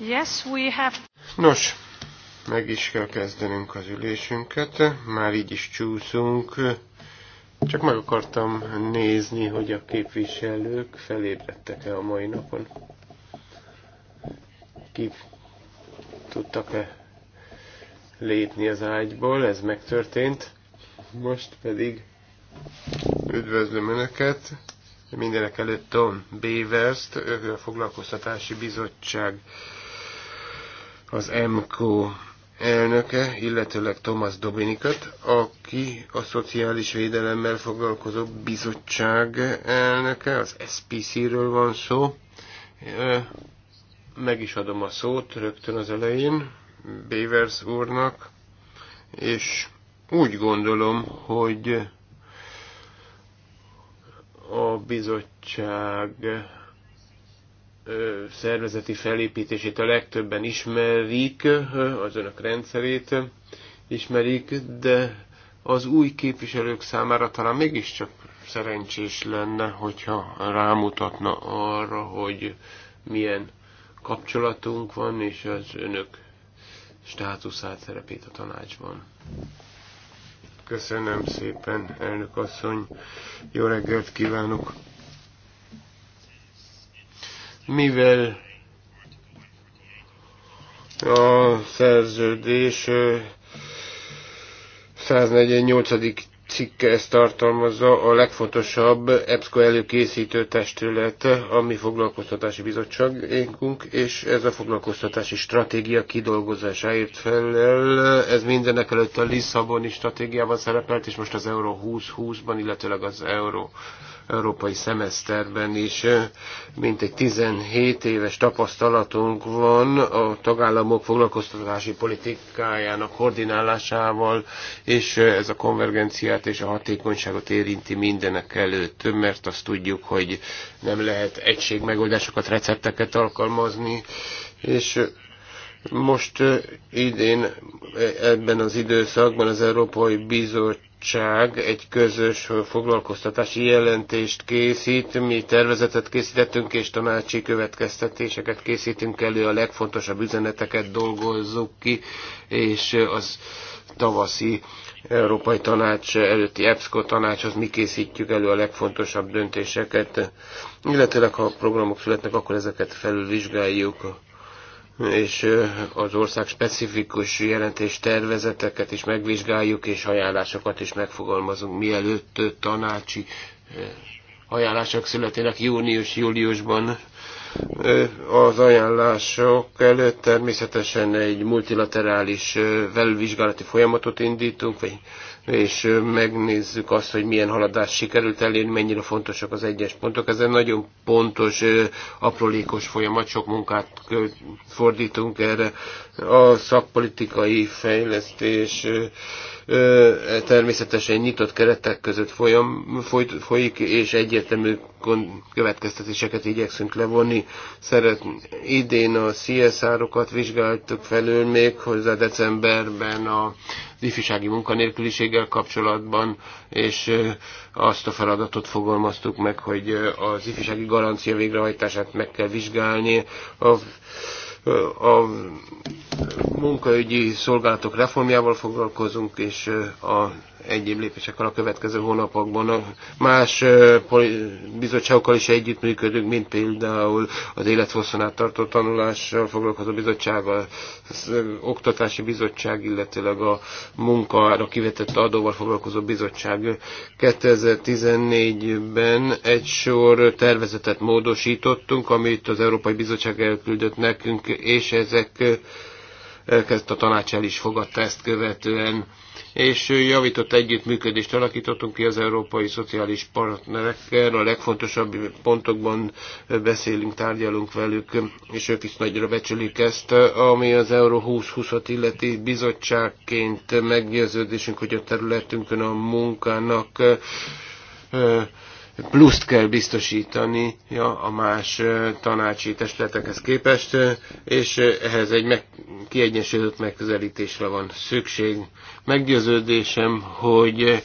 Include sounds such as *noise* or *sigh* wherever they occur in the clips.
Yes, we have... Nos, meg is kell kezdenünk az ülésünket, már így is csúszunk. Csak meg akartam nézni, hogy a képviselők felébredtek-e a mai napon. Ki tudtak-e lépni az ágyból, ez megtörtént. Most pedig üdvözlöm Önöket. Mindenek előtt Tom Béverst, t Foglalkoztatási Bizottság az MKO elnöke, illetőleg Thomas Dobinikat, aki a Szociális Védelemmel foglalkozó bizottság elnöke, az SPC-ről van szó. Meg is adom a szót rögtön az elején Bévers úrnak, és úgy gondolom, hogy a bizottság szervezeti felépítését a legtöbben ismerik, az önök rendszerét ismerik, de az új képviselők számára talán mégiscsak szerencsés lenne, hogyha rámutatna arra, hogy milyen kapcsolatunk van, és az önök státuszát, szerepét a tanácsban. Köszönöm szépen, elnök asszony. Jó reggelt kívánok! mivel a szerződés 148. cikke ezt tartalmazza, a legfontosabb EBSCO előkészítő testület, ami foglalkoztatási bizottságunk, és ez a foglalkoztatási stratégia kidolgozásáért felel. Ez mindenek előtt a Lisszaboni stratégiában szerepelt, és most az Euró 2020-ban, illetőleg az Euró európai szemeszterben is. Mintegy 17 éves tapasztalatunk van a tagállamok foglalkoztatási politikájának koordinálásával, és ez a konvergenciát és a hatékonyságot érinti mindenek előtt, mert azt tudjuk, hogy nem lehet egység megoldásokat, recepteket alkalmazni, és most idén ebben az időszakban az Európai Bizottság bizottság egy közös foglalkoztatási jelentést készít, mi tervezetet készítettünk, és tanácsi következtetéseket készítünk elő, a legfontosabb üzeneteket dolgozzuk ki, és az tavaszi Európai Tanács előtti EBSCO tanácshoz mi készítjük elő a legfontosabb döntéseket, illetőleg ha programok születnek, akkor ezeket felülvizsgáljuk és az ország specifikus jelentés tervezeteket is megvizsgáljuk, és ajánlásokat is megfogalmazunk, mielőtt tanácsi ajánlások születének június-júliusban. Az ajánlások előtt természetesen egy multilaterális velvizsgálati folyamatot indítunk, vagy és megnézzük azt, hogy milyen haladást sikerült elérni, mennyire fontosak az egyes pontok. Ez egy nagyon pontos, aprólékos folyamat, sok munkát fordítunk erre. A szakpolitikai fejlesztés természetesen nyitott keretek között folyam, foly, folyik, és egyértelmű következtetéseket igyekszünk levonni. Szeret, idén a CSR-okat vizsgáltuk felül még hozzá decemberben a ifjúsági munkanélküliséggel kapcsolatban, és azt a feladatot fogalmaztuk meg, hogy az ifjúsági garancia végrehajtását meg kell vizsgálni. A, a munkaügyi szolgálatok reformjával foglalkozunk, és a egyéb lépésekkel a következő hónapokban. A más bizottságokkal is együttműködünk, mint például az élethosszon tartó tanulással foglalkozó bizottság, az oktatási bizottság, illetőleg a munkára kivetett adóval foglalkozó bizottság. 2014-ben egy sor tervezetet módosítottunk, amit az Európai Bizottság elküldött nekünk, és ezek ezt a tanács el is fogadta ezt követően, és javított együttműködést alakítottunk ki az európai szociális partnerekkel, a legfontosabb pontokban beszélünk, tárgyalunk velük, és ők is nagyra becsülik ezt, ami az Euró 2020-at illeti bizottságként meggyőződésünk, hogy a területünkön a munkának pluszt kell biztosítani ja, a más tanácsi testületekhez képest, és ehhez egy meg, kiegyensúlyozott megközelítésre van szükség. Meggyőződésem, hogy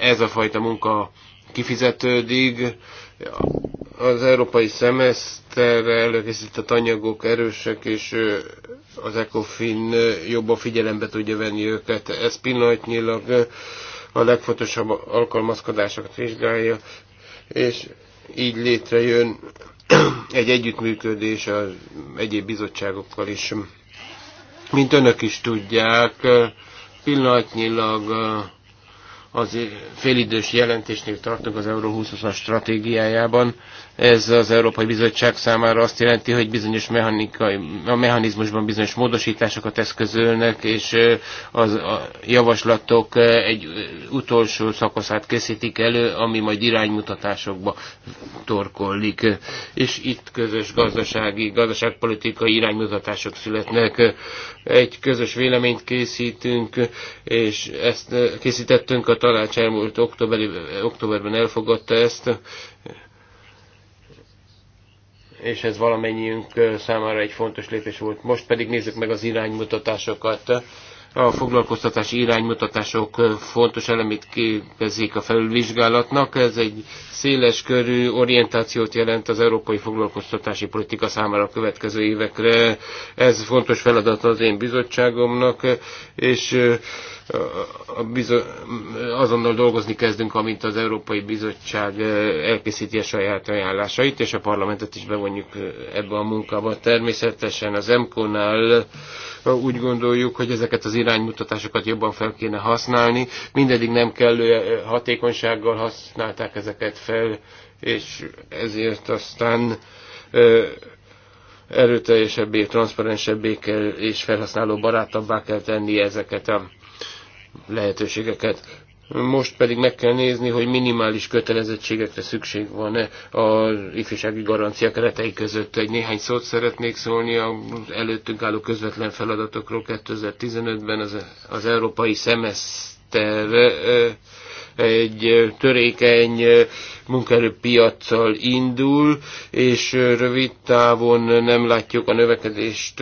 ez a fajta munka kifizetődik, az európai szemeszterre előkészített anyagok erősek, és az ECOFIN jobban figyelembe tudja venni őket. Ez pillanatnyilag a legfontosabb alkalmazkodásokat vizsgálja, és így létrejön *clears throat* egy együttműködés az egyéb bizottságokkal is. Mint önök is tudják, pillanatnyilag eh, az félidős jelentésnél tartunk az Euró 20 as stratégiájában, ez az Európai Bizottság számára azt jelenti, hogy bizonyos mechanikai, a mechanizmusban bizonyos módosításokat eszközölnek, és az a javaslatok egy utolsó szakaszát készítik elő, ami majd iránymutatásokba torkollik. És itt közös gazdasági, gazdaságpolitikai iránymutatások születnek. Egy közös véleményt készítünk, és ezt készítettünk a tanács elmúlt októberi, októberben elfogadta ezt, és ez valamennyiünk számára egy fontos lépés volt. Most pedig nézzük meg az iránymutatásokat. A foglalkoztatási iránymutatások fontos elemét képezik a felülvizsgálatnak. Ez egy széles körű orientációt jelent az európai foglalkoztatási politika számára a következő évekre. Ez fontos feladat az én bizottságomnak, és azonnal dolgozni kezdünk, amint az Európai Bizottság eh, elkészíti a saját ajánlásait, és a parlamentet is bevonjuk eh, ebbe a munkába. Természetesen az MKO-nál eh, úgy gondoljuk, hogy ezeket az iránymutatásokat jobban fel kéne használni. Mindedig nem kellő hatékonysággal használták ezeket fel, és ezért aztán erőteljesebbé, transzparensebbé kell, és felhasználó barátabbá kell tenni ezeket a lehetőségeket. Most pedig meg kell nézni, hogy minimális kötelezettségekre szükség van-e az ifjúsági garancia keretei között. Egy néhány szót szeretnék szólni az előttünk álló közvetlen feladatokról 2015-ben az, az európai szemeszter egy törékeny munkaerőpiacsal indul, és rövid távon nem látjuk a növekedést,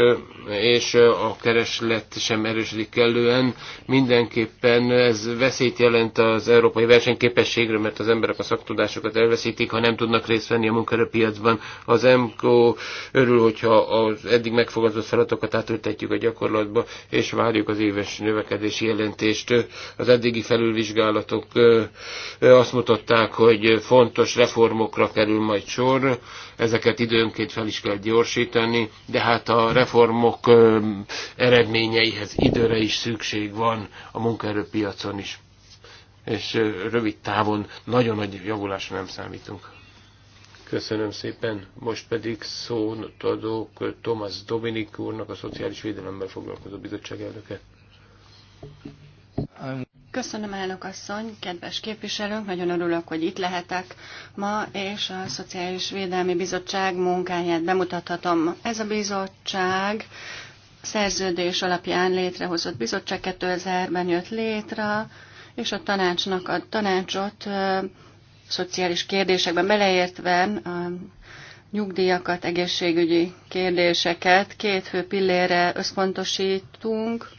és a kereslet sem erősödik kellően. Mindenképpen ez veszélyt jelent az európai versenyképességre, mert az emberek a szaktudásokat elveszítik, ha nem tudnak részt venni a munkaerőpiacban. Az MKO örül, hogyha az eddig megfogadott feladatokat átültetjük a gyakorlatba, és várjuk az éves növekedési jelentést. Az eddigi felülvizsgálatok azt mutatták, hogy fontos reformokra kerül majd sor, ezeket időnként fel is kell gyorsítani, de hát a reformok eredményeihez időre is szükség van a munkaerőpiacon is. És rövid távon nagyon nagy javulásra nem számítunk. Köszönöm szépen. Most pedig szót adok Thomas Dominik úrnak, a Szociális Védelemmel foglalkozó bizottság elnöke. Köszönöm, elnök asszony, kedves képviselők, nagyon örülök, hogy itt lehetek ma, és a Szociális Védelmi Bizottság munkáját bemutathatom. Ez a bizottság szerződés alapján létrehozott bizottság 2000-ben jött létre, és a tanácsnak a tanácsot szociális kérdésekben beleértve a nyugdíjakat, egészségügyi kérdéseket két fő pillére összpontosítunk –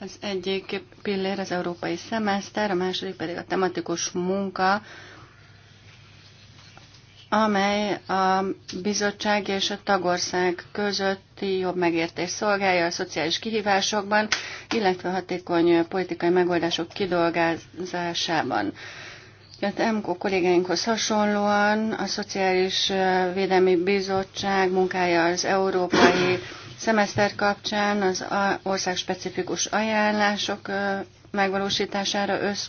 az egyik pillér az európai szemeszter, a második pedig a tematikus munka, amely a bizottság és a tagország közötti jobb megértés szolgálja a szociális kihívásokban, illetve hatékony politikai megoldások kidolgozásában. A EMKO kollégáinkhoz hasonlóan a Szociális Védelmi Bizottság munkája az Európai szemeszter kapcsán az ország specifikus ajánlások megvalósítására össz,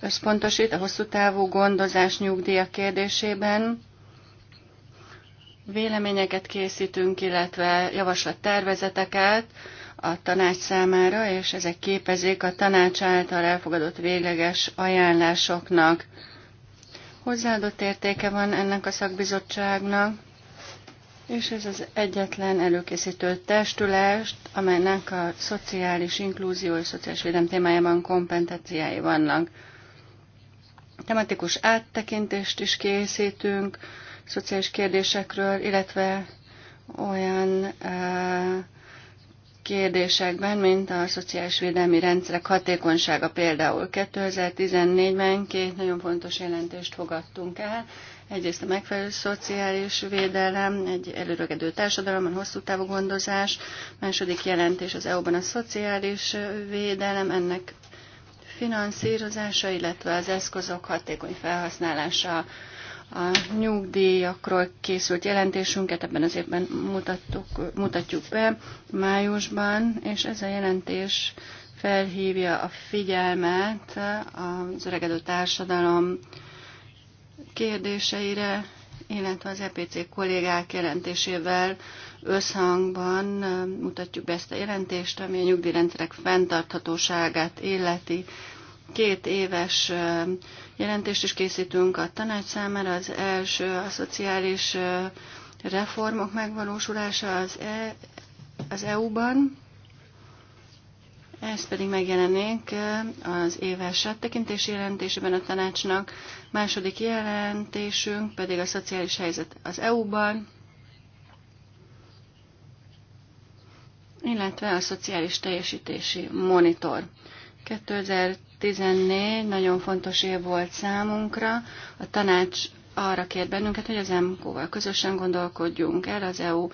összpontosít a hosszú távú gondozás nyugdíja kérdésében. Véleményeket készítünk, illetve javaslattervezeteket a tanács számára, és ezek képezik a tanács által elfogadott végleges ajánlásoknak. Hozzáadott értéke van ennek a szakbizottságnak és ez az egyetlen előkészítő testület, amelynek a szociális inklúzió és szociális védelem témájában kompetenciái vannak. Tematikus áttekintést is készítünk szociális kérdésekről, illetve olyan e, kérdésekben, mint a szociális védelmi rendszerek hatékonysága például. 2014-ben két nagyon fontos jelentést fogadtunk el, Egyrészt a megfelelő szociális védelem, egy előregedő társadalomban hosszú távú gondozás, második jelentés az EU-ban a szociális védelem, ennek finanszírozása, illetve az eszközök hatékony felhasználása a nyugdíjakról készült jelentésünket ebben az évben mutattuk, mutatjuk be májusban, és ez a jelentés felhívja a figyelmet az öregedő társadalom kérdéseire, illetve az EPC kollégák jelentésével összhangban um, mutatjuk be ezt a jelentést, ami a nyugdíjrendszerek fenntarthatóságát illeti. Két éves um, jelentést is készítünk a tanács számára. Az első a szociális uh, reformok megvalósulása az, e, az EU-ban, ez pedig megjelenik az éves áttekintési jelentésében a tanácsnak, második jelentésünk pedig a szociális helyzet az EU-ban, illetve a szociális teljesítési monitor. 2014 nagyon fontos év volt számunkra. A tanács arra kért bennünket, hogy az mk val közösen gondolkodjunk el az EU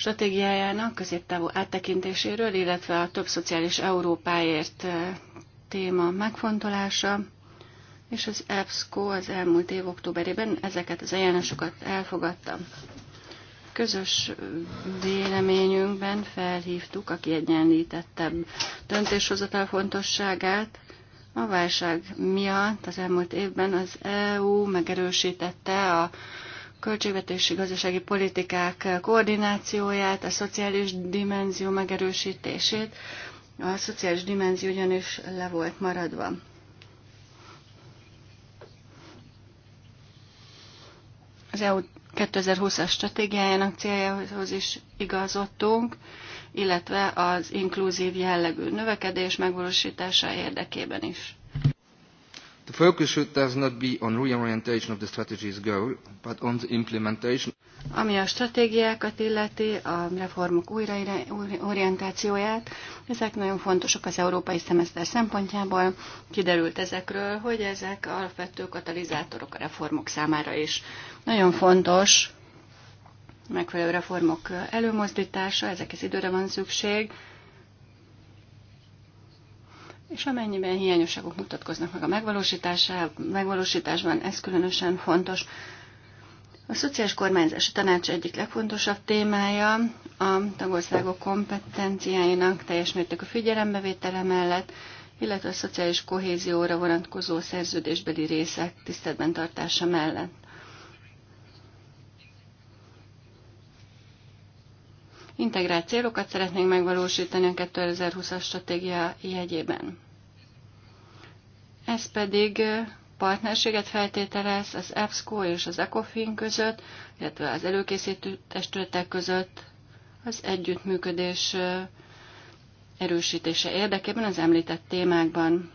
stratégiájának középtávú áttekintéséről, illetve a több szociális Európáért téma megfontolása, és az EBSCO az elmúlt év októberében ezeket az ajánlásokat elfogadta. Közös véleményünkben felhívtuk a kiegyenlítettebb döntéshozatal fontosságát, a válság miatt az elmúlt évben az EU megerősítette a költségvetési gazdasági politikák koordinációját, a szociális dimenzió megerősítését. A szociális dimenzió ugyanis le volt maradva. Az EU 2020-as stratégiájának céljához is igazodtunk, illetve az inkluzív jellegű növekedés megvalósítása érdekében is. The focus should thus not be on reorientation of the strategy's goal, but on the implementation. Ami a stratégiákat illeti, a reformok újraorientációját, ezek nagyon fontosak az európai szemeszter szempontjából. Kiderült ezekről, hogy ezek alapvető katalizátorok a reformok számára is. Nagyon fontos megfelelő reformok előmozdítása, ezekhez időre van szükség, és amennyiben hiányosságok mutatkoznak meg a megvalósításban, ez különösen fontos. A szociális kormányzási tanács egyik legfontosabb témája a tagországok kompetenciáinak teljes mértékű figyelembevétele mellett, illetve a szociális kohézióra vonatkozó szerződésbeli részek tiszteletben tartása mellett. Integrált célokat szeretnénk megvalósítani a 2020-as stratégia jegyében. Ez pedig partnerséget feltételez az EBSCO és az ECOFIN között, illetve az előkészítő testületek között az együttműködés erősítése érdekében az említett témákban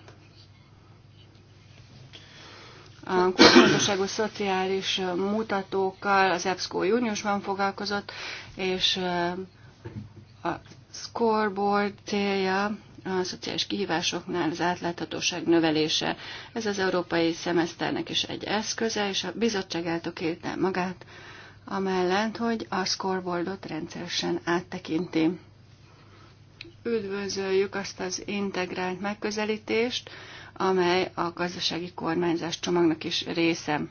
a kulcsfontosságú szociális mutatókkal az EBSCO júniusban foglalkozott, és a scoreboard célja a szociális kihívásoknál az átláthatóság növelése. Ez az európai szemeszternek is egy eszköze, és a bizottság eltökélte magát amellett, hogy a scoreboardot rendszeresen áttekinti. Üdvözöljük azt az integrált megközelítést, amely a gazdasági kormányzás csomagnak is része.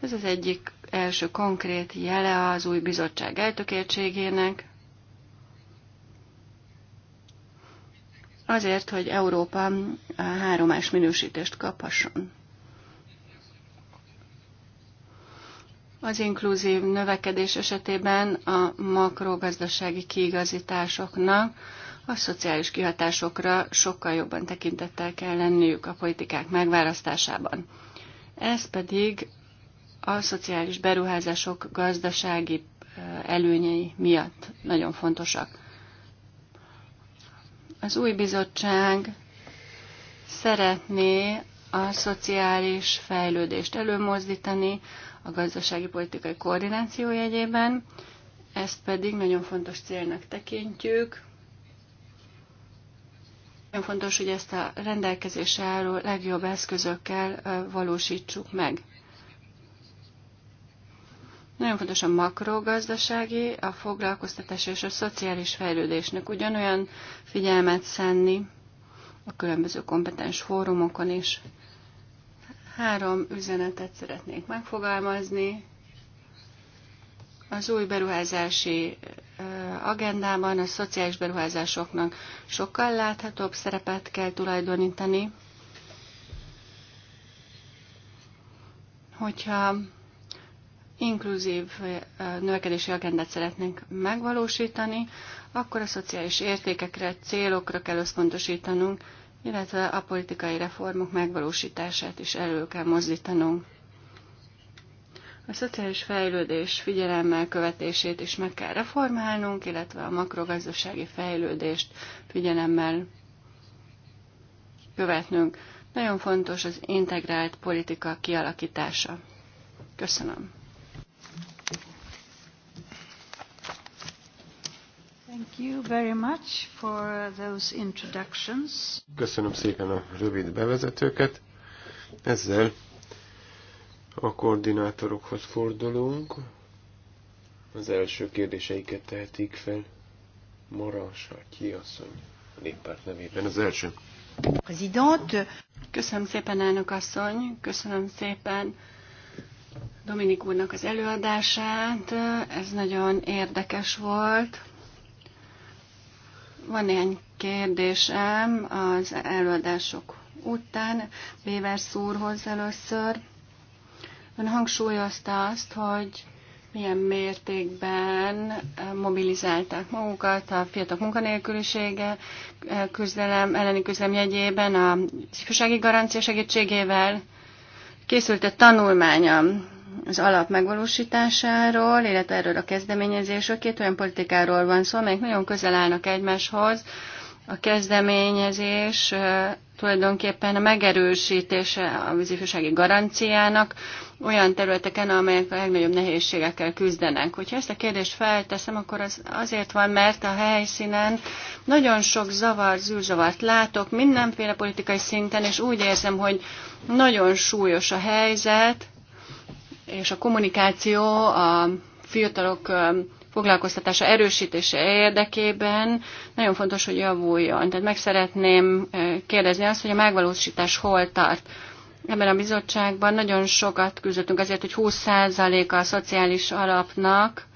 Ez az egyik első konkrét jele az új bizottság eltökéltségének, azért, hogy Európa eh, háromás minősítést kaphasson. Az inkluzív növekedés esetében a makrogazdasági kiigazításoknak a szociális kihatásokra sokkal jobban tekintettel kell lenniük a politikák megválasztásában. Ez pedig a szociális beruházások gazdasági előnyei miatt nagyon fontosak. Az új bizottság szeretné a szociális fejlődést előmozdítani a gazdasági politikai koordináció jegyében, ezt pedig nagyon fontos célnak tekintjük, nagyon fontos, hogy ezt a rendelkezésre álló legjobb eszközökkel valósítsuk meg. Nagyon fontos a makrogazdasági, a foglalkoztatás és a szociális fejlődésnek ugyanolyan figyelmet szenni a különböző kompetens fórumokon is. Három üzenetet szeretnék megfogalmazni. Az új beruházási agendában a szociális beruházásoknak sokkal láthatóbb szerepet kell tulajdonítani. Hogyha inkluzív növekedési agendát szeretnénk megvalósítani, akkor a szociális értékekre, célokra kell összpontosítanunk, illetve a politikai reformok megvalósítását is elő kell mozdítanunk. A szociális fejlődés figyelemmel követését is meg kell reformálnunk, illetve a makrogazdasági fejlődést figyelemmel követnünk. Nagyon fontos az integrált politika kialakítása. Köszönöm. Thank you very much for those introductions. Köszönöm szépen a rövid bevezetőket. Ezzel a koordinátorokhoz fordulunk. Az első kérdéseiket tehetik fel. Maras, a kiasszony a néppárt nevében az első. Prezident. Köszönöm szépen, elnök asszony, köszönöm szépen Dominik úrnak az előadását. Ez nagyon érdekes volt. Van néhány kérdésem az előadások után. Bévers úrhoz először. Ön hangsúlyozta azt, hogy milyen mértékben eh, mobilizálták magukat a fiatal munkanélkülisége eh, küzdelem, elleni küzdelem jegyében, a ifjúsági garancia segítségével. Készült egy tanulmánya az alap megvalósításáról, illetve erről a kezdeményezésről. Két olyan politikáról van szó, amelyek nagyon közel állnak egymáshoz. A kezdeményezés eh, tulajdonképpen a megerősítése a vízifjúsági garanciának, olyan területeken, amelyek a legnagyobb nehézségekkel küzdenek. Hogyha ezt a kérdést felteszem, akkor az azért van, mert a helyszínen nagyon sok zavar, zűrzavart látok mindenféle politikai szinten, és úgy érzem, hogy nagyon súlyos a helyzet, és a kommunikáció a fiatalok foglalkoztatása erősítése érdekében nagyon fontos, hogy javuljon. Tehát meg szeretném kérdezni azt, hogy a megvalósítás hol tart. Ebben a bizottságban nagyon sokat küzdöttünk azért, hogy 20%-a a szociális alapnak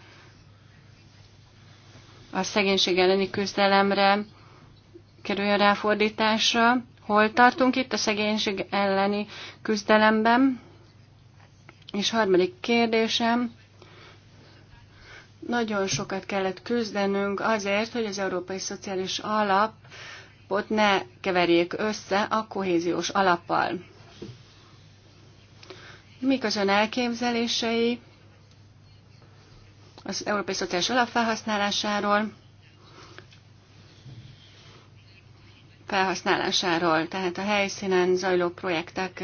a szegénység elleni küzdelemre kerüljön ráfordításra. Hol tartunk itt a szegénység elleni küzdelemben? És harmadik kérdésem, nagyon sokat kellett küzdenünk azért, hogy az Európai Szociális Alapot ne keverjék össze a kohéziós alappal. Mik az ön elképzelései az Európai Szociális Alap felhasználásáról? felhasználásáról, tehát a helyszínen zajló projektek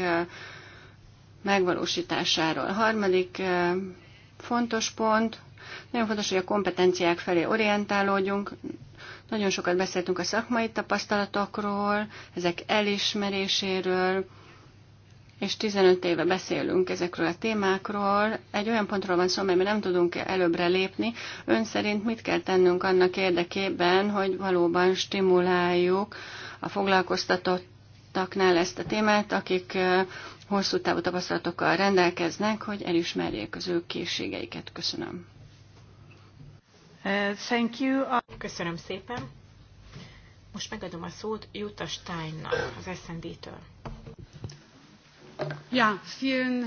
megvalósításáról. A harmadik fontos pont, nagyon fontos, hogy a kompetenciák felé orientálódjunk. Nagyon sokat beszéltünk a szakmai tapasztalatokról, ezek elismeréséről, és 15 éve beszélünk ezekről a témákról. Egy olyan pontról van szó, mi nem tudunk előbbre lépni. Ön szerint mit kell tennünk annak érdekében, hogy valóban stimuláljuk a foglalkoztatottaknál ezt a témát, akik hosszú távú tapasztalatokkal rendelkeznek, hogy elismerjék az ő készségeiket. Köszönöm. Uh, thank you. Köszönöm szépen. Most megadom a szót Jutta Steinnak, az SND-től. Ja, vielen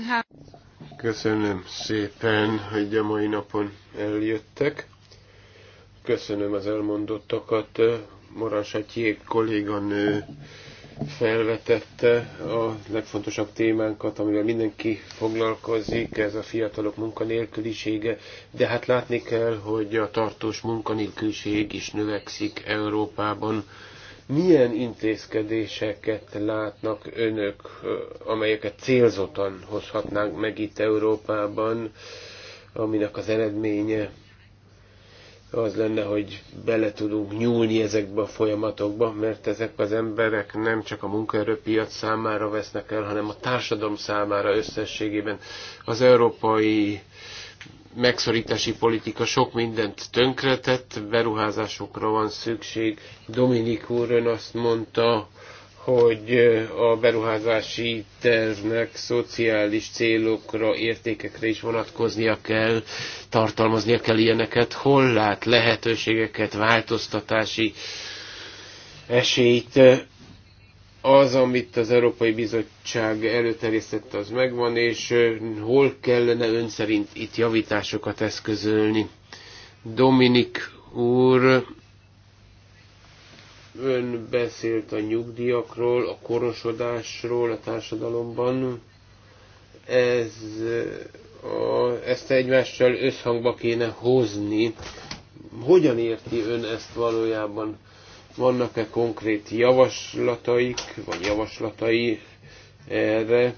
Köszönöm szépen, hogy a mai napon eljöttek. Köszönöm az elmondottakat. Marás Atyék kolléganő felvetette a legfontosabb témánkat, amivel mindenki foglalkozik, ez a fiatalok munkanélkülisége, de hát látni kell, hogy a tartós munkanélküliség is növekszik Európában milyen intézkedéseket látnak önök, amelyeket célzottan hozhatnánk meg itt Európában, aminek az eredménye az lenne, hogy bele tudunk nyúlni ezekbe a folyamatokba, mert ezek az emberek nem csak a munkaerőpiac számára vesznek el, hanem a társadalom számára összességében. Az európai megszorítási politika sok mindent tönkretett, beruházásokra van szükség. Dominik úr ön azt mondta, hogy a beruházási tervnek szociális célokra, értékekre is vonatkoznia kell, tartalmaznia kell ilyeneket. Hol lát lehetőségeket, változtatási esélyt az, amit az Európai Bizottság előterjesztett, az megvan, és hol kellene ön szerint itt javításokat eszközölni. Dominik úr, ön beszélt a nyugdíjakról, a korosodásról a társadalomban. Ez, a, ezt egymással összhangba kéne hozni. Hogyan érti ön ezt valójában? Vannak-e konkrét javaslataik, vagy javaslatai erre?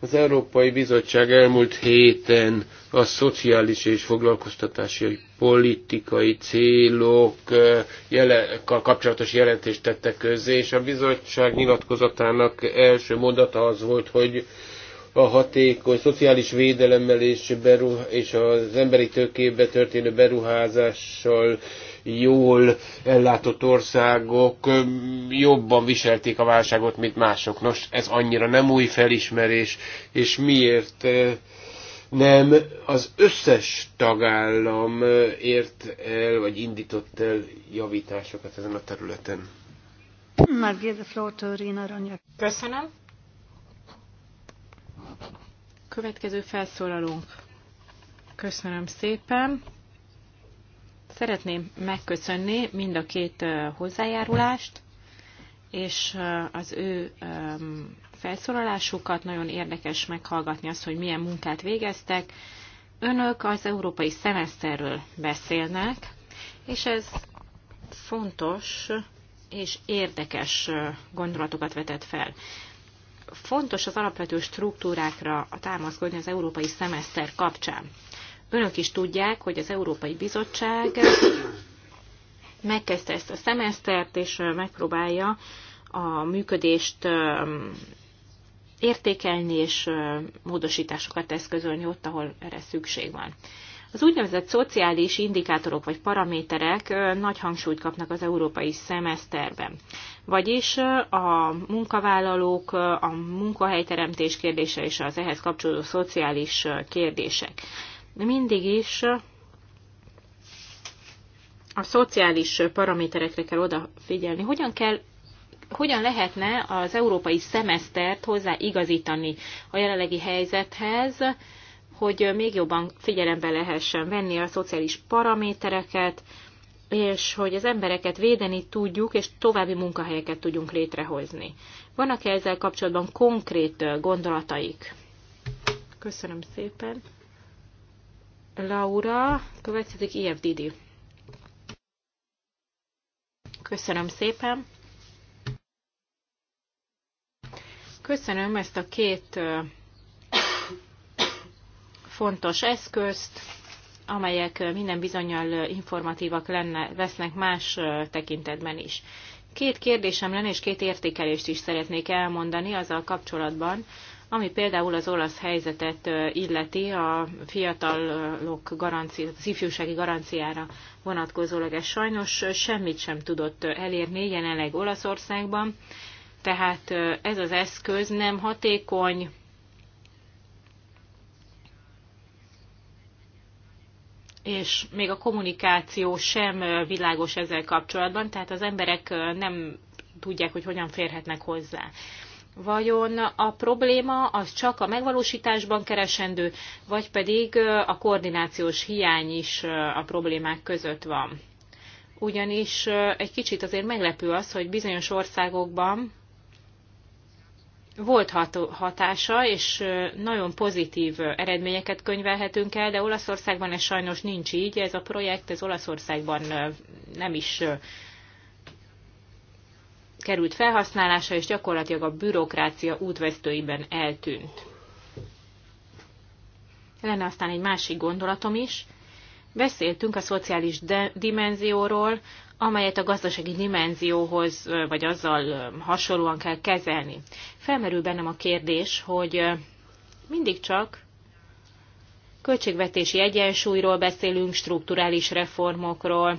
Az Európai Bizottság elmúlt héten a szociális és foglalkoztatási politikai célok eh, kapcsolatos jelentést tette közzé, és a bizottság nyilatkozatának első mondata az volt, hogy a hatékony szociális védelemmel és, beruh- és az emberi tőkébe történő beruházással jól ellátott országok jobban viselték a válságot, mint mások. Nos, ez annyira nem új felismerés, és miért nem az összes tagállam ért el, vagy indított el javításokat ezen a területen. Köszönöm. Következő felszólalónk. Köszönöm szépen. Szeretném megköszönni mind a két hozzájárulást, és az ő felszólalásukat. Nagyon érdekes meghallgatni azt, hogy milyen munkát végeztek. Önök az európai szemeszterről beszélnek, és ez fontos és érdekes gondolatokat vetett fel. Fontos az alapvető struktúrákra támaszkodni az európai szemeszter kapcsán. Önök is tudják, hogy az Európai Bizottság megkezdte ezt a szemesztert, és megpróbálja a működést értékelni és módosításokat eszközölni ott, ahol erre szükség van. Az úgynevezett szociális indikátorok vagy paraméterek nagy hangsúlyt kapnak az európai szemeszterben. Vagyis a munkavállalók, a munkahelyteremtés kérdése és az ehhez kapcsolódó szociális kérdések. De mindig is a szociális paraméterekre kell odafigyelni. Hogyan kell hogyan lehetne az európai szemesztert hozzáigazítani a jelenlegi helyzethez, hogy még jobban figyelembe lehessen venni a szociális paramétereket, és hogy az embereket védeni tudjuk, és további munkahelyeket tudjunk létrehozni. Vannak -e ezzel kapcsolatban konkrét gondolataik? Köszönöm szépen. Laura, következik IFDD. E Köszönöm szépen. Köszönöm ezt a két fontos eszközt, amelyek minden bizonyal informatívak lenne, lesznek más tekintetben is. Két kérdésem lenne, és két értékelést is szeretnék elmondani azzal kapcsolatban, ami például az olasz helyzetet illeti a fiatalok garancia, az ifjúsági garanciára vonatkozólag. Ez sajnos semmit sem tudott elérni jelenleg Olaszországban, tehát ez az eszköz nem hatékony, és még a kommunikáció sem világos ezzel kapcsolatban, tehát az emberek nem tudják, hogy hogyan férhetnek hozzá vajon a probléma az csak a megvalósításban keresendő, vagy pedig a koordinációs hiány is a problémák között van. Ugyanis egy kicsit azért meglepő az, hogy bizonyos országokban volt hatása, és nagyon pozitív eredményeket könyvelhetünk el, de Olaszországban ez sajnos nincs így. Ez a projekt ez Olaszországban nem is került felhasználása, és gyakorlatilag a bürokrácia útvesztőiben eltűnt. Lenne aztán egy másik gondolatom is. Beszéltünk a szociális dimenzióról, amelyet a gazdasági dimenzióhoz, vagy azzal hasonlóan kell kezelni. Felmerül bennem a kérdés, hogy mindig csak költségvetési egyensúlyról beszélünk, strukturális reformokról,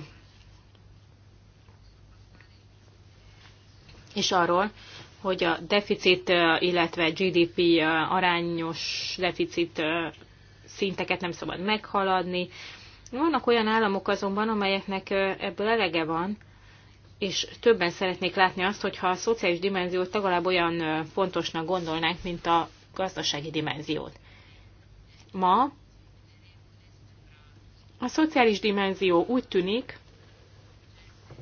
és arról, hogy a deficit, illetve GDP arányos deficit szinteket nem szabad meghaladni. Vannak olyan államok azonban, amelyeknek ebből elege van, és többen szeretnék látni azt, hogyha a szociális dimenziót legalább olyan fontosnak gondolnánk, mint a gazdasági dimenziót. Ma a szociális dimenzió úgy tűnik,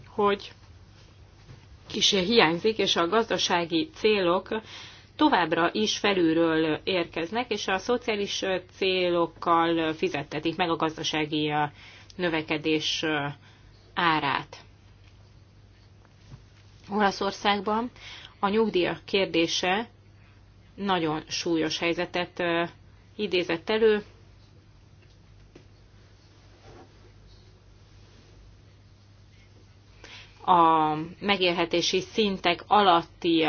hogy is hiányzik, és a gazdasági célok továbbra is felülről érkeznek, és a szociális célokkal fizettetik meg a gazdasági növekedés árát. Olaszországban a nyugdíjak kérdése nagyon súlyos helyzetet idézett elő, a megélhetési szintek alatti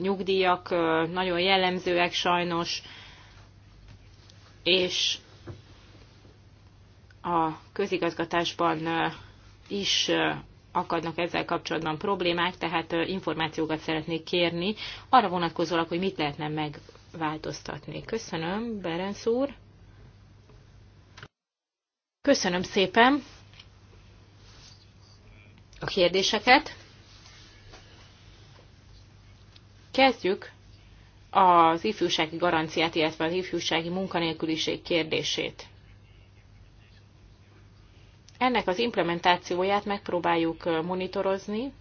nyugdíjak nagyon jellemzőek sajnos, és a közigazgatásban is akadnak ezzel kapcsolatban problémák, tehát információkat szeretnék kérni arra vonatkozólag, hogy mit lehetne megváltoztatni. Köszönöm, Berenc úr. Köszönöm szépen a kérdéseket. Kezdjük az ifjúsági garanciát, illetve az ifjúsági munkanélküliség kérdését. Ennek az implementációját megpróbáljuk monitorozni,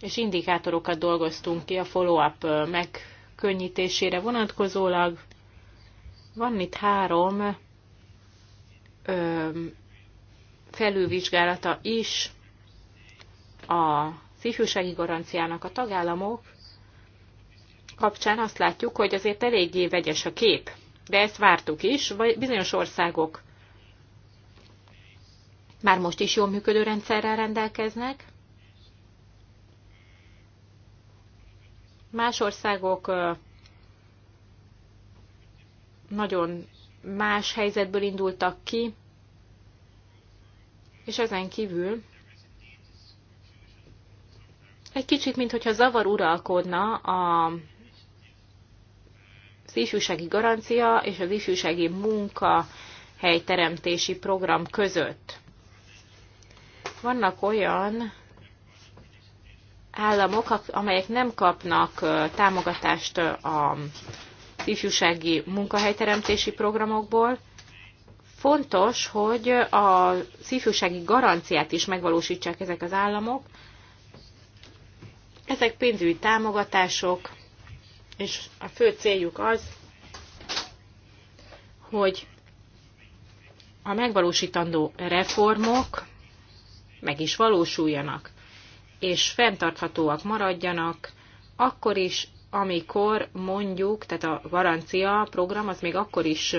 és indikátorokat dolgoztunk ki a follow-up megkönnyítésére vonatkozólag. Van itt három felülvizsgálata is a ifjúsági garanciának a tagállamok kapcsán azt látjuk, hogy azért eléggé vegyes a kép. De ezt vártuk is, vagy bizonyos országok már most is jól működő rendszerrel rendelkeznek, más országok nagyon más helyzetből indultak ki, és ezen kívül egy kicsit, mintha zavar uralkodna a az ifjúsági garancia és az ifjúsági munkahelyteremtési program között. Vannak olyan államok, amelyek nem kapnak támogatást az ifjúsági munkahelyteremtési programokból, Fontos, hogy a ifjúsági garanciát is megvalósítsák ezek az államok. Ezek pénzügyi támogatások, és a fő céljuk az, hogy a megvalósítandó reformok meg is valósuljanak, és fenntarthatóak maradjanak, akkor is, amikor mondjuk, tehát a garancia program az még akkor is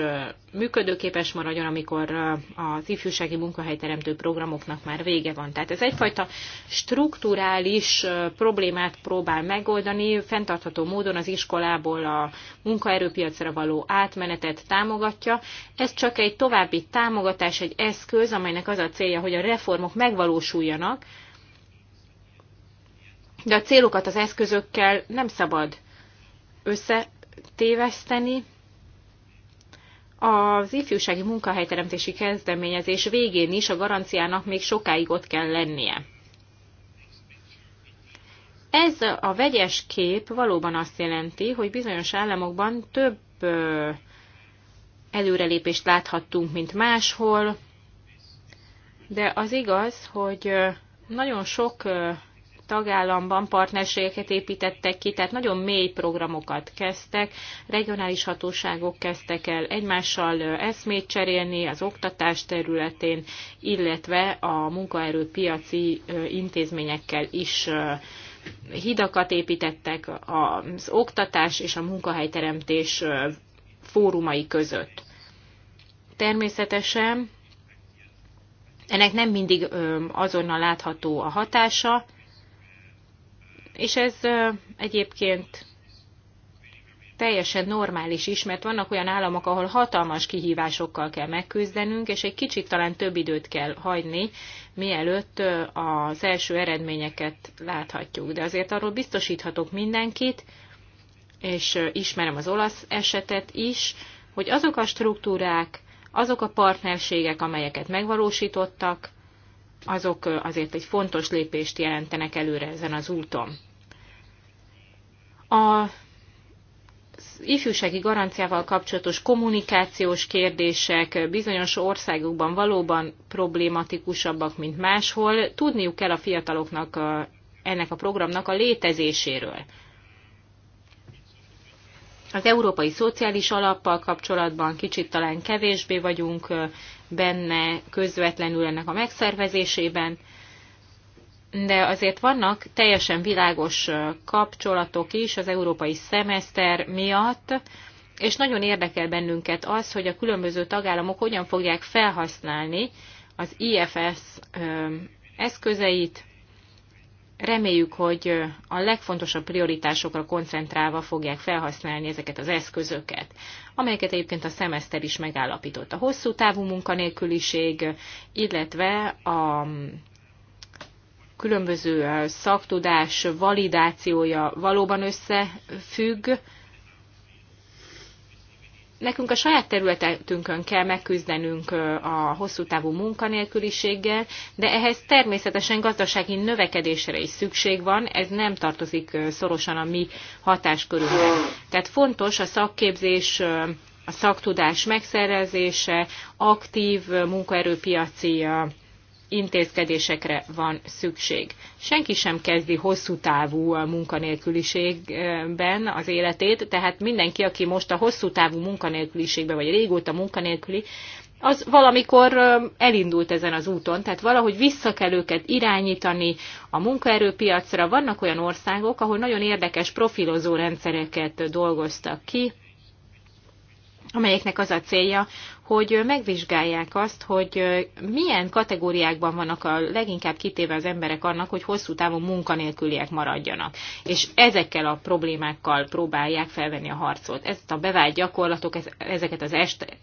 működőképes maradjon, amikor az ifjúsági munkahelyteremtő programoknak már vége van. Tehát ez egyfajta strukturális problémát próbál megoldani, fenntartható módon az iskolából a munkaerőpiacra való átmenetet támogatja. Ez csak egy további támogatás, egy eszköz, amelynek az a célja, hogy a reformok megvalósuljanak, de a célokat az eszközökkel nem szabad összetéveszteni. Az ifjúsági munkahelyteremtési kezdeményezés végén is a garanciának még sokáig ott kell lennie. Ez a vegyes kép valóban azt jelenti, hogy bizonyos államokban több előrelépést láthattunk, mint máshol, de az igaz, hogy nagyon sok tagállamban partnerségeket építettek ki, tehát nagyon mély programokat kezdtek, regionális hatóságok kezdtek el egymással eszmét cserélni az oktatás területén, illetve a munkaerőpiaci intézményekkel is hidakat építettek az oktatás és a munkahelyteremtés fórumai között. Természetesen ennek nem mindig azonnal látható a hatása, és ez egyébként teljesen normális is, mert vannak olyan államok, ahol hatalmas kihívásokkal kell megküzdenünk, és egy kicsit talán több időt kell hagyni, mielőtt az első eredményeket láthatjuk. De azért arról biztosíthatok mindenkit, és ismerem az olasz esetet is, hogy azok a struktúrák, azok a partnerségek, amelyeket megvalósítottak, azok azért egy fontos lépést jelentenek előre ezen az úton. A ifjúsági garanciával kapcsolatos kommunikációs kérdések bizonyos országokban valóban problématikusabbak, mint máshol. Tudniuk kell a fiataloknak a, ennek a programnak a létezéséről. Az Európai Szociális Alappal kapcsolatban kicsit talán kevésbé vagyunk benne közvetlenül ennek a megszervezésében, de azért vannak teljesen világos kapcsolatok is az európai szemeszter miatt, és nagyon érdekel bennünket az, hogy a különböző tagállamok hogyan fogják felhasználni az IFS eszközeit. Reméljük, hogy a legfontosabb prioritásokra koncentrálva fogják felhasználni ezeket az eszközöket, amelyeket egyébként a szemeszter is megállapított. A hosszú távú munkanélküliség, illetve a különböző szaktudás validációja valóban összefügg. Nekünk a saját területünkön kell megküzdenünk a hosszú távú munkanélküliséggel, de ehhez természetesen gazdasági növekedésre is szükség van, ez nem tartozik szorosan a mi hatáskörünkbe. Tehát fontos a szakképzés a szaktudás megszerzése, aktív munkaerőpiaci intézkedésekre van szükség. Senki sem kezdi hosszú távú munkanélküliségben az életét, tehát mindenki, aki most a hosszú távú munkanélküliségben vagy régóta munkanélküli, az valamikor elindult ezen az úton, tehát valahogy vissza kell őket irányítani a munkaerőpiacra. Vannak olyan országok, ahol nagyon érdekes profilozó rendszereket dolgoztak ki, amelyeknek az a célja, hogy megvizsgálják azt, hogy milyen kategóriákban vannak a leginkább kitéve az emberek annak, hogy hosszú távon munkanélküliek maradjanak. És ezekkel a problémákkal próbálják felvenni a harcot. Ezt a bevált gyakorlatok, ezeket az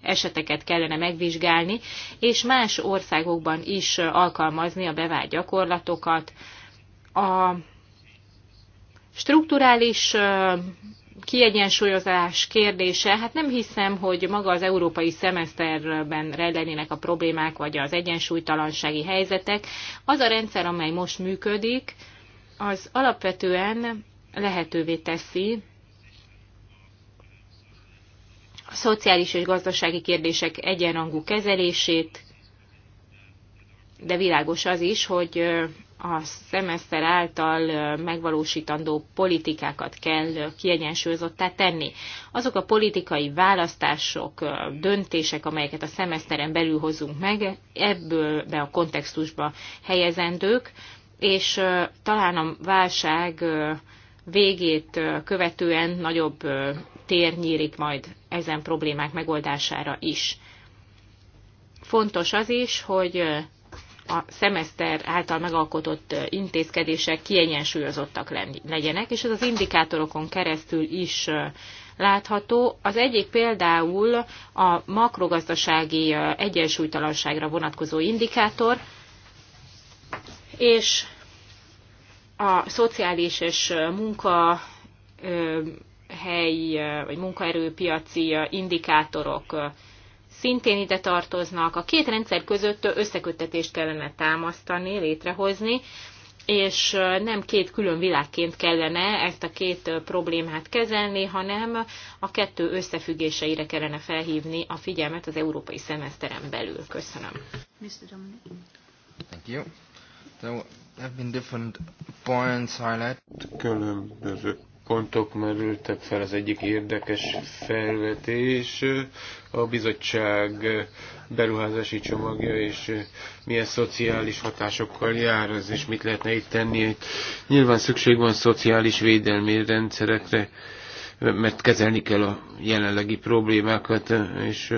eseteket kellene megvizsgálni, és más országokban is alkalmazni a bevált gyakorlatokat. A strukturális kiegyensúlyozás kérdése, hát nem hiszem, hogy maga az európai szemeszterben rejlenének a problémák, vagy az egyensúlytalansági helyzetek. Az a rendszer, amely most működik, az alapvetően lehetővé teszi a szociális és gazdasági kérdések egyenrangú kezelését, de világos az is, hogy a szemeszter által megvalósítandó politikákat kell kiegyensúlyozottá tenni. Azok a politikai választások, döntések, amelyeket a szemeszteren belül hozunk meg, ebből be a kontextusba helyezendők, és talán a válság végét követően nagyobb tér nyílik majd ezen problémák megoldására is. Fontos az is, hogy a szemeszter által megalkotott intézkedések kiegyensúlyozottak legyenek, és ez az indikátorokon keresztül is látható. Az egyik például a makrogazdasági egyensúlytalanságra vonatkozó indikátor, és a szociális és munka helyi vagy munkaerőpiaci indikátorok szintén ide tartoznak. A két rendszer között összeköttetést kellene támasztani, létrehozni, és nem két külön világként kellene ezt a két problémát kezelni, hanem a kettő összefüggéseire kellene felhívni a figyelmet az európai szemeszteren belül. Köszönöm. Mr. Thank you. There have been different points highlighted. Különböző pontok merültek fel. Az egyik érdekes felvetés a bizottság beruházási csomagja, és milyen szociális hatásokkal jár az és mit lehetne itt tenni. Nyilván szükség van szociális védelmi rendszerekre, mert kezelni kell a jelenlegi problémákat, és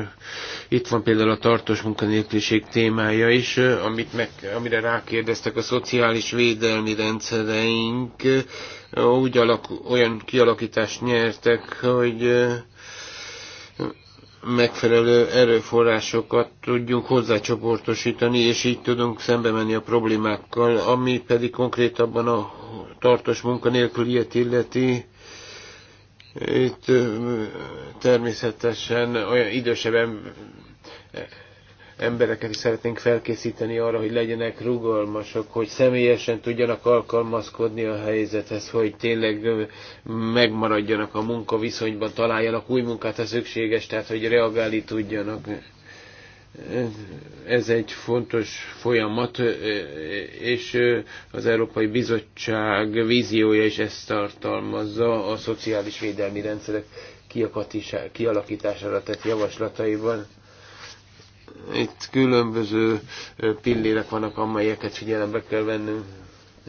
itt van például a tartós munkanélküliség témája is, amit meg, amire rákérdeztek a szociális védelmi rendszereink, úgy alak, olyan kialakítást nyertek, hogy megfelelő erőforrásokat tudjunk hozzácsoportosítani, és így tudunk szembe menni a problémákkal, ami pedig konkrétabban a tartós munkanélküliet illeti, itt természetesen olyan idősebb embereket is szeretnénk felkészíteni arra, hogy legyenek rugalmasok, hogy személyesen tudjanak alkalmazkodni a helyzethez, hogy tényleg megmaradjanak a munkaviszonyban, találjanak új munkát, ha szükséges, tehát hogy reagálni tudjanak ez egy fontos folyamat, és az Európai Bizottság víziója is ezt tartalmazza a szociális védelmi rendszerek kialakítására tett javaslataiban. Itt különböző pillérek vannak, amelyeket figyelembe kell vennünk,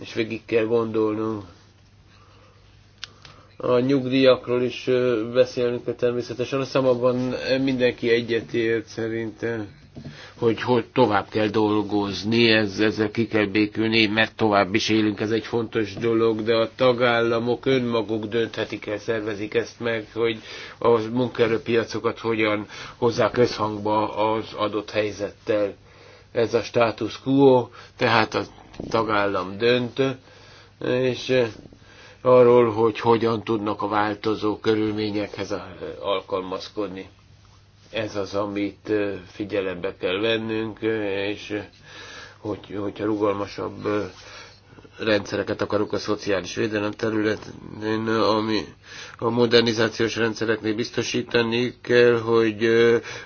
és végig kell gondolnunk a nyugdíjakról is beszélünk, de természetesen. Azt abban mindenki egyetért szerintem, hogy, hogy tovább kell dolgozni, ez, ezzel ki kell békülni, mert tovább is élünk, ez egy fontos dolog, de a tagállamok önmaguk dönthetik el, szervezik ezt meg, hogy a munkaerőpiacokat hogyan hozzák összhangba az adott helyzettel. Ez a status quo, tehát a tagállam dönt, és arról, hogy hogyan tudnak a változó körülményekhez eh, alkalmazkodni. Ez az, amit eh, figyelembe kell vennünk, eh, és hogy, hogyha rugalmasabb rendszereket akarok a szociális védelem területén, ami a modernizációs rendszereknél biztosítani kell, hogy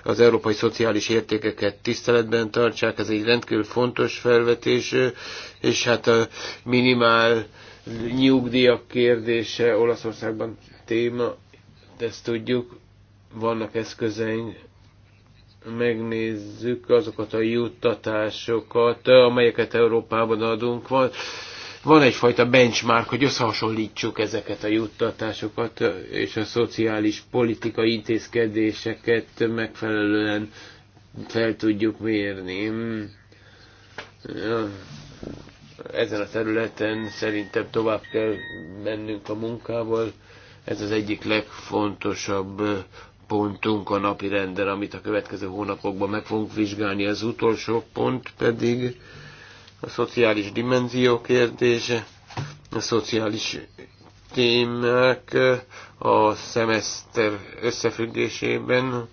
az európai szociális értékeket tiszteletben tartsák. Ez egy rendkívül fontos felvetés, és hát a minimál nyugdíjak kérdése Olaszországban téma, de ezt tudjuk, vannak eszközeink, megnézzük azokat a juttatásokat, amelyeket Európában adunk. Van, van egyfajta benchmark, hogy összehasonlítsuk ezeket a juttatásokat és a szociális politikai intézkedéseket megfelelően fel tudjuk mérni ezen a területen szerintem tovább kell mennünk a munkával. Ez az egyik legfontosabb pontunk a napi renden, amit a következő hónapokban meg fogunk vizsgálni. Az utolsó pont pedig a szociális dimenzió kérdése, a szociális témák a szemeszter összefüggésében.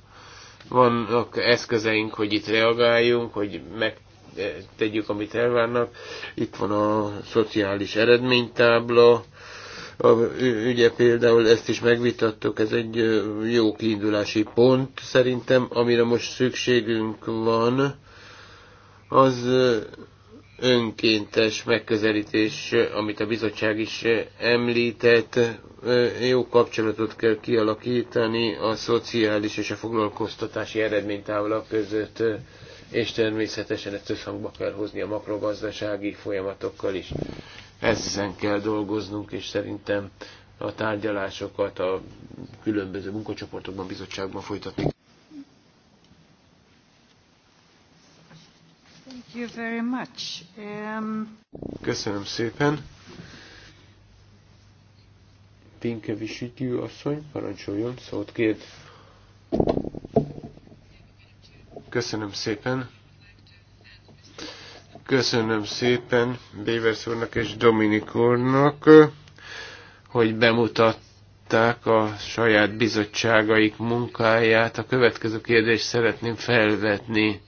Vannak eszközeink, hogy itt reagáljunk, hogy meg tegyük, amit elvárnak. Itt van a szociális eredménytábla, a, ugye például ezt is megvitattuk, ez egy jó kiindulási pont szerintem, amire most szükségünk van, az önkéntes megközelítés, amit a bizottság is említett, jó kapcsolatot kell kialakítani a szociális és a foglalkoztatási eredménytávla között és természetesen ezt összhangba kell hozni a makrogazdasági folyamatokkal is. Ezen kell dolgoznunk, és szerintem a tárgyalásokat a különböző munkacsoportokban, bizottságban folytatni. Thank you very much. Um... Köszönöm szépen. Pinkevisítő asszony, parancsoljon, szót két. Köszönöm szépen. Köszönöm szépen Bévers úrnak és Dominik úrnak, hogy bemutatták a saját bizottságaik munkáját. A következő kérdést szeretném felvetni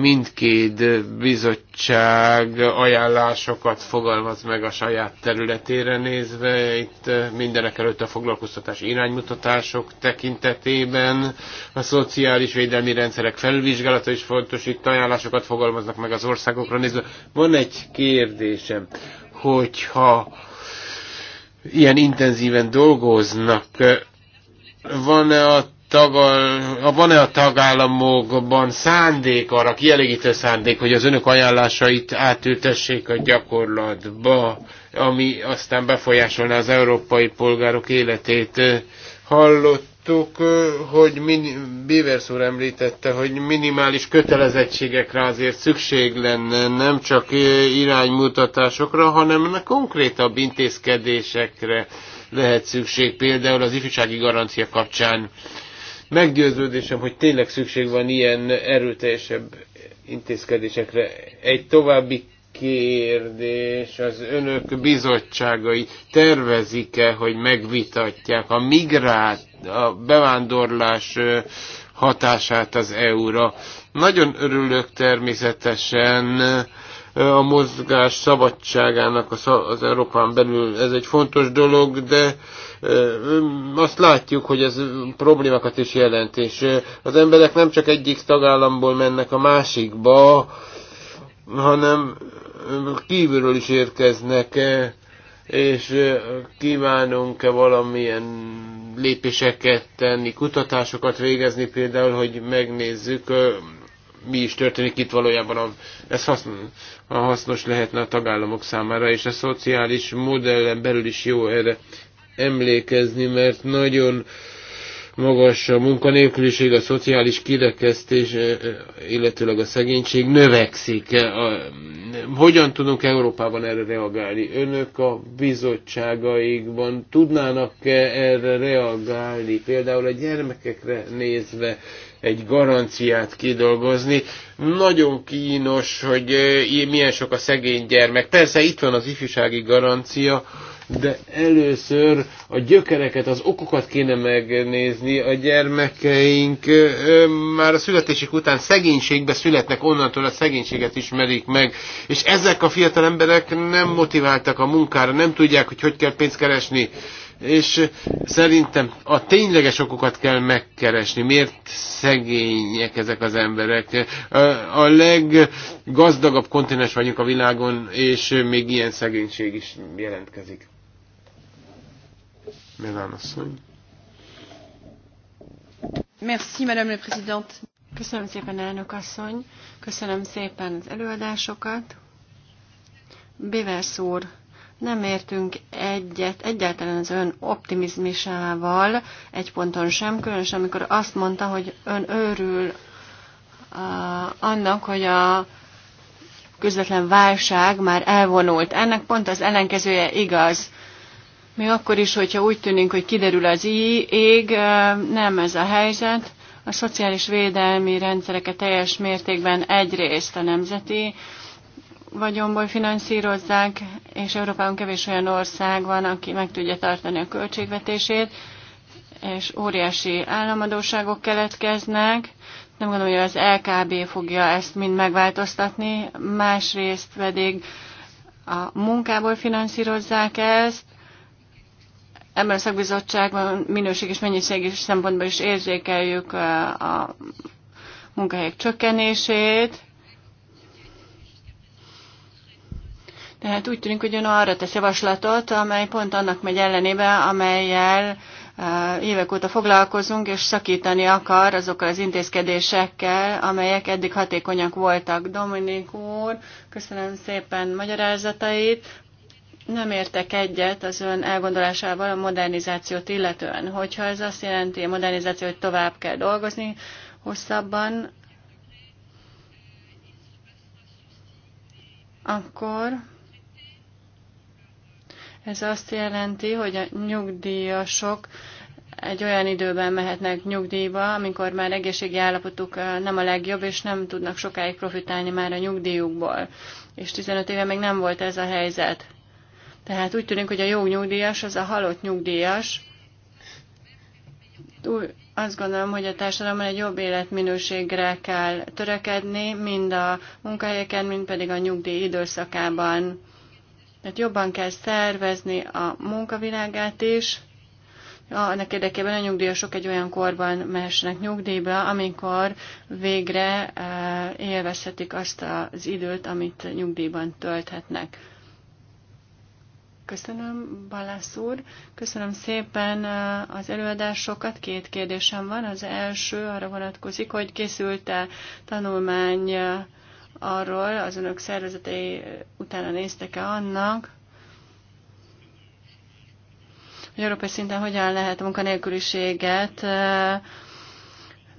mindkét bizottság ajánlásokat fogalmaz meg a saját területére nézve, itt mindenek előtt a foglalkoztatás iránymutatások tekintetében, a szociális védelmi rendszerek felvizsgálata is fontos, itt ajánlásokat fogalmaznak meg az országokra nézve. Van egy kérdésem, hogyha ilyen intenzíven dolgoznak, van-e a van-e a tagállamokban szándék arra, kielégítő szándék, hogy az önök ajánlásait átültessék a gyakorlatba, ami aztán befolyásolná az európai polgárok életét? Hallottuk, hogy Bivers úr említette, hogy minimális kötelezettségekre azért szükség lenne, nem csak iránymutatásokra, hanem konkrétabb intézkedésekre lehet szükség, például az ifjúsági garancia kapcsán Meggyőződésem, hogy tényleg szükség van ilyen erőteljesebb intézkedésekre. Egy további kérdés, az önök bizottságai tervezik-e, hogy megvitatják a migrát, a bevándorlás hatását az EU-ra. Nagyon örülök természetesen a mozgás szabadságának az Európán belül. Ez egy fontos dolog, de azt látjuk, hogy ez problémákat is jelent, és az emberek nem csak egyik tagállamból mennek a másikba, hanem kívülről is érkeznek, és kívánunk-e valamilyen lépéseket tenni, kutatásokat végezni például, hogy megnézzük, mi is történik itt valójában. Ez hasznos lehetne a tagállamok számára, és a szociális modellen belül is jó erre emlékezni, mert nagyon magas a munkanélküliség, a szociális kirekesztés, eh, eh, illetőleg a szegénység növekszik. Eh, hogyan tudunk Európában erre reagálni? Önök a bizottságaikban tudnának -e erre reagálni? Például a gyermekekre nézve egy garanciát kidolgozni. Nagyon kínos, hogy milyen sok a szegény gyermek. Persze itt van az ifjúsági garancia, de először a gyökereket, az okokat kéne megnézni. A gyermekeink már a születésük után szegénységbe születnek, onnantól a szegénységet ismerik meg. És ezek a fiatal emberek nem motiváltak a munkára, nem tudják, hogy hogy kell pénzt keresni és szerintem a tényleges okokat kell megkeresni. Miért szegények ezek az emberek? A leggazdagabb kontinens vagyunk a világon, és még ilyen szegénység is jelentkezik. Madame la Présidente. Köszönöm szépen, elnök asszony. Köszönöm szépen az előadásokat. Béversz úr, nem értünk egyet egyáltalán az ön optimizmisával, egy ponton sem, különösen amikor azt mondta, hogy ön őrül uh, annak, hogy a közvetlen válság már elvonult. Ennek pont az ellenkezője igaz mi akkor is, hogyha úgy tűnik, hogy kiderül az ég, nem ez a helyzet. A szociális védelmi rendszereket teljes mértékben egyrészt a nemzeti vagyomból finanszírozzák, és Európában kevés olyan ország van, aki meg tudja tartani a költségvetését, és óriási államadóságok keletkeznek. Nem gondolom, hogy az LKB fogja ezt mind megváltoztatni, másrészt pedig a munkából finanszírozzák ezt, Ebben a szakbizottságban minőség és mennyiségi szempontból is érzékeljük a munkahelyek csökkenését. Tehát úgy tűnik, hogy ön arra tesz javaslatot, amely pont annak megy ellenébe, amelyel évek óta foglalkozunk, és szakítani akar azokkal az intézkedésekkel, amelyek eddig hatékonyak voltak. Dominik úr, köszönöm szépen magyarázatait nem értek egyet az ön elgondolásával a modernizációt illetően. Hogyha ez azt jelenti, a modernizáció, hogy tovább kell dolgozni hosszabban, akkor ez azt jelenti, hogy a nyugdíjasok egy olyan időben mehetnek nyugdíjba, amikor már egészségi állapotuk nem a legjobb, és nem tudnak sokáig profitálni már a nyugdíjukból. És 15 éve még nem volt ez a helyzet. Tehát úgy tűnik, hogy a jó nyugdíjas az a halott nyugdíjas. Úgy, azt gondolom, hogy a társadalomban egy jobb életminőségre kell törekedni, mind a munkahelyeken, mind pedig a nyugdíj időszakában. Tehát jobban kell szervezni a munkavilágát is, annak érdekében a nyugdíjasok egy olyan korban mehessenek nyugdíjba, amikor végre eh, élvezhetik azt az időt, amit nyugdíjban tölthetnek. Köszönöm, Balász úr. Köszönöm szépen uh, az előadásokat. Két kérdésem van. Az első arra vonatkozik, hogy készült-e tanulmány uh, arról, az önök szervezetei uh, utána néztek-e annak, hogy európai szinten hogyan lehet a munkanélküliséget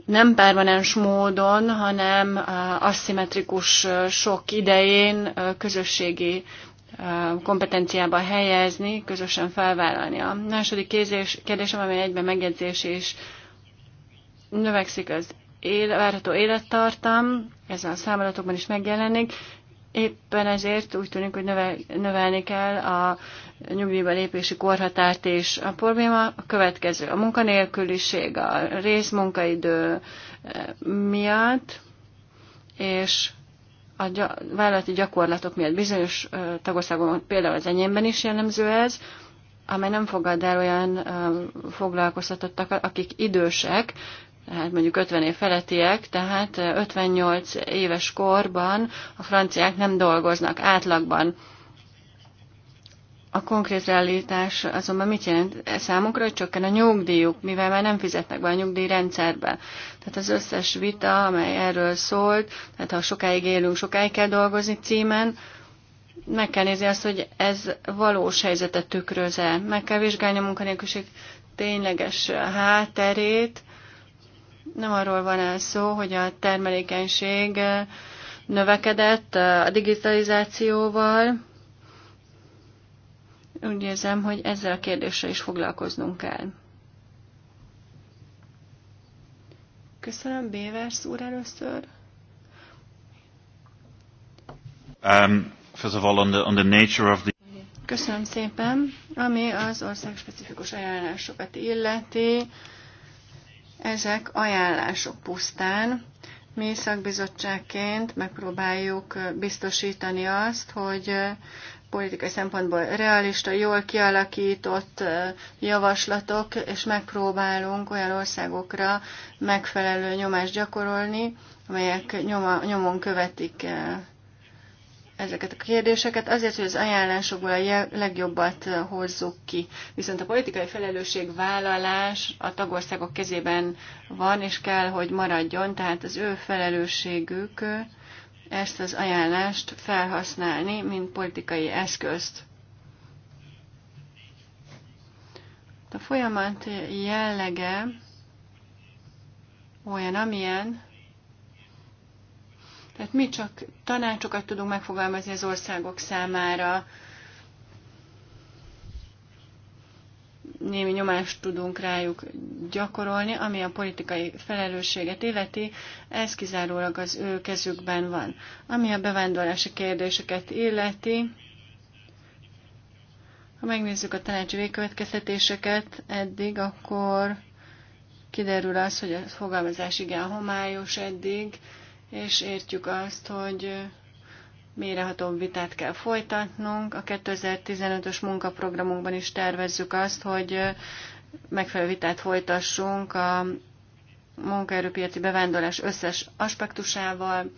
nem permanens módon, hanem aszimmetrikus sok idején közösségi kompetenciába helyezni, közösen felvállalni. A második kérdés, kérdésem, amely egyben megjegyzés is, növekszik az él, várható élettartam, ez a számadatokban is megjelenik, éppen ezért úgy tűnik, hogy növel, növelni kell a nyugdíjba lépési korhatárt, és a probléma a következő. A munkanélküliség, a részmunkaidő eh, miatt, és a vállalati gyakorlatok miatt bizonyos tagországokban, például az enyémben is jellemző ez, amely nem fogad el olyan foglalkoztatottakat, akik idősek, tehát mondjuk 50 év felettiek, tehát 58 éves korban a franciák nem dolgoznak átlagban. A konkrét realitás azonban mit jelent számunkra, hogy csökken a nyugdíjuk, mivel már nem fizetnek be a nyugdíjrendszerbe. Tehát az összes vita, amely erről szólt, tehát ha sokáig élünk, sokáig kell dolgozni címen, meg kell nézni azt, hogy ez valós helyzetet tükröz-e. Meg kell vizsgálni a munkanélküliség tényleges hátterét. Nem arról van el szó, hogy a termelékenység növekedett a digitalizációval, úgy érzem, hogy ezzel a kérdéssel is foglalkoznunk kell. Köszönöm, Bévers úr először. Um, first of all, on the, on the nature of the... Köszönöm szépen. Ami az ország specifikus ajánlásokat illeti, ezek ajánlások pusztán. Mi szakbizottságként megpróbáljuk biztosítani azt, hogy politikai szempontból realista, jól kialakított javaslatok, és megpróbálunk olyan országokra megfelelő nyomást gyakorolni, amelyek nyoma, nyomon követik ezeket a kérdéseket, azért, hogy az ajánlásokból a legjobbat hozzuk ki. Viszont a politikai vállalás a tagországok kezében van, és kell, hogy maradjon, tehát az ő felelősségük ezt az ajánlást felhasználni, mint politikai eszközt. A folyamat jellege olyan, amilyen, tehát mi csak tanácsokat tudunk megfogalmazni az országok számára, némi nyomást tudunk rájuk gyakorolni, ami a politikai felelősséget illeti, ez kizárólag az ő kezükben van. Ami a bevándorlási kérdéseket illeti, ha megnézzük a tanácsi végkövetkeztetéseket eddig, akkor kiderül az, hogy a fogalmazás igen homályos eddig, és értjük azt, hogy méreható vitát kell folytatnunk. A 2015-ös munkaprogramunkban is tervezzük azt, hogy megfelelő vitát folytassunk a munkaerőpiaci bevándorlás összes aspektusával,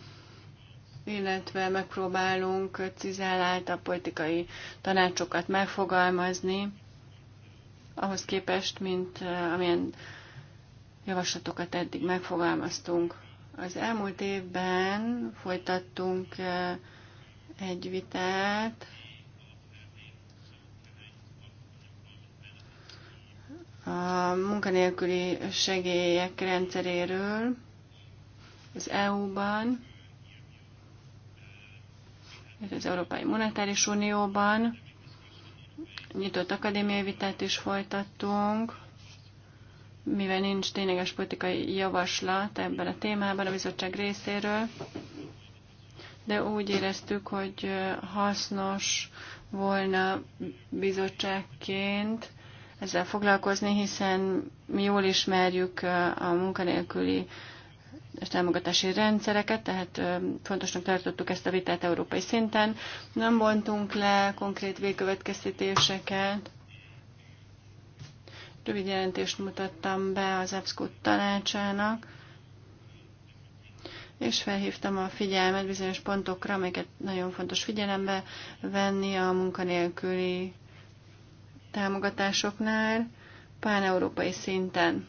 illetve megpróbálunk cizelált a politikai tanácsokat megfogalmazni, ahhoz képest, mint amilyen javaslatokat eddig megfogalmaztunk. Az elmúlt évben folytattunk egy vitát a munkanélküli segélyek rendszeréről az EU-ban, az Európai Monetáris Unióban. Nyitott akadémiai vitát is folytattunk, mivel nincs tényleges politikai javaslat ebben a témában a bizottság részéről de úgy éreztük, hogy hasznos volna bizottságként ezzel foglalkozni, hiszen mi jól ismerjük a munkanélküli támogatási rendszereket, tehát fontosnak tartottuk ezt a vitát európai szinten. Nem bontunk le konkrét végkövetkeztetéseket. Rövid jelentést mutattam be az EBSZKO tanácsának és felhívtam a figyelmet bizonyos pontokra, amelyeket nagyon fontos figyelembe venni a munkanélküli támogatásoknál, pán-európai szinten,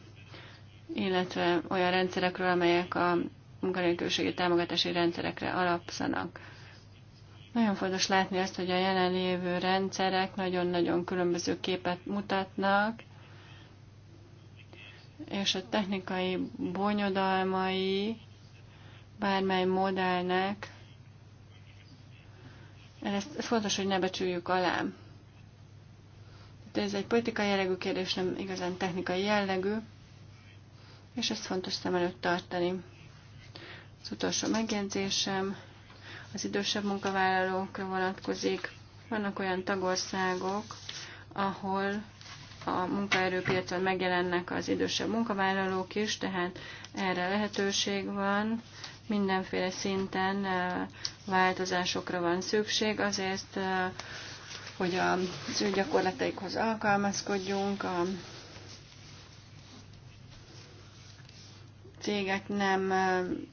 illetve olyan rendszerekről, amelyek a munkanélküliségi támogatási rendszerekre alapszanak. Nagyon fontos látni azt, hogy a jelenlévő rendszerek nagyon-nagyon különböző képet mutatnak, és a technikai bonyodalmai bármely modellnek, ez, ez fontos, hogy ne becsüljük alá. De ez egy politikai jellegű kérdés, nem igazán technikai jellegű, és ezt fontos szem előtt tartani. Az utolsó megjegyzésem az idősebb munkavállalókra vonatkozik. Vannak olyan tagországok, ahol a munkaerőpiacon megjelennek az idősebb munkavállalók is, tehát erre lehetőség van mindenféle szinten változásokra van szükség, azért, hogy a ő gyakorlataikhoz alkalmazkodjunk, a cégek nem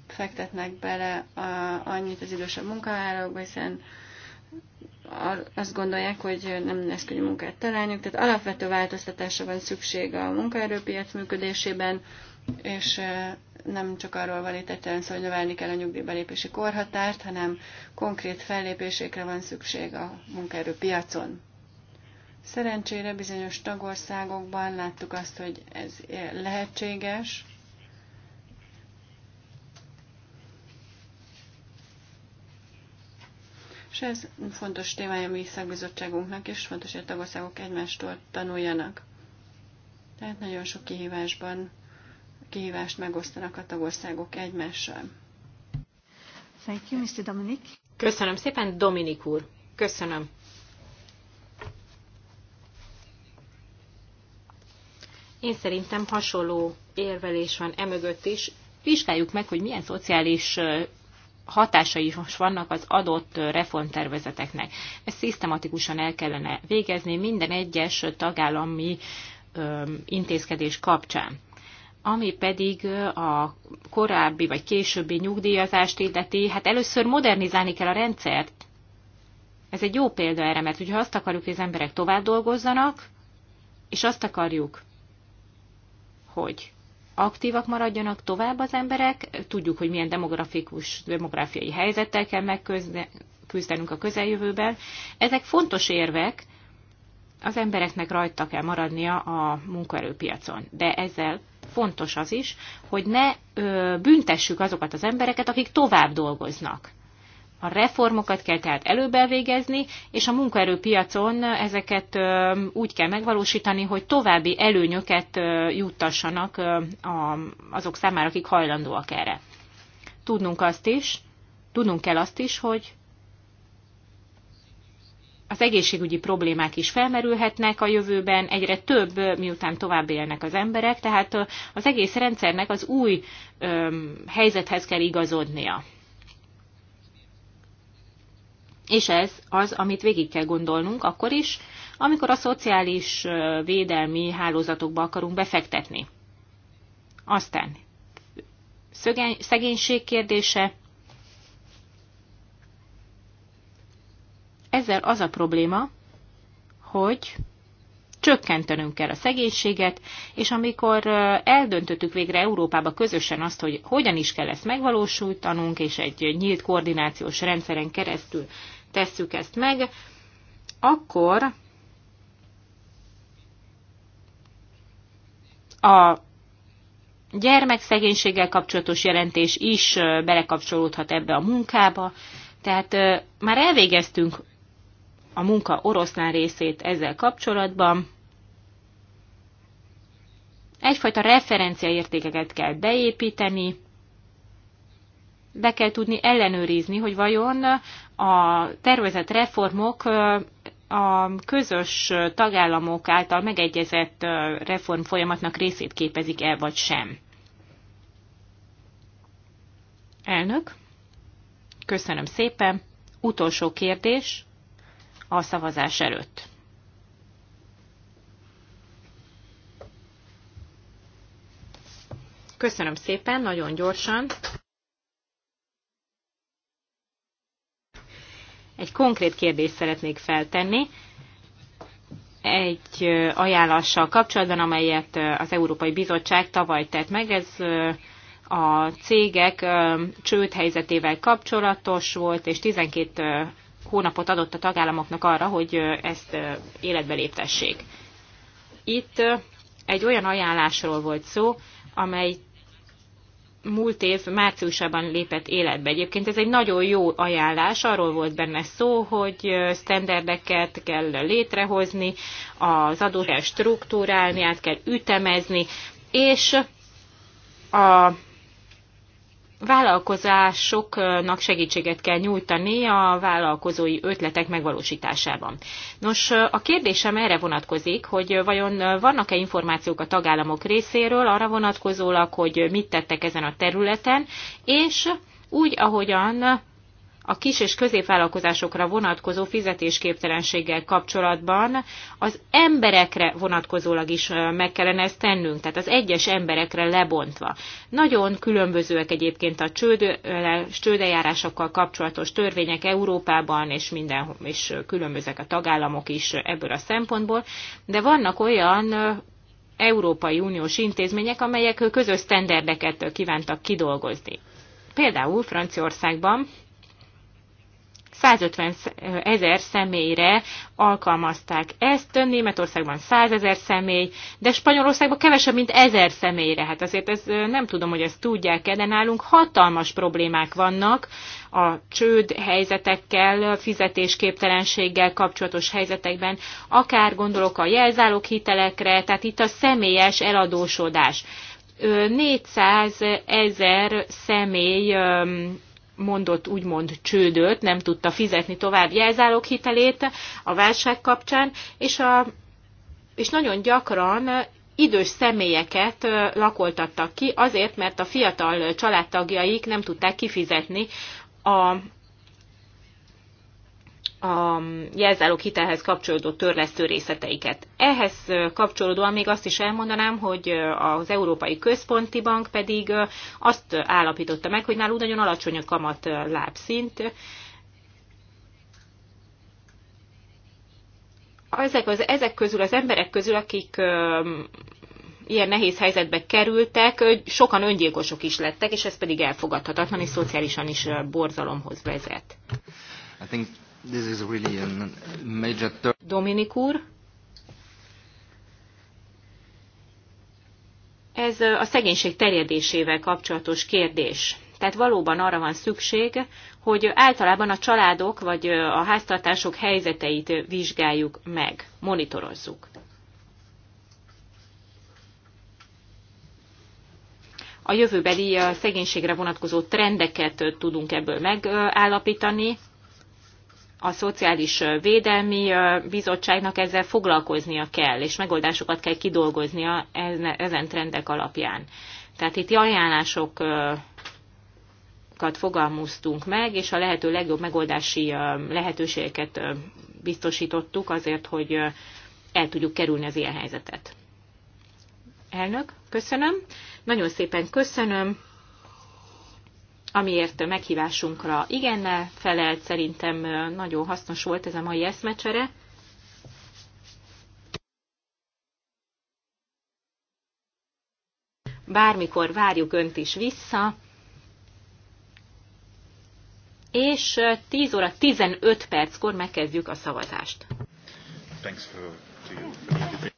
fektetnek bele annyit az idősebb munkavállalókba, hiszen azt gondolják, hogy nem lesz könnyű munkát találniuk, tehát alapvető változtatásra van szükség a munkaerőpiac működésében, és nem csak arról van itt egyszerűen szó, hogy növelni kell a nyugdíjbelépési korhatárt, hanem konkrét fellépésékre van szükség a munkaerőpiacon. Szerencsére bizonyos tagországokban láttuk azt, hogy ez lehetséges, És ez fontos témája mi szakbizottságunknak, és fontos, hogy a tagországok egymástól tanuljanak. Tehát nagyon sok kihívásban kihívást megosztanak a tagországok egymással. Thank you, Mr. Dominic. Köszönöm szépen, Dominik úr. Köszönöm. Én szerintem hasonló érvelés van emögött is. Vizsgáljuk meg, hogy milyen szociális hatásai is vannak az adott reformtervezeteknek. Ezt szisztematikusan el kellene végezni minden egyes tagállami intézkedés kapcsán ami pedig a korábbi vagy későbbi nyugdíjazást illeti, hát először modernizálni kell a rendszert. Ez egy jó példa erre, mert hogyha azt akarjuk, hogy az emberek tovább dolgozzanak, és azt akarjuk, hogy aktívak maradjanak tovább az emberek, tudjuk, hogy milyen demografikus, demográfiai helyzettel kell megküzdenünk a közeljövőben. Ezek fontos érvek, az embereknek rajta kell maradnia a munkaerőpiacon, de ezzel fontos az is, hogy ne ö, büntessük azokat az embereket, akik tovább dolgoznak. A reformokat kell tehát előbb elvégezni, és a munkaerőpiacon ezeket ö, úgy kell megvalósítani, hogy további előnyöket ö, juttassanak ö, a, azok számára, akik hajlandóak erre. Tudnunk azt is, tudnunk kell azt is, hogy az egészségügyi problémák is felmerülhetnek a jövőben, egyre több, miután tovább élnek az emberek, tehát az egész rendszernek az új öm, helyzethez kell igazodnia. És ez az, amit végig kell gondolnunk akkor is, amikor a szociális védelmi hálózatokba akarunk befektetni. Aztán szegénység kérdése, Ezzel az a probléma, hogy csökkentenünk kell a szegénységet, és amikor eldöntöttük végre Európába közösen azt, hogy hogyan is kell ezt megvalósítanunk, és egy nyílt koordinációs rendszeren keresztül tesszük ezt meg, akkor a gyermekszegénységgel kapcsolatos jelentés is belekapcsolódhat ebbe a munkába, tehát már elvégeztünk a munka oroszlán részét ezzel kapcsolatban. Egyfajta referenciaértékeket kell beépíteni, be kell tudni ellenőrizni, hogy vajon a tervezett reformok a közös tagállamok által megegyezett reform folyamatnak részét képezik el, vagy sem. Elnök, köszönöm szépen. Utolsó kérdés a szavazás előtt. Köszönöm szépen, nagyon gyorsan. Egy konkrét kérdést szeretnék feltenni egy ajánlással kapcsolatban, amelyet az Európai Bizottság tavaly tett meg. Ez a cégek csőd helyzetével kapcsolatos volt, és 12 hónapot adott a tagállamoknak arra, hogy ezt életbe léptessék. Itt egy olyan ajánlásról volt szó, amely múlt év márciusában lépett életbe. Egyébként ez egy nagyon jó ajánlás, arról volt benne szó, hogy sztenderdeket kell létrehozni, az adót kell struktúrálni, át kell ütemezni, és a vállalkozásoknak segítséget kell nyújtani a vállalkozói ötletek megvalósításában. Nos, a kérdésem erre vonatkozik, hogy vajon vannak-e információk a tagállamok részéről arra vonatkozólag, hogy mit tettek ezen a területen, és úgy, ahogyan a kis és középvállalkozásokra vonatkozó fizetésképtelenséggel kapcsolatban az emberekre vonatkozólag is meg kellene ezt tennünk, tehát az egyes emberekre lebontva. Nagyon különbözőek egyébként a csőd, csődeljárásokkal kapcsolatos törvények Európában, és minden és különbözőek a tagállamok is ebből a szempontból, de vannak olyan Európai Uniós intézmények, amelyek közös sztenderdeket kívántak kidolgozni. Például Franciaországban 150 ezer személyre alkalmazták ezt, Németországban 100 ezer személy, de Spanyolországban kevesebb, mint ezer személyre. Hát azért ez, nem tudom, hogy ezt tudják-e, de nálunk hatalmas problémák vannak a csőd helyzetekkel, fizetésképtelenséggel kapcsolatos helyzetekben, akár gondolok a jelzálók hitelekre, tehát itt a személyes eladósodás. 400 ezer személy mondott úgymond csődöt, nem tudta fizetni tovább jelzálók hitelét a válság kapcsán, és, a, és nagyon gyakran idős személyeket lakoltattak ki, azért, mert a fiatal családtagjaik nem tudták kifizetni a a jelzálók hitelhez kapcsolódó törlesztő részleteiket. Ehhez kapcsolódóan még azt is elmondanám, hogy az Európai Központi Bank pedig azt állapította meg, hogy nálunk nagyon alacsony a kamat lábszint. Ezek, az, ezek közül, az emberek közül, akik ilyen nehéz helyzetbe kerültek, sokan öngyilkosok is lettek, és ez pedig elfogadhatatlan, és szociálisan is borzalomhoz vezet. I think This is really a major... Dominik úr, ez a szegénység terjedésével kapcsolatos kérdés. Tehát valóban arra van szükség, hogy általában a családok vagy a háztartások helyzeteit vizsgáljuk meg, monitorozzuk. A jövőbeli szegénységre vonatkozó trendeket tudunk ebből megállapítani, a Szociális Védelmi Bizottságnak ezzel foglalkoznia kell, és megoldásokat kell kidolgoznia ezen trendek alapján. Tehát itt ajánlásokat fogalmaztunk meg, és a lehető legjobb megoldási lehetőségeket biztosítottuk azért, hogy el tudjuk kerülni az ilyen helyzetet. Elnök, köszönöm. Nagyon szépen köszönöm amiért meghívásunkra igennel felelt, szerintem nagyon hasznos volt ez a mai eszmecsere. Bármikor várjuk Önt is vissza, és 10 óra 15 perckor megkezdjük a szavazást. Thanks for, to you.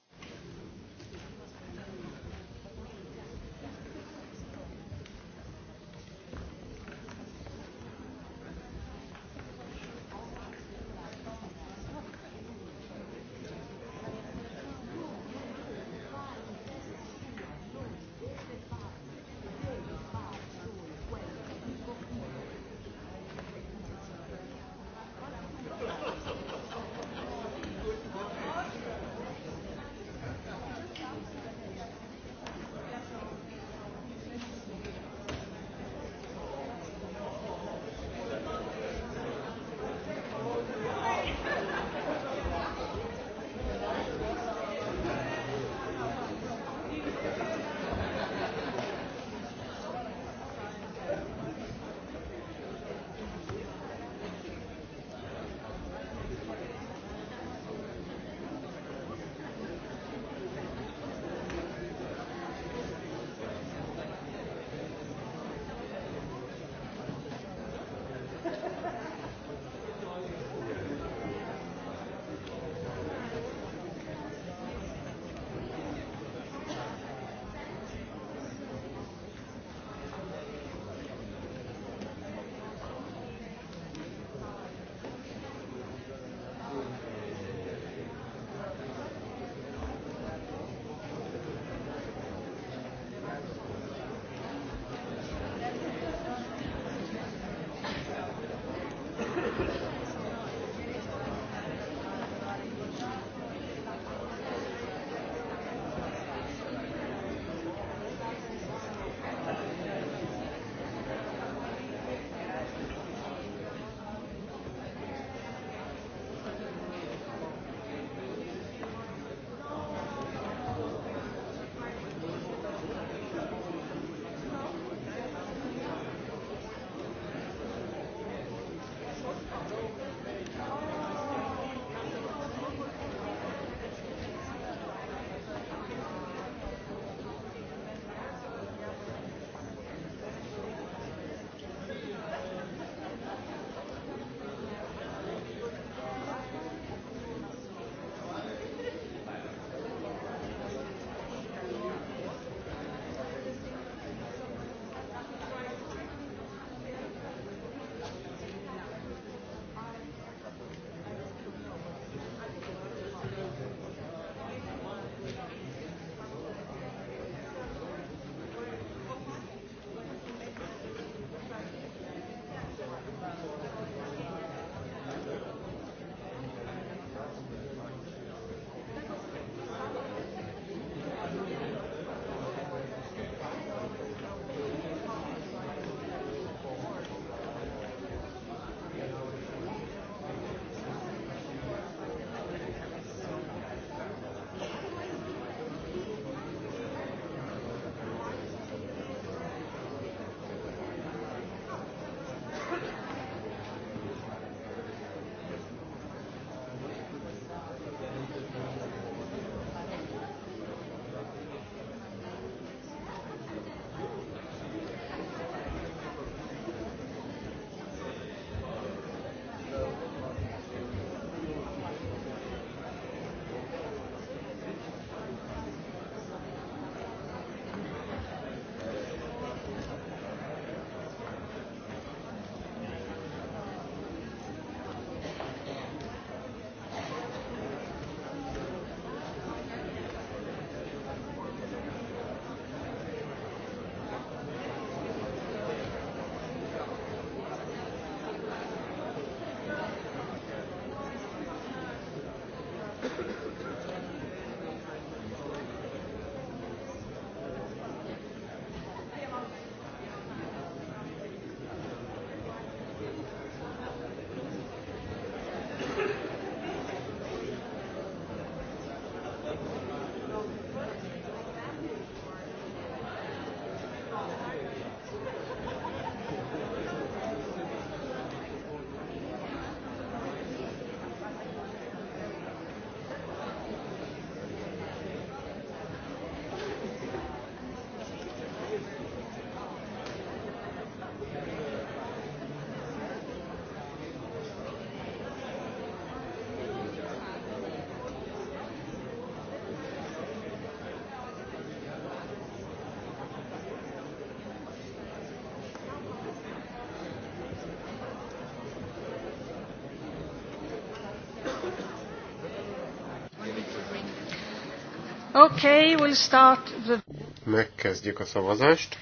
Okay, we'll start the... Megkezdjük a szavazást.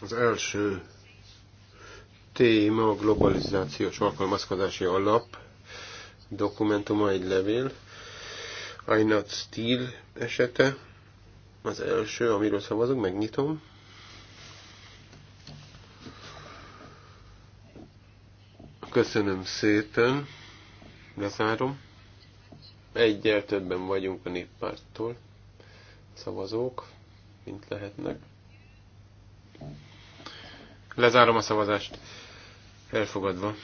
Az első téma a globalizációs alkalmazkodási alap dokumentuma egy levél. Einat Steel esete az első, amiről szavazunk, megnyitom. Köszönöm szépen. Lezárom. Egyel többen vagyunk a néppárttól. Szavazók, mint lehetnek. Lezárom a szavazást. Elfogadva.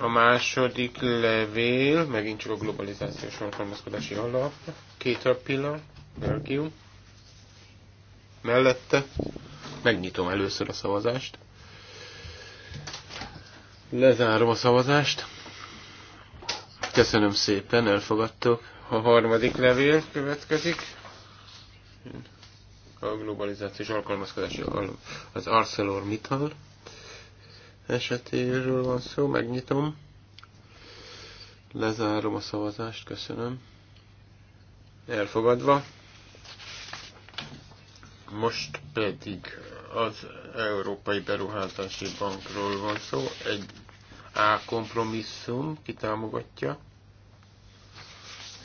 A második levél, megint csak a globalizációs alkalmazkodási alap. pillan, Belgium. Mellette megnyitom először a szavazást. Lezárom a szavazást. Köszönöm szépen, elfogadtok. A harmadik levél következik. A globalizációs alkalmazkodási az ArcelorMittal esetéről van szó, megnyitom. Lezárom a szavazást, köszönöm. Elfogadva. Most pedig az Európai Beruházási Bankról van szó. Egy A kompromisszum kitámogatja.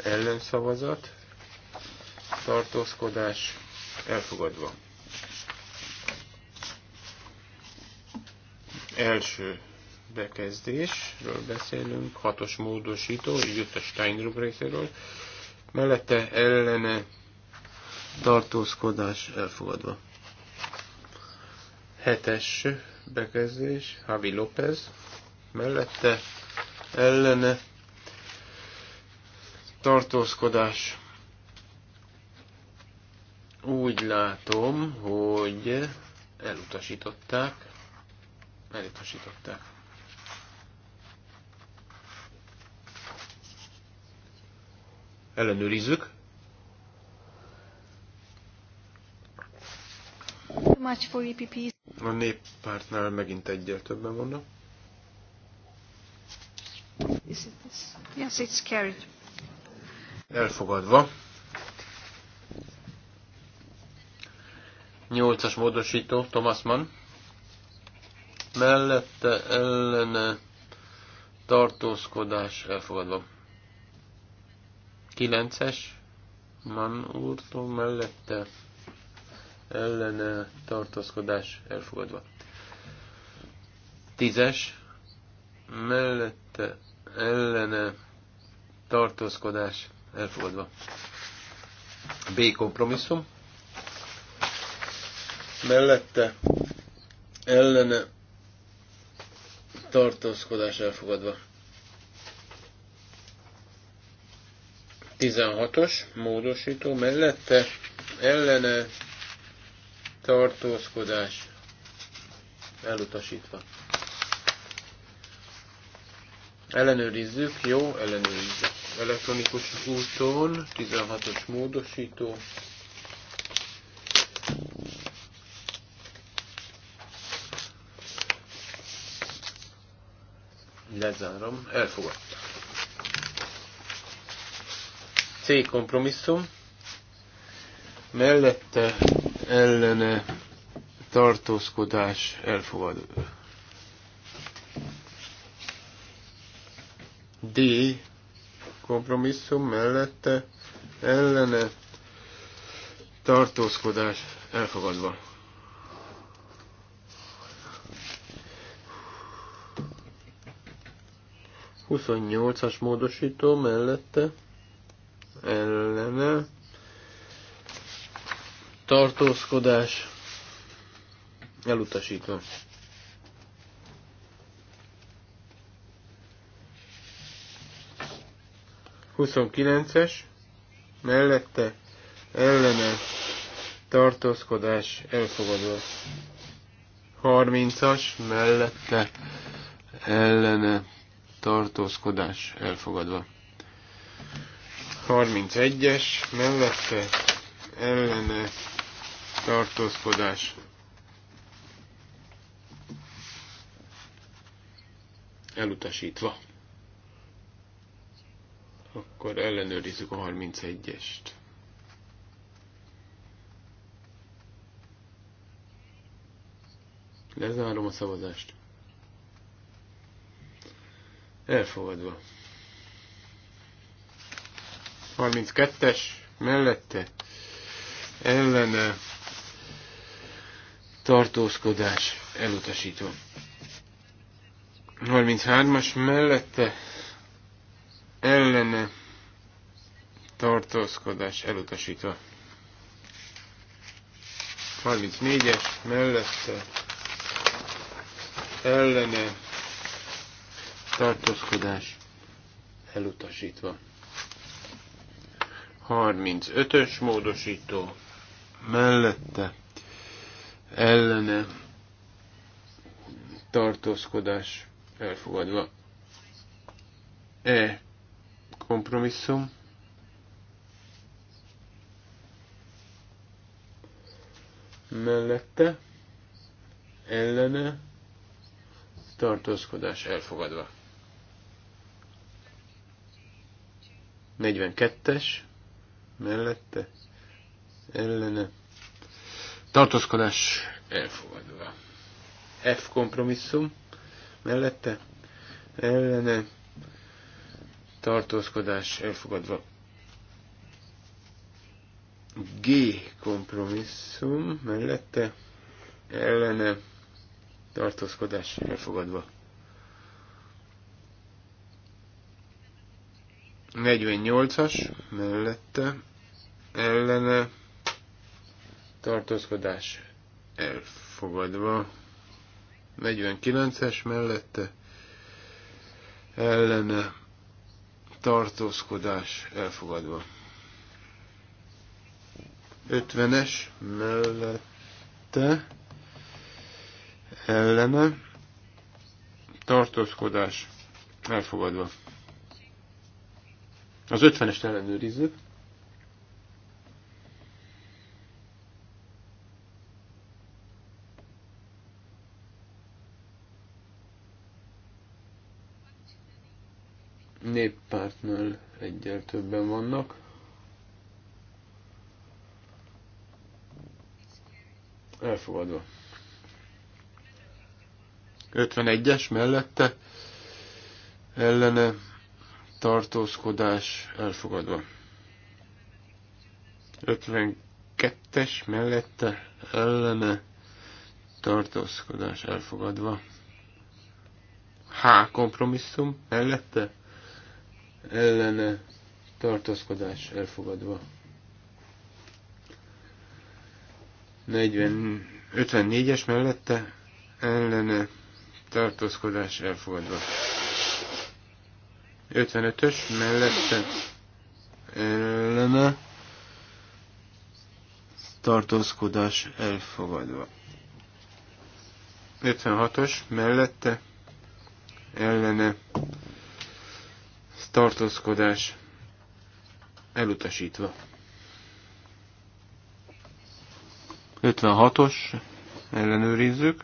Ellenszavazat. Tartózkodás elfogadva. Első bekezdésről beszélünk, hatos módosító, így jött a Steinruck részéről, mellette ellene tartózkodás elfogadva. Hetes bekezdés, Havi López mellette ellene tartózkodás. Úgy látom, hogy elutasították. Elutasították. Ellenőrizzük. Much for A néppártnál megint egyel többen vannak. Is it this? Yes, it's carried. Elfogadva. Nyolcas módosító, Thomas Mann. Mellette ellene tartózkodás elfogadva. Kilences Mann úrtól mellette ellen tartózkodás elfogadva. Tízes mellette ellene tartózkodás elfogadva. B kompromisszum mellette ellene tartózkodás elfogadva. 16-os módosító mellette ellene tartózkodás elutasítva. Ellenőrizzük, jó, ellenőrizzük. Elektronikus úton 16-os módosító. Lezárom, elfogadta. C kompromisszum. Mellette ellene tartózkodás elfogadó. D kompromisszum mellette ellene tartózkodás elfogadva. Huszonnyolcas módosító mellette tartózkodás elutasítva. Huszonkilences mellette ellene tartózkodás elfogadva. Harmincas. mellette ellene tartózkodás elfogadva. 31-es mellette ellene tartózkodás elutasítva. Akkor ellenőrizzük a 31-est. Lezárom a szavazást. Elfogadva. 32-es mellette ellene tartózkodás elutasító. 33-as mellette ellene tartózkodás elutasító. 34-es mellette ellene tartózkodás elutasítva. 35-ös módosító mellette ellene tartózkodás elfogadva. E kompromisszum. Mellette ellene tartózkodás elfogadva. 42-es mellette ellene tartózkodás elfogadva. F kompromisszum mellette ellene tartózkodás elfogadva. G kompromisszum mellette ellene tartózkodás elfogadva. 48-as mellette ellene tartózkodás elfogadva. 49-es mellette ellene tartózkodás elfogadva. 50-es mellette ellene tartózkodás elfogadva. Az 50-est ellenőrizzük. pártnál egyel többen vannak. Elfogadva. 51-es mellette ellene tartózkodás elfogadva. 52-es mellette ellene tartózkodás elfogadva. H kompromisszum mellette ellene tartózkodás elfogadva. 54-es mellette ellene tartózkodás elfogadva. 55-ös mellette ellene tartózkodás elfogadva. 56-os mellette ellene tartózkodás elutasítva. 56-os, ellenőrizzük.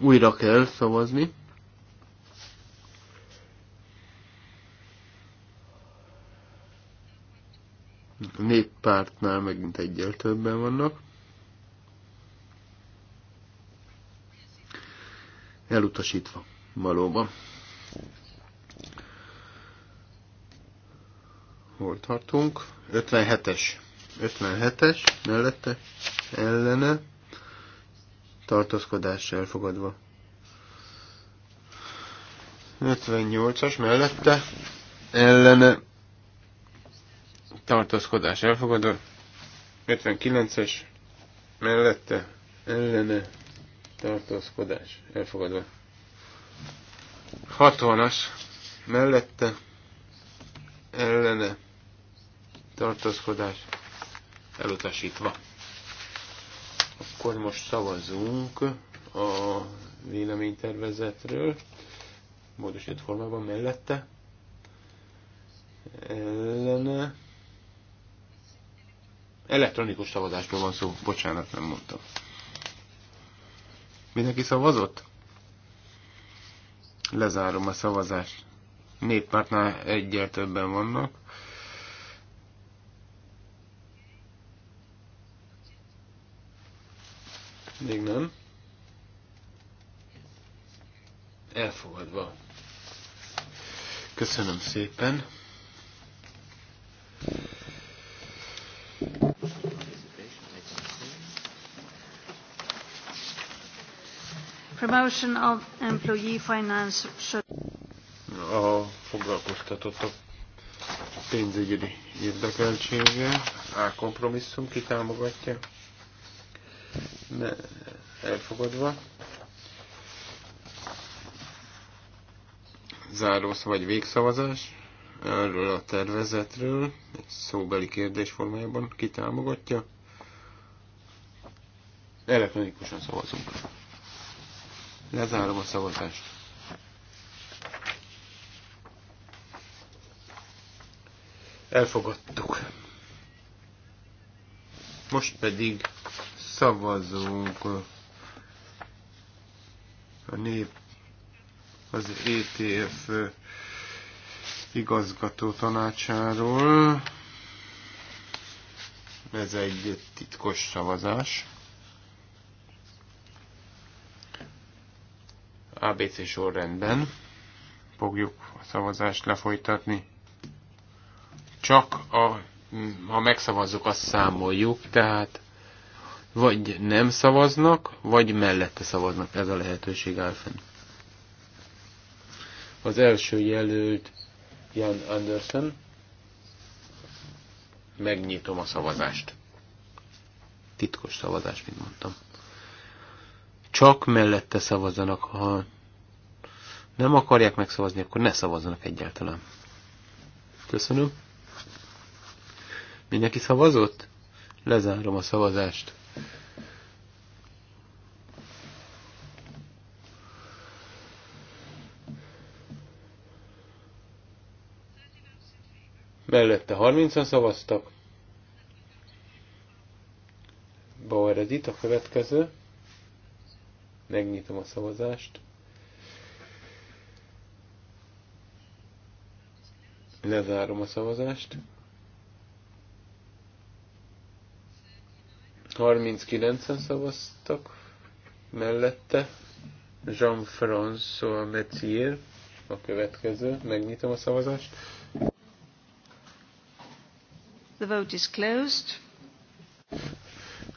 Újra kell szavazni. pártnál megint egyel többen vannak. Elutasítva, valóban. Hol tartunk? 57-es. 57-es, mellette, ellene, tartózkodás elfogadva. 58-as mellette, ellene tartózkodás elfogadott, 59-es mellette ellene tartózkodás elfogadva. 60-as mellette ellene tartózkodás elutasítva. Akkor most szavazunk a véleménytervezetről, módosított formában mellette, ellene Elektronikus szavazásról van szó. Bocsánat, nem mondtam. Mindenki szavazott? Lezárom a szavazást. Néppártnál egyel többen vannak. Még nem. Elfogadva. Köszönöm szépen. A foglalkoztatottak pénzügyi érdekeltsége, a kompromisszum kitámogatja, ne, elfogadva. Zárósz vagy végszavazás erről a tervezetről, egy szóbeli kérdés formájában kitámogatja. Elektronikusan szavazunk. Lezárom a szavazást. Elfogadtuk. Most pedig szavazunk a nép az ETF igazgató tanácsáról. Ez egy titkos szavazás. ABC sorrendben fogjuk a szavazást lefolytatni. Csak a, ha megszavazzuk, azt számoljuk, tehát vagy nem szavaznak, vagy mellette szavaznak. Ez a lehetőség áll fenn. Az első jelölt Jan Anderson. Megnyitom a szavazást. Titkos szavazás, mint mondtam. Csak mellette szavazanak, ha nem akarják megszavazni, akkor ne szavazzanak egyáltalán. Köszönöm. Mindenki szavazott? Lezárom a szavazást. Mellette 30-an szavaztak. Bauer Edith a következő. Megnyitom a szavazást. Lezárom a szavazást. 39-en szavaztak mellette. Jean-François Metier a következő. Megnyitom a szavazást. The vote is closed.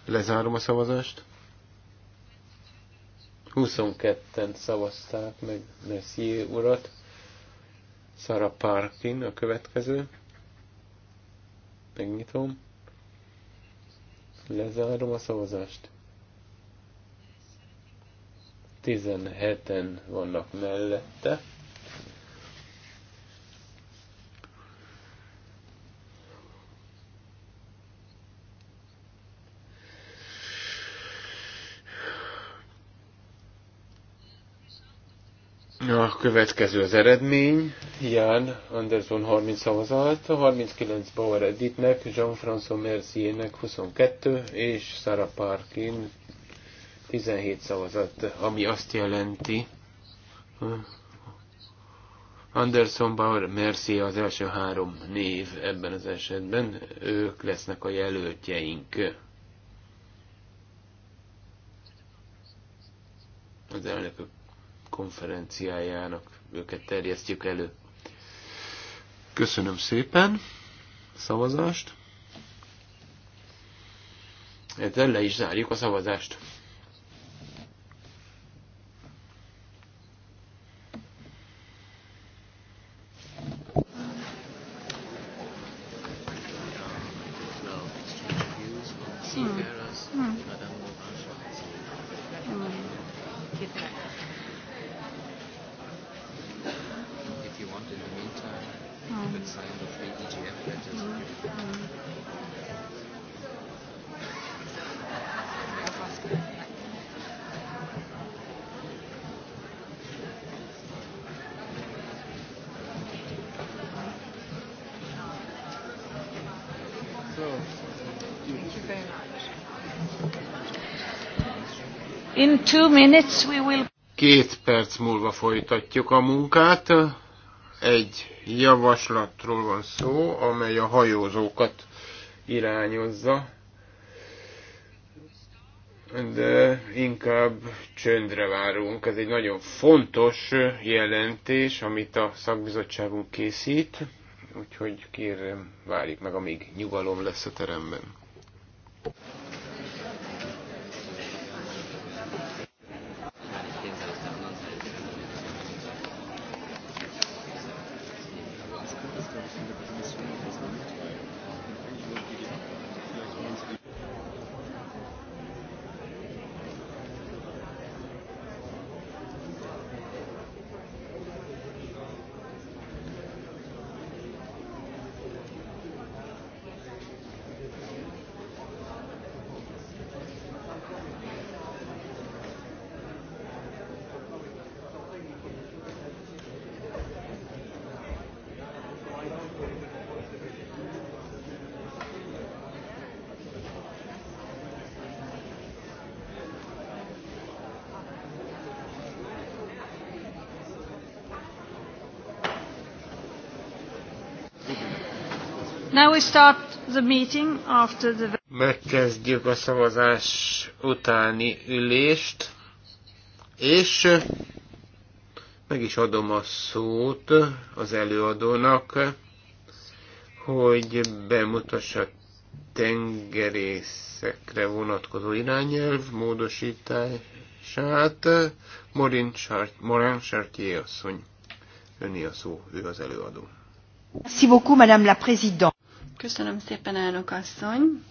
Lezárom a szavazást. 22-en szavazták meg Messier urat. Sara Parkin a következő. Megnyitom. Lezárom a szavazást. 17-en vannak mellette. következő az eredmény. Ján Anderson 30 szavazat, 39 Bauer Editnek, Jean-François Merciernek 22, és Sarah Parkin 17 szavazat, ami azt jelenti, Anderson, Bauer, Mercier az első három név ebben az esetben, ők lesznek a jelöltjeink. Az elnökök konferenciájának őket terjesztjük elő. Köszönöm szépen szavazást. Ezzel hát le is zárjuk a szavazást. Két perc múlva folytatjuk a munkát. Egy javaslatról van szó, amely a hajózókat irányozza. De inkább csöndre várunk. Ez egy nagyon fontos jelentés, amit a szakbizottságunk készít. Úgyhogy kérem, várjuk meg, amíg nyugalom lesz a teremben. Megkezdjük a szavazás utáni ülést, és meg is adom a szót az előadónak, hogy bemutassa tengerészekre vonatkozó irányelv módosítását. Morin Morin Chartier asszony, öni a szó, ő az előadó. Merci beaucoup, Madame la Présidente. Köszönöm szépen, elnök asszony.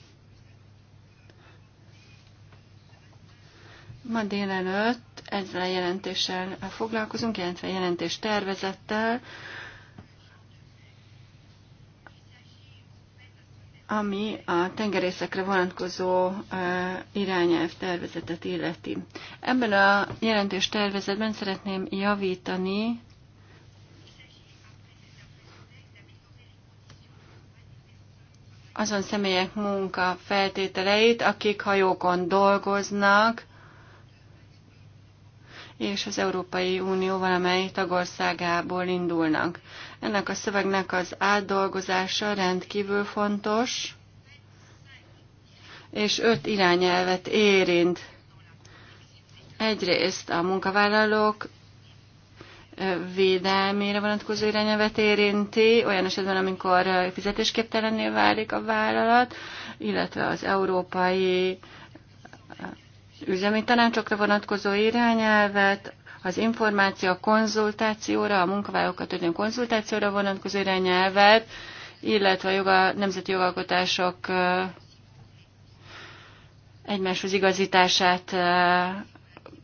Ma délelőtt ezzel a jelentéssel foglalkozunk, illetve jelentés tervezettel, ami a tengerészekre vonatkozó irányelv tervezetet illeti. Ebben a jelentés tervezetben szeretném javítani azon személyek munka feltételeit, akik hajókon dolgoznak, és az Európai Unió valamely tagországából indulnak. Ennek a szövegnek az átdolgozása rendkívül fontos, és öt irányelvet érint. Egyrészt a munkavállalók védelmére vonatkozó irányelvet érinti, olyan esetben, amikor fizetésképtelenné válik a vállalat, illetve az európai üzemi tanácsokra vonatkozó irányelvet, az információ a konzultációra, a munkavállalókat történő konzultációra vonatkozó irányelvet, illetve a joga, nemzeti jogalkotások egymáshoz igazítását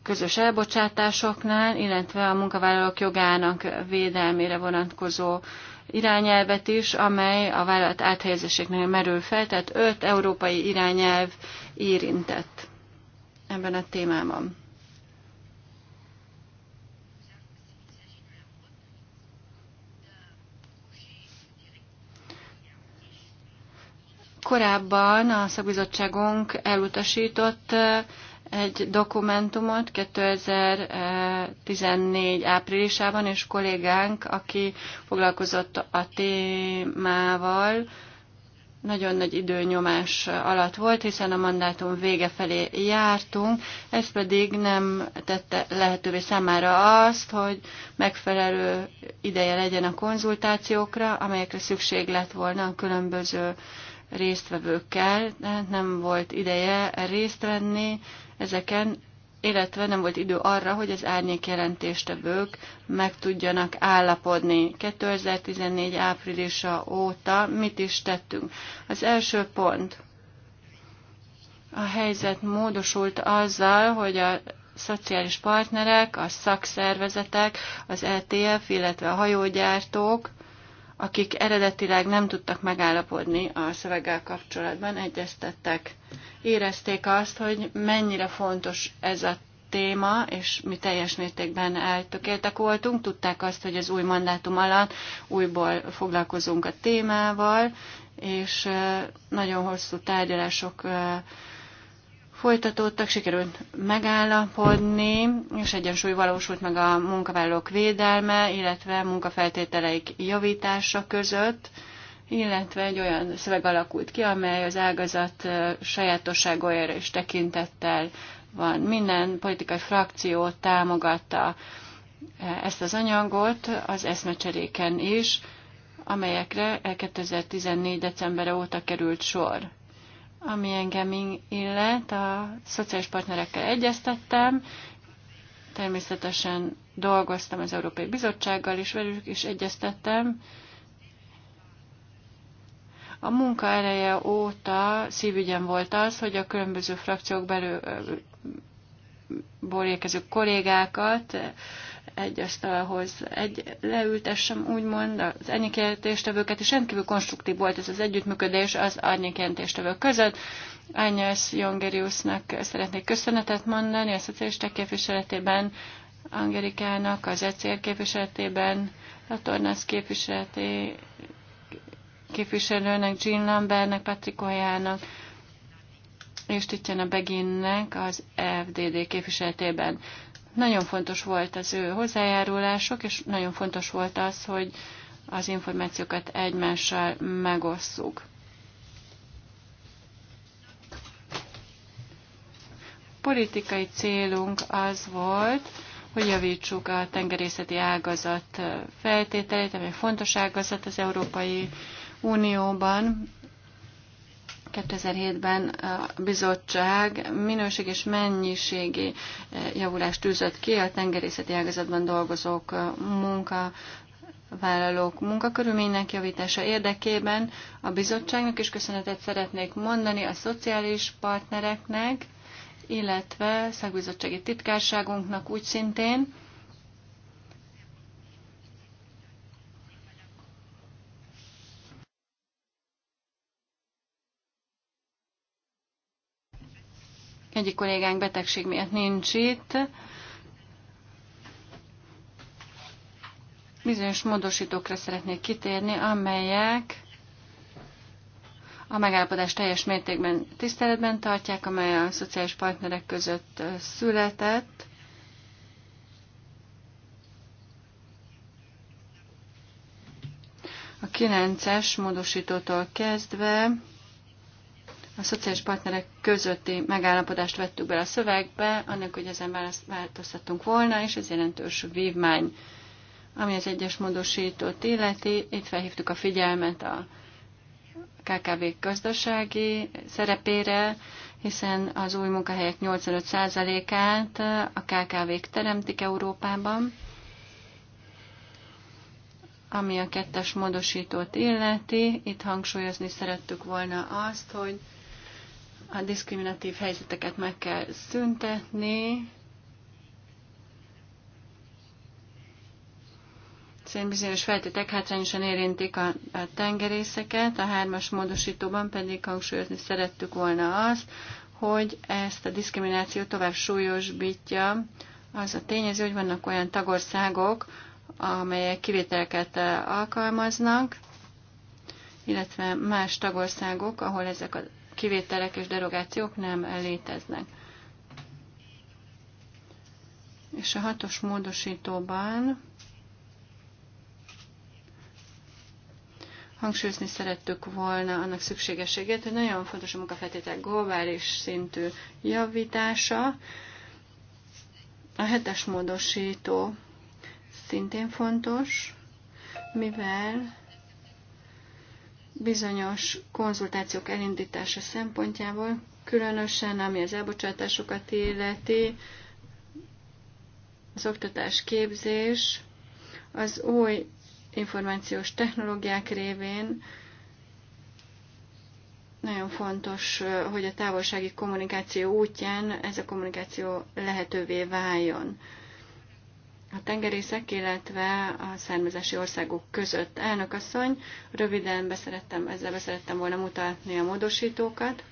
közös elbocsátásoknál, illetve a munkavállalók jogának védelmére vonatkozó irányelvet is, amely a vállalat áthelyezéséknél merül fel, tehát öt európai irányelv érintett ebben a témában. Korábban a szakbizottságunk elutasított egy dokumentumot 2014 áprilisában, és kollégánk, aki foglalkozott a témával, nagyon nagy időnyomás alatt volt, hiszen a mandátum vége felé jártunk, ez pedig nem tette lehetővé számára azt, hogy megfelelő ideje legyen a konzultációkra, amelyekre szükség lett volna a különböző résztvevőkkel, tehát nem volt ideje részt venni, ezeken, illetve nem volt idő arra, hogy az árnyék jelentéstevők meg tudjanak állapodni. 2014 áprilisa óta mit is tettünk? Az első pont. A helyzet módosult azzal, hogy a szociális partnerek, a szakszervezetek, az ETF, illetve a hajógyártók akik eredetileg nem tudtak megállapodni a szöveggel kapcsolatban, egyeztettek. Érezték azt, hogy mennyire fontos ez a téma, és mi teljes mértékben eltökéltek voltunk, tudták azt, hogy az új mandátum alatt újból foglalkozunk a témával, és nagyon hosszú tárgyalások folytatódtak, sikerült megállapodni, és egyensúly valósult meg a munkavállalók védelme, illetve munkafeltételeik javítása között, illetve egy olyan szöveg alakult ki, amely az ágazat sajátosságaira is tekintettel van. Minden politikai frakció támogatta ezt az anyagot az eszmecseréken is, amelyekre 2014. december óta került sor ami engem illet, a szociális partnerekkel egyeztettem, természetesen dolgoztam az Európai Bizottsággal, és velük is egyeztettem. A munka eleje óta szívügyem volt az, hogy a különböző frakciók belül érkező kollégákat egy asztalhoz egy, leültessem, úgymond az árnyékjelentéstevőket, és rendkívül konstruktív volt ez az együttműködés az árnyékjelentéstevők között. Ányász Jongeriusnak szeretnék köszönetet mondani a szociálisták képviseletében, Angerikának az ECR képviseletében, a Tornász képviseleti képviselőnek, Jean Lambertnek, Patrick Olyának, és Titjana Beginnek az e FDD képviseletében. Nagyon fontos volt az ő hozzájárulások, és nagyon fontos volt az, hogy az információkat egymással megosszuk. Politikai célunk az volt, hogy javítsuk a tengerészeti ágazat feltételeit, ami fontos ágazat az Európai Unióban, 2007-ben a bizottság minőség és mennyiségi javulást tűzött ki a tengerészeti ágazatban dolgozók munka vállalók munkakörülménynek javítása érdekében a bizottságnak is köszönetet szeretnék mondani a szociális partnereknek, illetve szakbizottsági titkárságunknak úgy szintén, Egyik kollégánk betegség miatt nincs itt. Bizonyos módosítókra szeretnék kitérni, amelyek a megállapodás teljes mértékben tiszteletben tartják, amely a szociális partnerek között született. A 9-es módosítótól kezdve a szociális partnerek közötti megállapodást vettük bele a szövegbe, annak, hogy ezen változtattunk volna, és ez jelentős vívmány, ami az egyes módosítót illeti. Itt felhívtuk a figyelmet a KKV gazdasági szerepére, hiszen az új munkahelyek 85%-át a KKV-k teremtik Európában. Ami a kettes módosítót illeti, itt hangsúlyozni szerettük volna azt, hogy a diszkriminatív helyzeteket meg kell szüntetni. Szerint bizonyos feltétek hátrányosan érintik a, a tengerészeket, a hármas módosítóban pedig hangsúlyozni szerettük volna azt, hogy ezt a diszkrimináció tovább súlyosbítja az a tényező, hogy vannak olyan tagországok, amelyek kivételeket eh, alkalmaznak, illetve más tagországok, ahol ezek a kivételek és derogációk nem léteznek. És a hatos módosítóban hangsúlyozni szerettük volna annak szükségességét, hogy nagyon fontos a munkafeltételek globális szintű javítása. A hetes módosító szintén fontos, mivel bizonyos konzultációk elindítása szempontjából, különösen ami az elbocsátásokat illeti, az oktatás képzés, az új információs technológiák révén nagyon fontos, hogy a távolsági kommunikáció útján ez a kommunikáció lehetővé váljon a tengerészek, illetve a származási országok között. Elnök asszony, röviden beszerettem, ezzel beszerettem volna mutatni a módosítókat.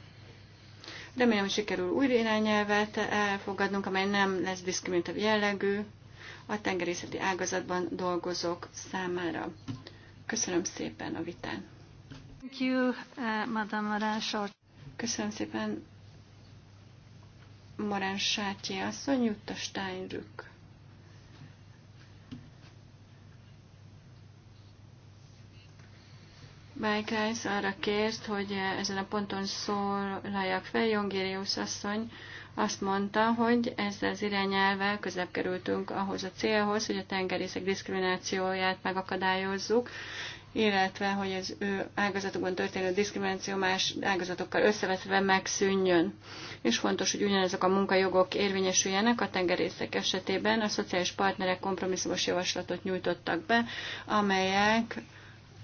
Remélem, hogy sikerül új irányelvet elfogadnunk, amely nem lesz diszkriminatív jellegű a tengerészeti ágazatban dolgozók számára. Köszönöm szépen a vitán. Thank you, uh, Madame Marásor. Köszönöm szépen, Marán Sátyi asszony, Jutta Steinrück. Michaels arra kért, hogy eh, ezen a ponton szólaljak fel. Jongériusz asszony azt mondta, hogy ezzel az irányelvel közebb kerültünk ahhoz a célhoz, hogy a tengerészek diszkriminációját megakadályozzuk, illetve hogy az ő ágazatokban történő diszkrimináció más ágazatokkal összevetve megszűnjön. És fontos, hogy ugyanezek a munkajogok érvényesüljenek a tengerészek esetében. A szociális partnerek kompromisszumos javaslatot nyújtottak be, amelyek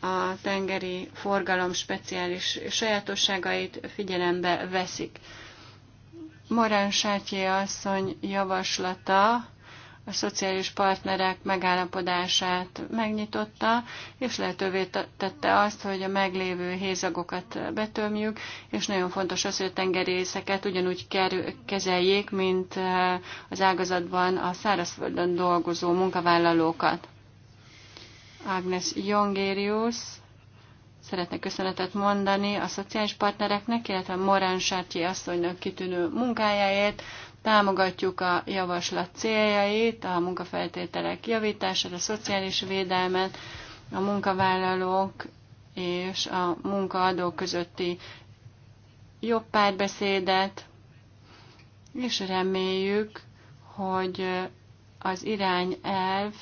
a tengeri forgalom speciális sajátosságait figyelembe veszik. Morán Sátyé asszony javaslata a szociális partnerek megállapodását megnyitotta, és lehetővé tette azt, hogy a meglévő hézagokat betömjük, és nagyon fontos az, hogy a tengerészeket ugyanúgy kezeljék, mint eh, az ágazatban a szárazföldön dolgozó munkavállalókat. Agnes Jongérius szeretne köszönetet mondani a szociális partnereknek, illetve Morán Sártyi asszonynak kitűnő munkájáért. Támogatjuk a javaslat céljait, a munkafeltételek javítását, a szociális védelmet, a munkavállalók és a munkaadók közötti jobb párbeszédet, és reméljük, hogy az irányelv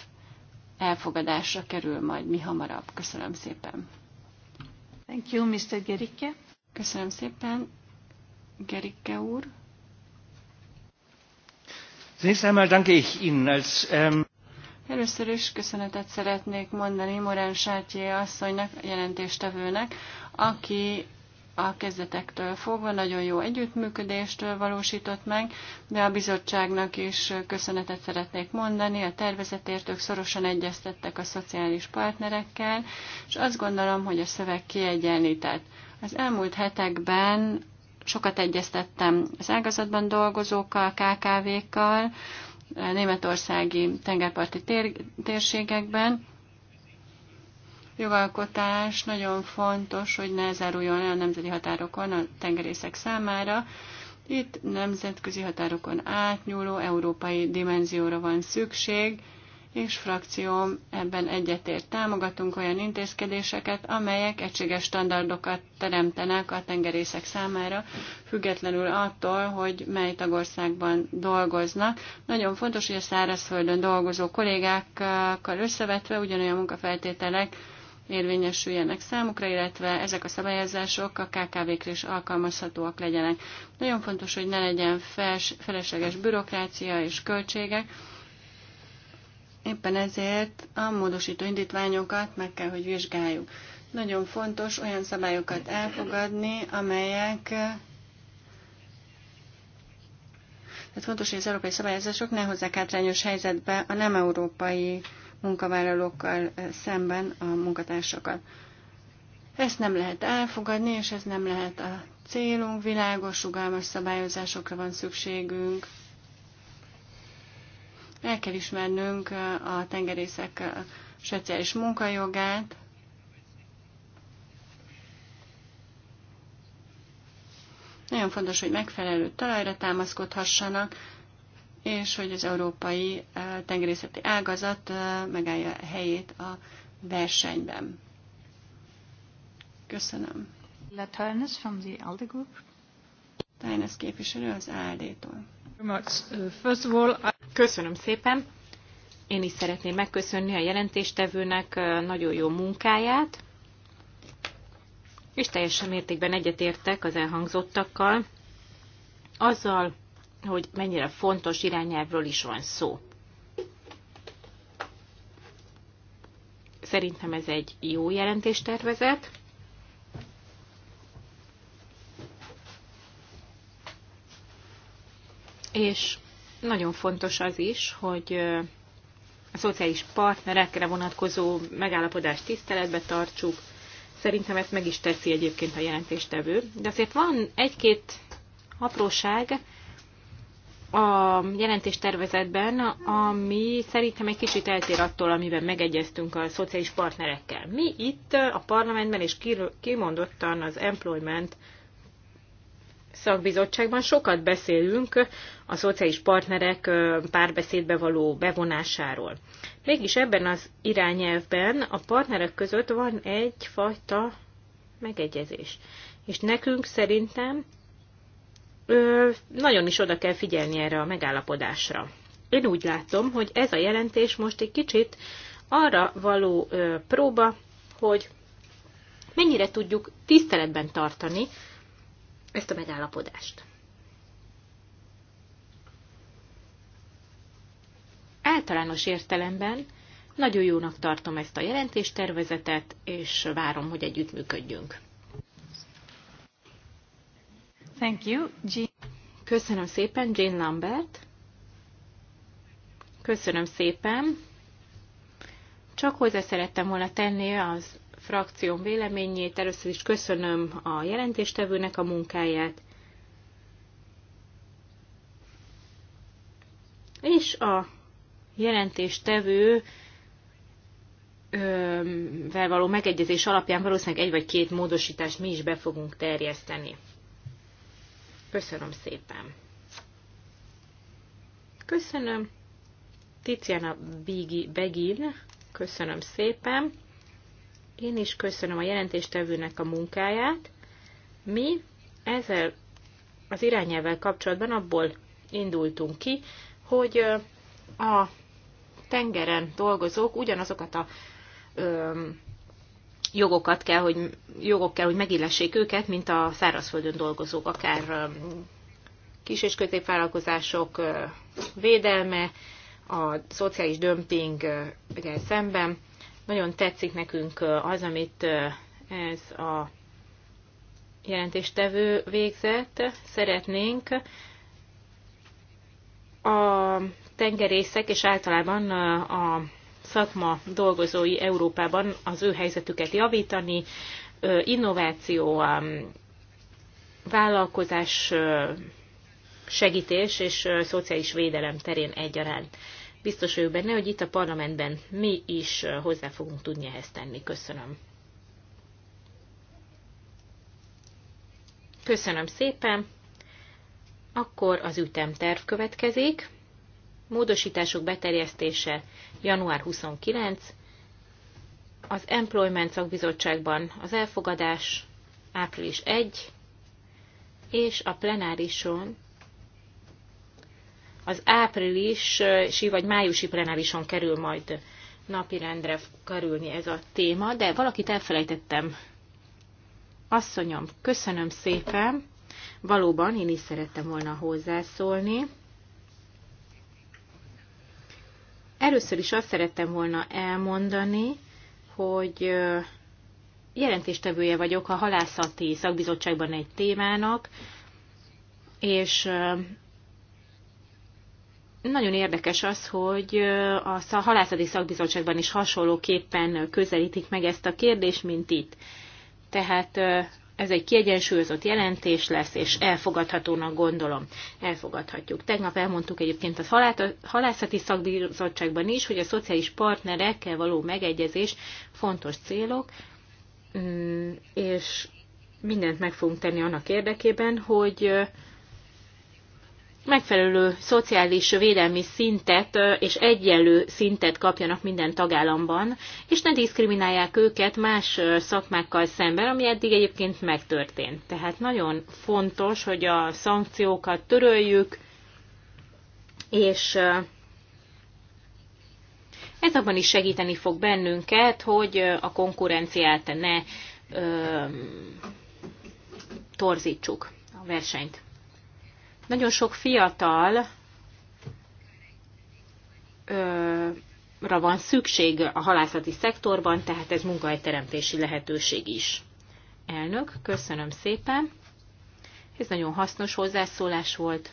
elfogadásra kerül majd mi hamarabb. Köszönöm szépen. Thank you, Mr. Gerike. Köszönöm szépen, Gerike úr. danke ich Ihnen als ähm, Először is köszönetet szeretnék mondani Morán Sátyé asszonynak, jelentéstevőnek, aki a kezdetektől fogva nagyon jó együttműködést valósított meg, de a bizottságnak is köszönetet szeretnék mondani. A tervezetért ők szorosan egyeztettek a szociális partnerekkel, és azt gondolom, hogy a szöveg kiegyenlített. Az elmúlt hetekben sokat egyeztettem az ágazatban dolgozókkal, KKV-kkal, németországi tengerparti tér- térségekben, jogalkotás nagyon fontos, hogy ne záruljon le a nemzeti határokon a tengerészek számára. Itt nemzetközi határokon átnyúló európai dimenzióra van szükség, és frakcióm ebben egyetért támogatunk olyan intézkedéseket, amelyek egységes standardokat teremtenek a tengerészek számára, függetlenül attól, hogy mely tagországban dolgoznak. Nagyon fontos, hogy a szárazföldön dolgozó kollégákkal összevetve ugyanolyan munkafeltételek érvényesüljenek számukra, illetve ezek a szabályozások a KKV-kre is alkalmazhatóak legyenek. Nagyon fontos, hogy ne legyen fels, felesleges bürokrácia és költségek, Éppen ezért a módosító indítványokat meg kell, hogy vizsgáljuk. Nagyon fontos olyan szabályokat elfogadni, amelyek tehát fontos, hogy az európai szabályozások ne hozzák hátrányos helyzetbe a nem európai munkavállalókkal eh, szemben a munkatársakat. Ezt nem lehet elfogadni, és ez nem lehet a célunk. Világos, sugalmas szabályozásokra van szükségünk. El kell ismernünk eh, a tengerészek eh, speciális munkajogát, Nagyon fontos, hogy megfelelő talajra támaszkodhassanak, és hogy az európai eh, tengerészeti ágazat eh, megállja a helyét a versenyben. Köszönöm. Latarnes from the ALDE Group. Tarnes képviselő az alde tól First of all, Köszönöm szépen. Én is szeretném megköszönni a jelentéstevőnek eh, nagyon jó munkáját, és teljesen mértékben egyetértek az elhangzottakkal, azzal, hogy mennyire fontos irányelvről is van szó. Szerintem ez egy jó jelentéstervezet. És nagyon fontos az is, hogy a szociális partnerekre vonatkozó megállapodást tiszteletbe tartsuk. Szerintem ezt meg is teszi egyébként a jelentéstevő. De azért van egy-két apróság, a jelentéstervezetben, ami szerintem egy kicsit eltér attól, amiben megegyeztünk a szociális partnerekkel. Mi itt a parlamentben és kimondottan az employment szakbizottságban sokat beszélünk a szociális partnerek párbeszédbe való bevonásáról. Mégis ebben az irányelvben a partnerek között van egyfajta megegyezés. És nekünk szerintem nagyon is oda kell figyelni erre a megállapodásra. Én úgy látom, hogy ez a jelentés most egy kicsit arra való próba, hogy mennyire tudjuk tiszteletben tartani ezt a megállapodást. Általános értelemben nagyon jónak tartom ezt a jelentéstervezetet, és várom, hogy együttműködjünk. Thank you, Jean. Köszönöm szépen, Jean Lambert. Köszönöm szépen. Csak hozzá szerettem volna tenni az frakcióm véleményét. Először is köszönöm a jelentéstevőnek a munkáját. És a jelentéstevő való megegyezés alapján valószínűleg egy vagy két módosítást mi is be fogunk terjeszteni. Köszönöm szépen. Köszönöm. Tiziana Begin, köszönöm szépen. Én is köszönöm a jelentéstevőnek a munkáját. Mi ezzel az irányelvel kapcsolatban abból indultunk ki, hogy a tengeren dolgozók ugyanazokat a jogokat kell, hogy, jogok kell, hogy megillessék őket, mint a szárazföldön dolgozók, akár kis- és középvállalkozások védelme, a szociális dömping szemben. Nagyon tetszik nekünk az, amit ez a jelentéstevő végzett. Szeretnénk a tengerészek és általában a szakma dolgozói Európában az ő helyzetüket javítani, innováció, vállalkozás segítés és szociális védelem terén egyaránt. Biztos vagyok benne, hogy itt a parlamentben mi is hozzá fogunk tudni ehhez tenni. Köszönöm. Köszönöm szépen. Akkor az ütemterv következik. Módosítások beterjesztése január 29, az Employment szakbizottságban az elfogadás április 1, és a plenárison az áprilisi vagy májusi plenárison kerül majd napirendre kerülni ez a téma, de valakit elfelejtettem. Asszonyom, köszönöm szépen. Valóban én is szerettem volna hozzászólni. Először is azt szerettem volna elmondani, hogy jelentéstevője vagyok a halászati szakbizottságban egy témának, és nagyon érdekes az, hogy a halászati szakbizottságban is hasonlóképpen közelítik meg ezt a kérdést, mint itt. Tehát ez egy kiegyensúlyozott jelentés lesz, és elfogadhatónak gondolom. Elfogadhatjuk. Tegnap elmondtuk egyébként a halászati szakbizottságban is, hogy a szociális partnerekkel való megegyezés fontos célok, mm, és mindent meg fogunk tenni annak érdekében, hogy megfelelő szociális védelmi szintet és egyenlő szintet kapjanak minden tagállamban, és ne diszkriminálják őket más szakmákkal szemben, ami eddig egyébként megtörtént. Tehát nagyon fontos, hogy a szankciókat töröljük, és ez abban is segíteni fog bennünket, hogy a konkurenciát ne ö, torzítsuk a versenyt. Nagyon sok fiatal van szükség a halászati szektorban, tehát ez munkahelyteremtési lehetőség is. Elnök, köszönöm szépen. Ez nagyon hasznos hozzászólás volt.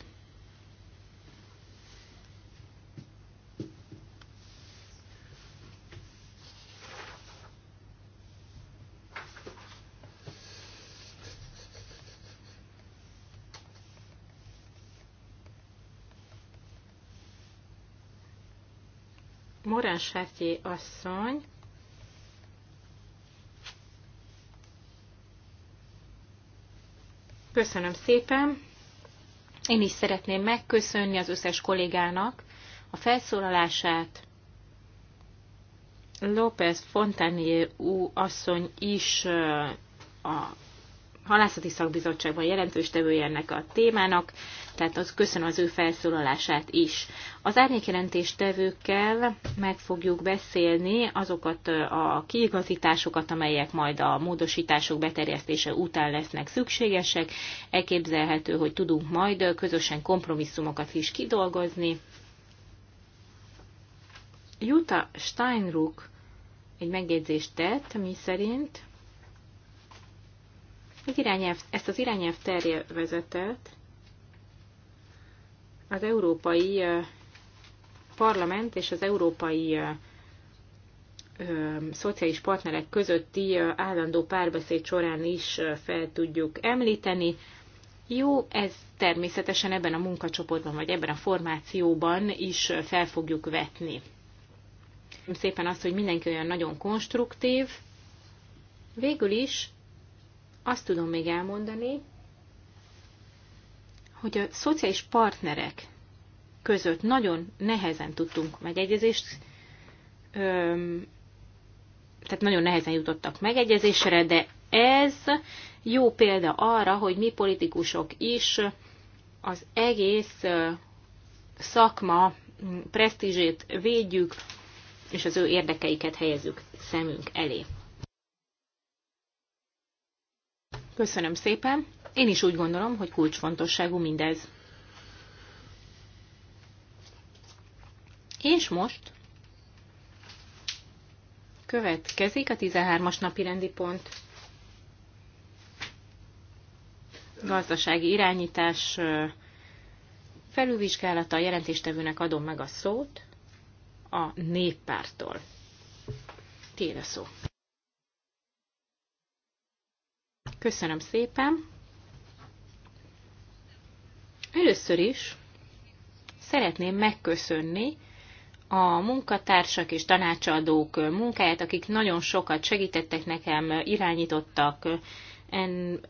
Morán Sertjé asszony Köszönöm szépen. Én is szeretném megköszönni az összes kollégának a felszólalását. López Fontanier ú asszony is a halászati szakbizottságban jelentős tevője ennek a témának, tehát az köszönöm az ő felszólalását is. Az árnyékjelentés tevőkkel meg fogjuk beszélni azokat a kiigazításokat, amelyek majd a módosítások beterjesztése után lesznek szükségesek. Elképzelhető, hogy tudunk majd közösen kompromisszumokat is kidolgozni. Jutta Steinruck egy megjegyzést tett, mi szerint az irányelv, ezt az irányelv terjevezetet az Európai Parlament és az Európai Szociális Partnerek közötti állandó párbeszéd során is fel tudjuk említeni. Jó, ez természetesen ebben a munkacsoportban vagy ebben a formációban is fel fogjuk vetni. Szépen azt, hogy mindenki olyan nagyon konstruktív. Végül is azt tudom még elmondani, hogy a szociális partnerek között nagyon nehezen tudtunk megegyezést, öm, tehát nagyon nehezen jutottak megegyezésre, de ez jó példa arra, hogy mi politikusok is az egész szakma presztízsét védjük, és az ő érdekeiket helyezzük szemünk elé. Köszönöm szépen. Én is úgy gondolom, hogy kulcsfontosságú mindez. És most következik a 13-as napi rendi pont. Gazdasági irányítás felülvizsgálata a jelentéstevőnek adom meg a szót a néppártól. Téve szó. Köszönöm szépen. Először is szeretném megköszönni a munkatársak és tanácsadók munkáját, akik nagyon sokat segítettek nekem, irányítottak en,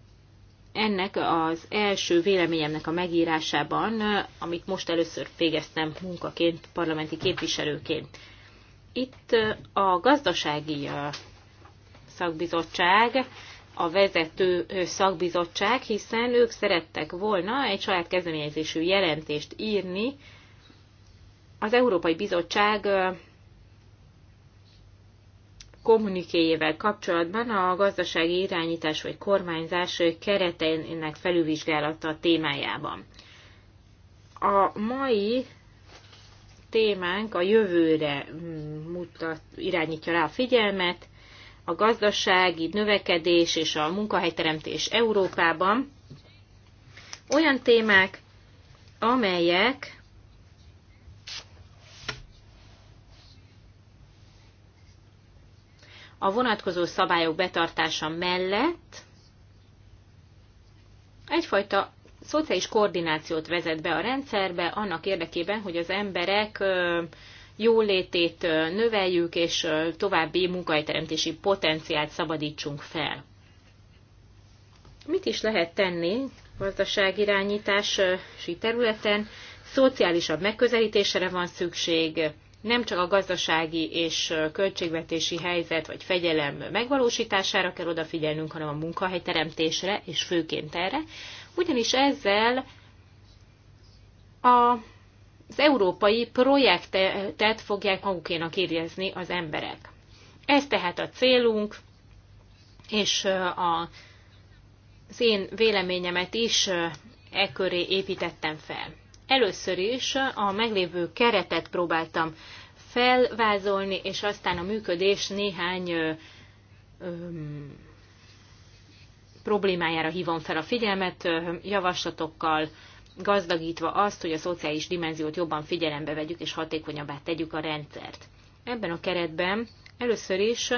ennek az első véleményemnek a megírásában, amit most először végeztem munkaként, parlamenti képviselőként. Itt a gazdasági szakbizottság a vezető szakbizottság, hiszen ők szerettek volna egy saját kezdeményezésű jelentést írni az Európai Bizottság kommunikéjével kapcsolatban a gazdasági irányítás vagy kormányzás kereteinek felülvizsgálata témájában. A mai témánk a jövőre mm, mutat, irányítja rá a figyelmet, a gazdasági növekedés és a munkahelyteremtés Európában olyan témák, amelyek a vonatkozó szabályok betartása mellett egyfajta szociális koordinációt vezet be a rendszerbe annak érdekében, hogy az emberek jólétét növeljük, és további munkahelyteremtési potenciált szabadítsunk fel. Mit is lehet tenni gazdaságirányítási területen? Szociálisabb megközelítésre van szükség, nem csak a gazdasági és költségvetési helyzet vagy fegyelem megvalósítására kell odafigyelnünk, hanem a munkahelyteremtésre, és főként erre, ugyanis ezzel a az európai projektet fogják magukénak érezni az emberek. Ez tehát a célunk, és a, az én véleményemet is e köré építettem fel. Először is a meglévő keretet próbáltam felvázolni, és aztán a működés néhány ö, ö, problémájára hívom fel a figyelmet, ö, javaslatokkal, gazdagítva azt, hogy a szociális dimenziót jobban figyelembe vegyük és hatékonyabbá tegyük a rendszert. Ebben a keretben először is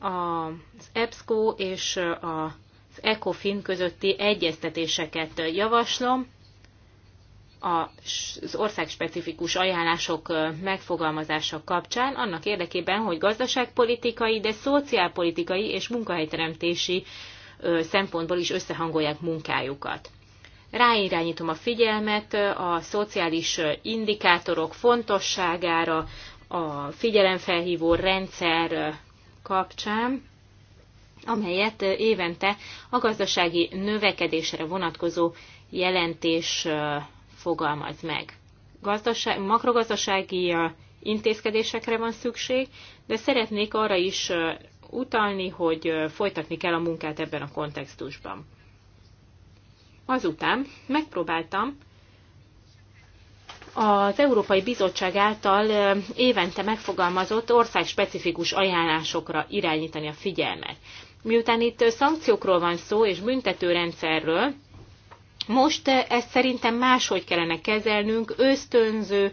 az EBSCO és az ECOFIN közötti egyeztetéseket javaslom, az országspecifikus ajánlások megfogalmazása kapcsán, annak érdekében, hogy gazdaságpolitikai, de szociálpolitikai és munkahelyteremtési szempontból is összehangolják munkájukat ráirányítom a figyelmet a szociális indikátorok fontosságára, a figyelemfelhívó rendszer kapcsán, amelyet évente a gazdasági növekedésre vonatkozó jelentés fogalmaz meg. Gazdaság, makrogazdasági intézkedésekre van szükség, de szeretnék arra is utalni, hogy folytatni kell a munkát ebben a kontextusban azután megpróbáltam az Európai Bizottság által évente megfogalmazott országspecifikus ajánlásokra irányítani a figyelmet. Miután itt szankciókról van szó és büntetőrendszerről, most ezt szerintem máshogy kellene kezelnünk, ösztönző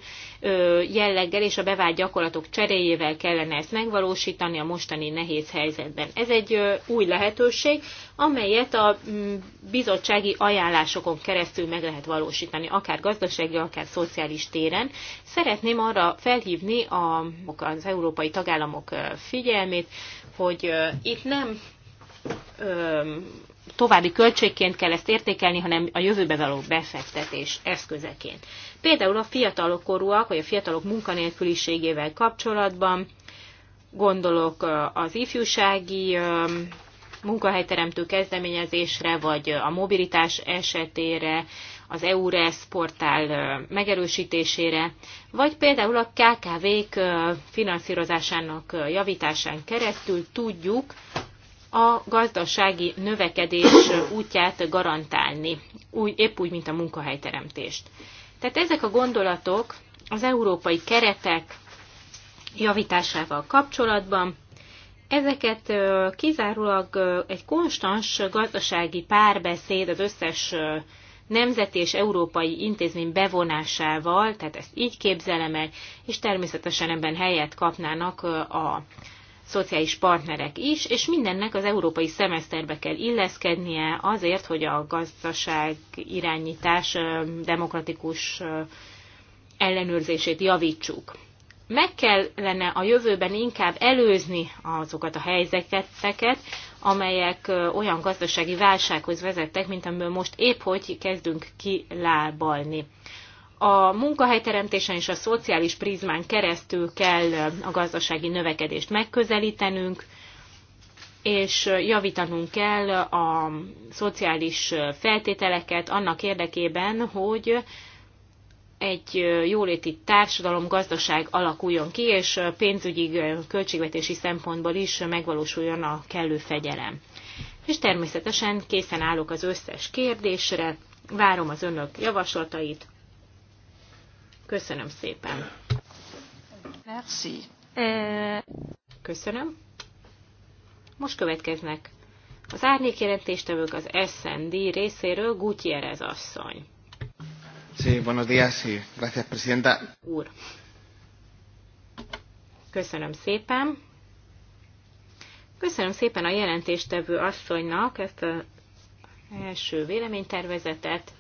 jelleggel és a bevált gyakorlatok cseréjével kellene ezt megvalósítani a mostani nehéz helyzetben. Ez egy új lehetőség, amelyet a bizottsági ajánlásokon keresztül meg lehet valósítani, akár gazdasági, akár szociális téren. Szeretném arra felhívni a, az európai tagállamok figyelmét, hogy itt nem további költségként kell ezt értékelni, hanem a jövőbe való befektetés eszközeként. Például a korúak, vagy a fiatalok munkanélküliségével kapcsolatban gondolok az ifjúsági munkahelyteremtő kezdeményezésre, vagy a mobilitás esetére, az EURES portál megerősítésére, vagy például a KKV-k finanszírozásának javításán keresztül tudjuk a gazdasági növekedés útját garantálni, úgy, épp úgy, mint a munkahelyteremtést. Tehát ezek a gondolatok az európai keretek javításával kapcsolatban, ezeket kizárólag egy konstans gazdasági párbeszéd az összes nemzeti és európai intézmény bevonásával, tehát ezt így képzelem el, és természetesen ebben helyet kapnának a szociális partnerek is, és mindennek az európai szemeszterbe kell illeszkednie azért, hogy a gazdaság irányítás demokratikus ellenőrzését javítsuk. Meg kellene a jövőben inkább előzni azokat a helyzeteket, amelyek olyan gazdasági válsághoz vezettek, mint amiből most épp hogy kezdünk kilábalni a munkahelyteremtésen és a szociális prizmán keresztül kell a gazdasági növekedést megközelítenünk, és javítanunk kell a szociális feltételeket annak érdekében, hogy egy jóléti társadalom, gazdaság alakuljon ki, és pénzügyi költségvetési szempontból is megvalósuljon a kellő fegyelem. És természetesen készen állok az összes kérdésre, várom az önök javaslatait, Köszönöm szépen. Merci. Köszönöm. Most következnek az árnyékjelentéstevők az SND részéről Gutierrez asszony. Sí, buenos días, sí. Gracias, presidenta. Úr. Köszönöm szépen. Köszönöm szépen a jelentéstevő asszonynak ezt az első véleménytervezetet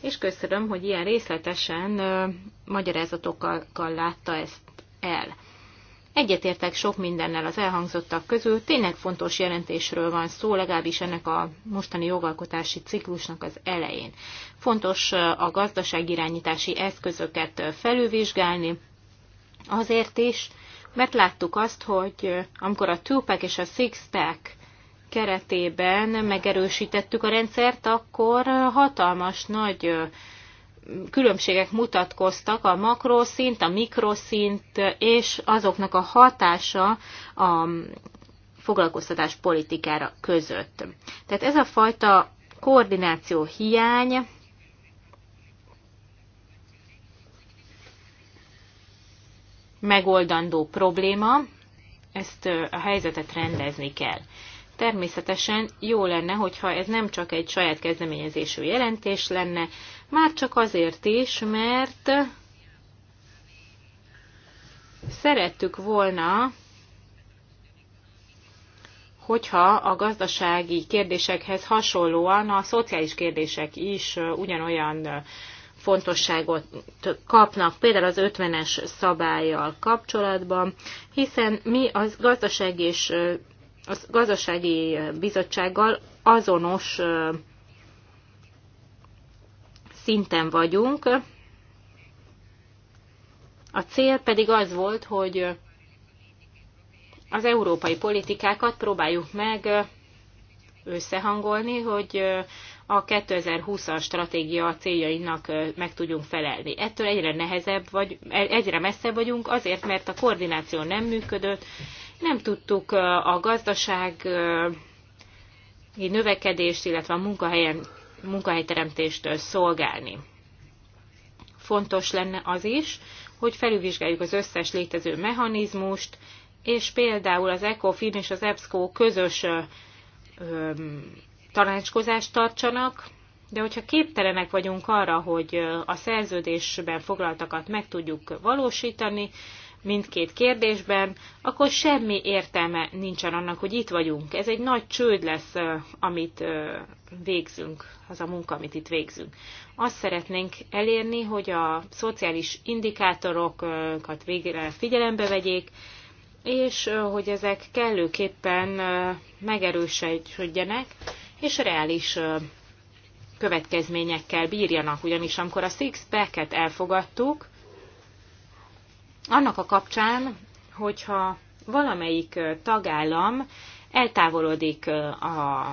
és köszönöm, hogy ilyen részletesen ö, magyarázatokkal látta ezt el. Egyetértek sok mindennel az elhangzottak közül, tényleg fontos jelentésről van szó, legalábbis ennek a mostani jogalkotási ciklusnak az elején. Fontos a gazdaságirányítási eszközöket felülvizsgálni, azért is, mert láttuk azt, hogy amikor a Tupac és a six-pack keretében megerősítettük a rendszert, akkor hatalmas nagy különbségek mutatkoztak a makroszint, a mikroszint és azoknak a hatása a foglalkoztatás politikára között. Tehát ez a fajta koordináció hiány megoldandó probléma, ezt a helyzetet rendezni kell. Természetesen jó lenne, hogyha ez nem csak egy saját kezdeményezésű jelentés lenne, már csak azért is, mert szerettük volna, hogyha a gazdasági kérdésekhez hasonlóan a szociális kérdések is ugyanolyan fontosságot kapnak, például az 50-es szabályjal kapcsolatban, hiszen mi az gazdaság és a gazdasági bizottsággal azonos szinten vagyunk. A cél pedig az volt, hogy az európai politikákat próbáljuk meg összehangolni, hogy a 2020-as stratégia céljainak meg tudjunk felelni. Ettől egyre nehezebb, vagy e, egyre messzebb vagyunk, azért, mert a koordináció nem működött, nem tudtuk a gazdaság növekedést, illetve a munkahelyen, munkahelyteremtést szolgálni. Fontos lenne az is, hogy felülvizsgáljuk az összes létező mechanizmust, és például az ECOFIN és az EBSCO közös tanácskozást tartsanak, de hogyha képtelenek vagyunk arra, hogy a szerződésben foglaltakat meg tudjuk valósítani, mindkét kérdésben, akkor semmi értelme nincsen annak, hogy itt vagyunk. Ez egy nagy csőd lesz, amit végzünk, az a munka, amit itt végzünk. Azt szeretnénk elérni, hogy a szociális indikátorokat végre figyelembe vegyék, és hogy ezek kellőképpen megerősödjenek, és reális következményekkel bírjanak, ugyanis amikor a Six pack elfogadtuk, annak a kapcsán, hogyha valamelyik tagállam eltávolodik a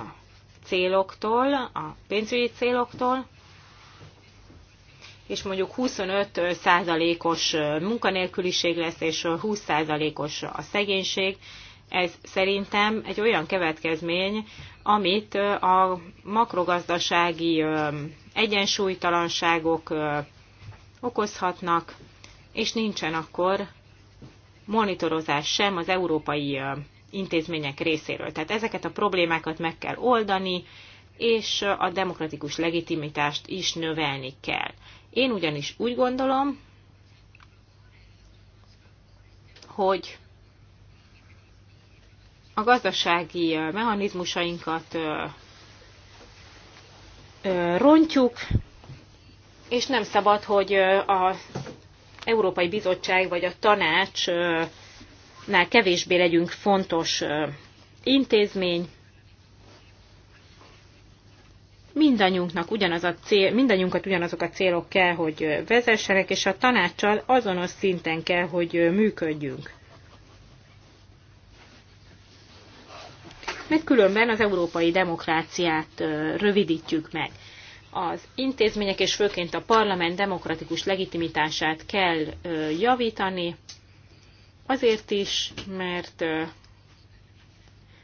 céloktól, a pénzügyi céloktól, és mondjuk 25%-os munkanélküliség lesz, és 20%-os a szegénység, ez szerintem egy olyan következmény, amit a makrogazdasági egyensúlytalanságok okozhatnak, és nincsen akkor monitorozás sem az európai intézmények részéről. Tehát ezeket a problémákat meg kell oldani, és a demokratikus legitimitást is növelni kell. Én ugyanis úgy gondolom, hogy a gazdasági mechanizmusainkat rontjuk, és nem szabad, hogy a Európai Bizottság vagy a tanácsnál kevésbé legyünk fontos intézmény. Mindannyiunknak ugyanaz a cél, mindannyiunkat ugyanazok a célok kell, hogy vezessenek, és a tanácssal azonos szinten kell, hogy működjünk. mert különben az európai demokráciát rövidítjük meg az intézmények és főként a parlament demokratikus legitimitását kell javítani, azért is, mert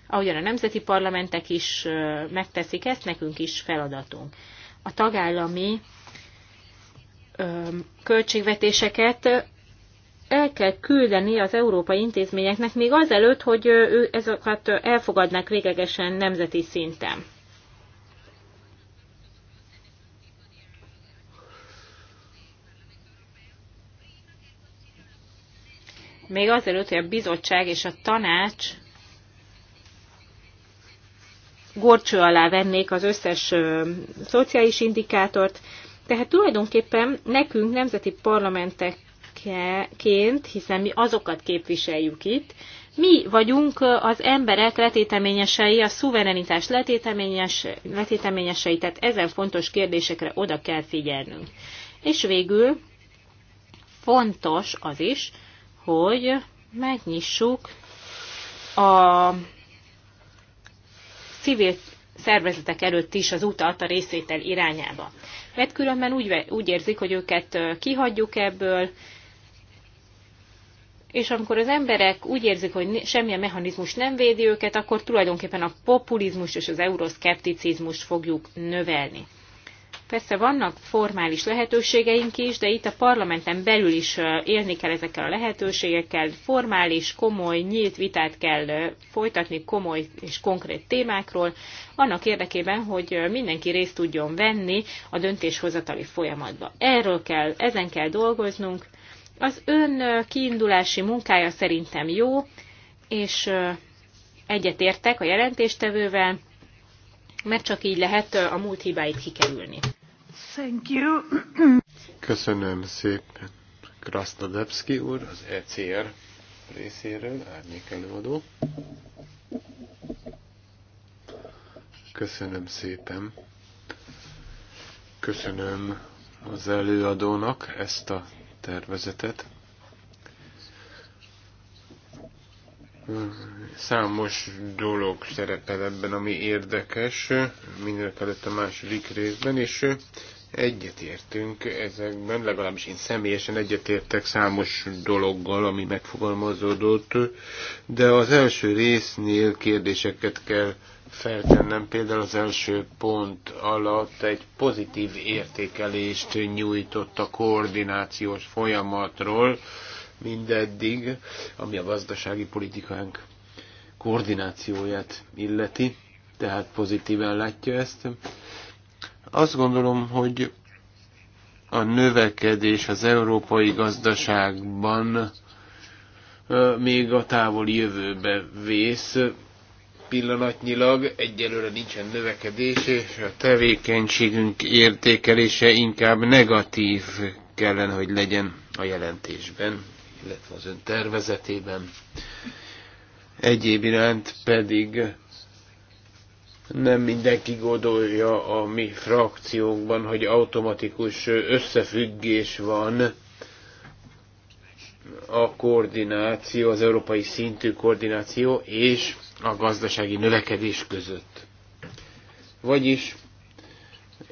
ahogyan a nemzeti parlamentek is megteszik ezt, nekünk is feladatunk. A tagállami költségvetéseket el kell küldeni az európai intézményeknek még azelőtt, hogy ezeket elfogadnák véglegesen nemzeti szinten. még azelőtt, hogy a bizottság és a tanács gorcső alá vennék az összes ö, szociális indikátort. Tehát tulajdonképpen nekünk nemzeti parlamenteként, hiszen mi azokat képviseljük itt, mi vagyunk az emberek letéteményesei, a szuverenitás letéteményes, letéteményesei, tehát ezen fontos kérdésekre oda kell figyelnünk. És végül fontos az is, hogy megnyissuk a civil szervezetek előtt is az utat a részétel irányába. Mert különben úgy, úgy érzik, hogy őket kihagyjuk ebből, és amikor az emberek úgy érzik, hogy semmilyen mechanizmus nem védi őket, akkor tulajdonképpen a populizmus és az euroszkepticizmus fogjuk növelni. Persze vannak formális lehetőségeink is, de itt a parlamenten belül is élni kell ezekkel a lehetőségekkel, formális, komoly, nyílt vitát kell folytatni komoly és konkrét témákról, annak érdekében, hogy mindenki részt tudjon venni a döntéshozatali folyamatba. Erről kell, ezen kell dolgoznunk. Az ön kiindulási munkája szerintem jó, és egyetértek a jelentéstevővel, mert csak így lehet a múlt hibáit kikerülni. Thank you. Köszönöm szépen. Krasnodebski úr, az ECR részéről, árnyék előadó. Köszönöm szépen. Köszönöm az előadónak ezt a tervezetet. Számos dolog szerepel ebben, ami érdekes, mindenek előtt a második részben, és egyetértünk ezekben, legalábbis én személyesen egyetértek számos dologgal, ami megfogalmazódott, de az első résznél kérdéseket kell feltennem. Például az első pont alatt egy pozitív értékelést nyújtott a koordinációs folyamatról mindeddig, ami a gazdasági politikánk koordinációját illeti, tehát pozitíven látja ezt. Azt gondolom, hogy a növekedés az európai gazdaságban még a távoli jövőbe vész. Pillanatnyilag egyelőre nincsen növekedés, és a tevékenységünk értékelése inkább negatív kellene, hogy legyen a jelentésben, illetve az ön tervezetében. Egyéb iránt pedig nem mindenki gondolja a mi frakciónkban, hogy automatikus összefüggés van a koordináció, az európai szintű koordináció és a gazdasági növekedés között. Vagyis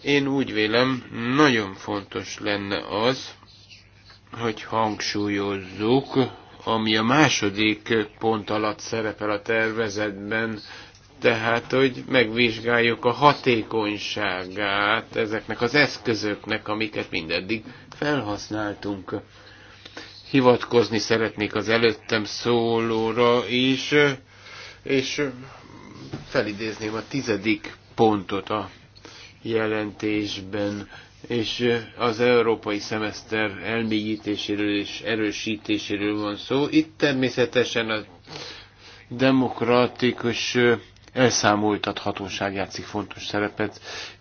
én úgy vélem, nagyon fontos lenne az, hogy hangsúlyozzuk, ami a második pont alatt szerepel a tervezetben, tehát, hogy megvizsgáljuk a hatékonyságát ezeknek az eszközöknek, amiket mindeddig felhasználtunk. Hivatkozni szeretnék az előttem szólóra is, és felidézném a tizedik pontot a jelentésben, és az európai szemeszter elmélyítéséről és erősítéséről van szó. Itt természetesen a demokratikus elszámoltathatóság játszik fontos szerepet.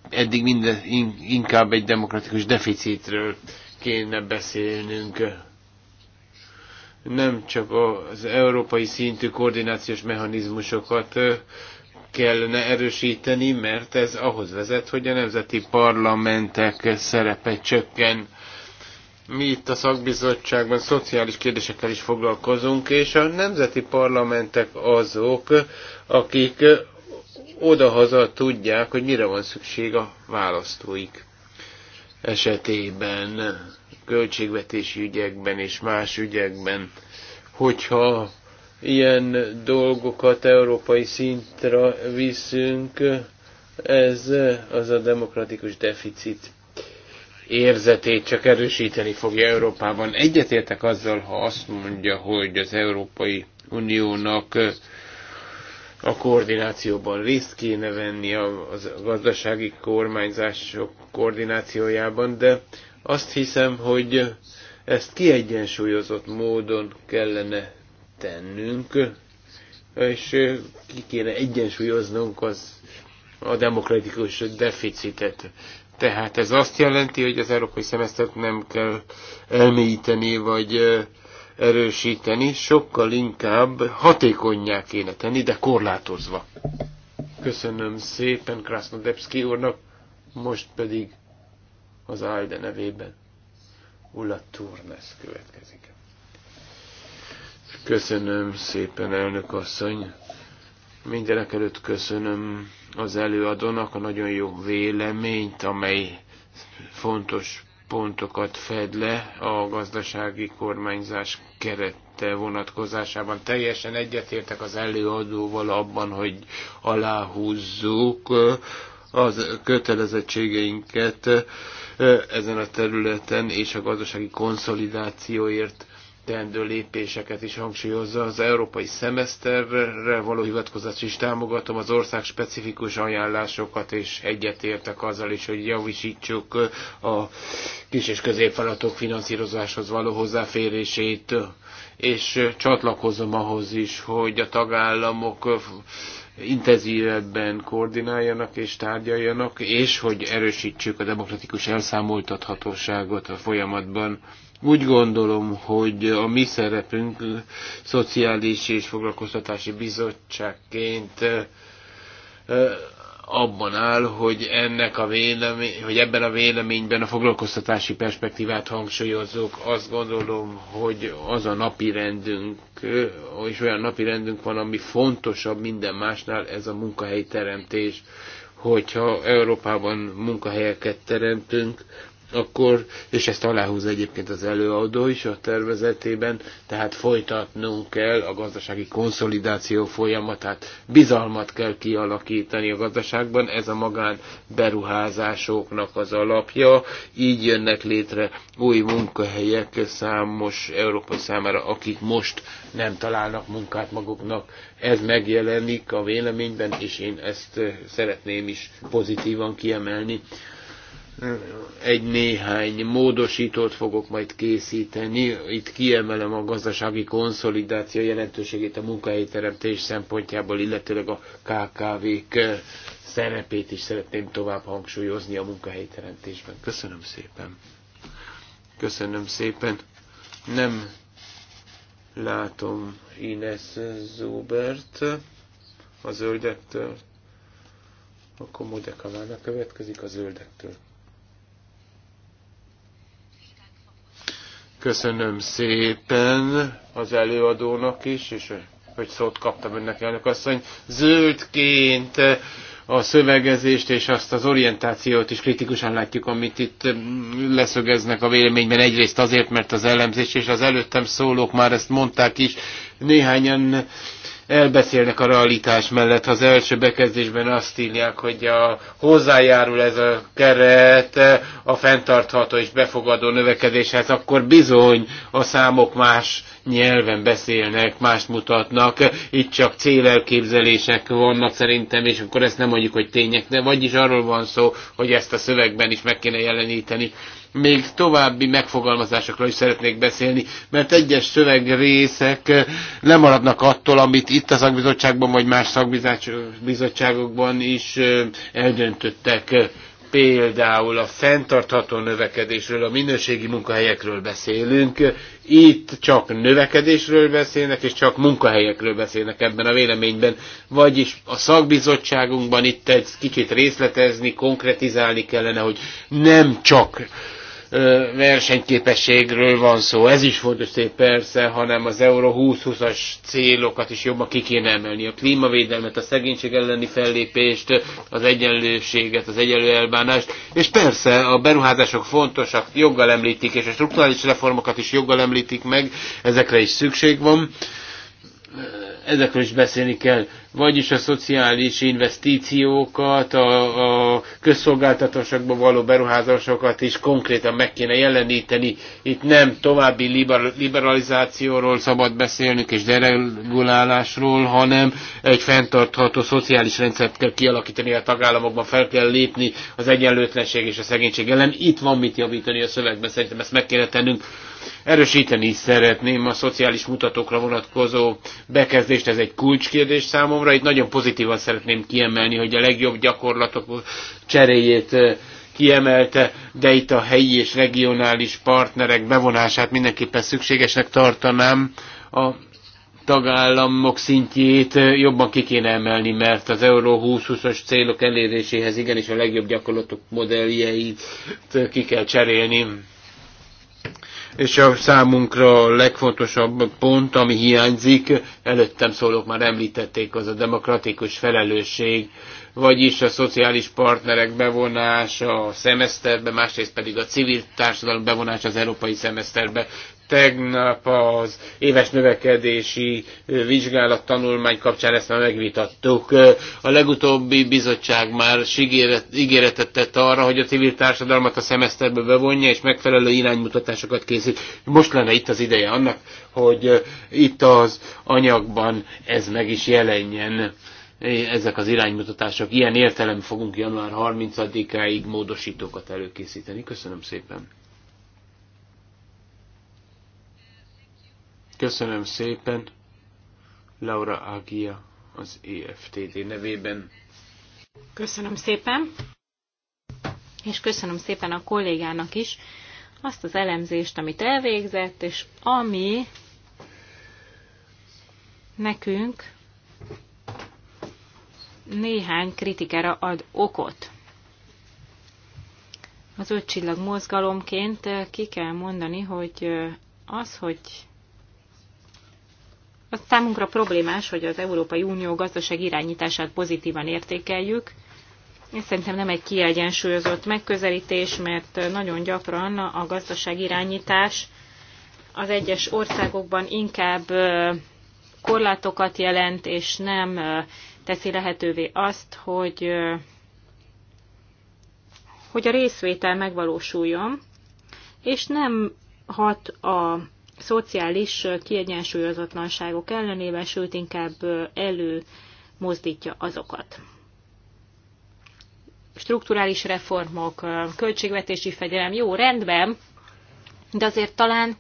Eddig minden, inkább egy demokratikus deficitről kéne beszélnünk. Nem csak az európai szintű koordinációs mechanizmusokat kellene erősíteni, mert ez ahhoz vezet, hogy a nemzeti parlamentek szerepe csökken mi itt a szakbizottságban szociális kérdésekkel is foglalkozunk, és a nemzeti parlamentek azok, akik odahaza tudják, hogy mire van szükség a választóik esetében, költségvetési ügyekben és más ügyekben. Hogyha ilyen dolgokat európai szintre viszünk, ez az a demokratikus deficit érzetét csak erősíteni fogja Európában. Egyetértek azzal, ha azt mondja, hogy az Európai Uniónak a koordinációban részt kéne venni a, gazdasági kormányzások koordinációjában, de azt hiszem, hogy ezt kiegyensúlyozott módon kellene tennünk, és ki kéne egyensúlyoznunk az, a demokratikus deficitet. Tehát ez azt jelenti, hogy az európai szemesztert nem kell elmélyíteni, vagy erősíteni, sokkal inkább hatékonyá kéne tenni, de korlátozva. Köszönöm szépen Krasnodebski úrnak, most pedig az Ájde nevében Ulla Turnes következik. Köszönöm szépen, elnök asszony. Mindenek előtt köszönöm az előadónak a nagyon jó véleményt, amely fontos pontokat fed le a gazdasági kormányzás kerette vonatkozásában. Teljesen egyetértek az előadóval abban, hogy aláhúzzuk az kötelezettségeinket eh, ezen a területen és a gazdasági konszolidációért teendő lépéseket is hangsúlyozza. Az európai szemeszterre való hivatkozás is támogatom, az ország specifikus ajánlásokat, és egyetértek azzal is, hogy javisítsuk a kis és középvállalatok finanszírozáshoz való hozzáférését, és csatlakozom ahhoz is, hogy a tagállamok intenzívebben koordináljanak és tárgyaljanak, és hogy erősítsük a demokratikus elszámoltathatóságot a folyamatban úgy gondolom, hogy a mi szerepünk Szociális és Foglalkoztatási Bizottságként abban áll, hogy, ennek a vélemény, hogy ebben a véleményben a foglalkoztatási perspektívát hangsúlyozzuk. Azt gondolom, hogy az a napi rendünk, és olyan napi rendünk van, ami fontosabb minden másnál, ez a munkahelyteremtés. Hogyha Európában munkahelyeket teremtünk, akkor, és ezt aláhúz egyébként az előadó is a tervezetében, tehát folytatnunk kell a gazdasági konszolidáció folyamatát, bizalmat kell kialakítani a gazdaságban, ez a magán beruházásoknak az alapja, így jönnek létre új munkahelyek számos Európa számára, akik most nem találnak munkát maguknak. Ez megjelenik a véleményben, és én ezt szeretném is pozitívan kiemelni egy néhány módosítót fogok majd készíteni. Itt kiemelem a gazdasági konszolidáció jelentőségét a munkahelyteremtés szempontjából, illetőleg a KKV-k szerepét is szeretném tovább hangsúlyozni a munkahelyteremtésben. Köszönöm szépen. Köszönöm szépen. Nem látom Ines Zubert a zöldektől. Akkor Modekavának következik a zöldektől. Köszönöm szépen az előadónak is, és hogy szót kaptam önnek, elnök asszony. Zöldként a szövegezést és azt az orientációt is kritikusan látjuk, amit itt leszögeznek a véleményben. Egyrészt azért, mert az elemzés és az előttem szólók már ezt mondták is, néhányan elbeszélnek a realitás mellett. Az első bekezdésben azt írják, hogy a, hozzájárul ez a keret a fenntartható és befogadó növekedéshez, akkor bizony a számok más nyelven beszélnek, mást mutatnak, itt csak célelképzelések vannak szerintem, és akkor ezt nem mondjuk, hogy tények, de vagyis arról van szó, hogy ezt a szövegben is meg kéne jeleníteni még további megfogalmazásokról is szeretnék beszélni, mert egyes szövegrészek eh, lemaradnak attól, amit itt a szakbizottságban vagy más szakbizottságokban is eh, eldöntöttek például a fenntartható növekedésről, a minőségi munkahelyekről beszélünk, itt csak növekedésről beszélnek, és csak munkahelyekről beszélnek ebben a véleményben. Vagyis a szakbizottságunkban itt egy kicsit részletezni, konkretizálni kellene, hogy nem csak versenyképességről van szó, ez is fontos szép persze, hanem az Euró 2020-as célokat is jobban ki kéne emelni. A klímavédelmet, a szegénység elleni fellépést, az egyenlőséget, az egyenlő elbánást, és persze a beruházások fontosak, joggal említik, és a strukturális reformokat is joggal említik meg, ezekre is szükség van ezekről is beszélni kell vagyis a szociális investíciókat, a, a közszolgáltatásokba való beruházásokat is konkrétan meg kéne jeleníteni. Itt nem további liber, liberalizációról szabad beszélnünk és deregulálásról, hanem egy fenntartható szociális rendszert kell kialakítani a tagállamokban, fel kell lépni az egyenlőtlenség és a szegénység ellen. Itt van mit javítani a szövegben, szerintem ezt meg kéne tennünk Erősíteni szeretném a szociális mutatókra vonatkozó bekezdést, ez egy kulcskérdés számomra. Itt nagyon pozitívan szeretném kiemelni, hogy a legjobb gyakorlatok cseréjét eh, kiemelte, de itt a helyi és regionális partnerek bevonását mindenképpen szükségesnek tartanám. A tagállamok szintjét eh, jobban ki kéne emelni, mert az Euró 2020-as célok eléréséhez igenis a legjobb gyakorlatok modelljeit eh, ki kell cserélni és a számunkra a legfontosabb pont, ami hiányzik, előttem szólók már említették, az a demokratikus felelősség, vagyis a szociális partnerek bevonása a szemeszterbe, másrészt pedig a civil társadalom bevonása az európai szemeszterbe. Tegnap az éves növekedési vizsgálat tanulmány kapcsán ezt már megvitattuk. A legutóbbi bizottság már ígéretet tett arra, hogy a civil társadalmat a szemeszterbe bevonja, és megfelelő iránymutatásokat készít. Most lenne itt az ideje annak, hogy itt az anyagban ez meg is jelenjen ezek az iránymutatások. Ilyen értelem fogunk január 30-áig módosítókat előkészíteni. Köszönöm szépen! Köszönöm szépen, Laura Ágia az EFTD nevében. Köszönöm szépen, és köszönöm szépen a kollégának is azt az elemzést, amit elvégzett, és ami nekünk néhány kritikára ad okot. Az ötcsillag mozgalomként ki kell mondani, hogy az, hogy az számunkra problémás, hogy az Európai Unió gazdaság irányítását pozitívan értékeljük. Ez szerintem nem egy kiegyensúlyozott megközelítés, mert nagyon gyakran a gazdaság irányítás az egyes országokban inkább korlátokat jelent, és nem teszi lehetővé azt, hogy, hogy a részvétel megvalósuljon, és nem hat a szociális kiegyensúlyozatlanságok ellenében, sőt inkább előmozdítja azokat. Strukturális reformok, költségvetési fegyelem, jó, rendben, de azért talán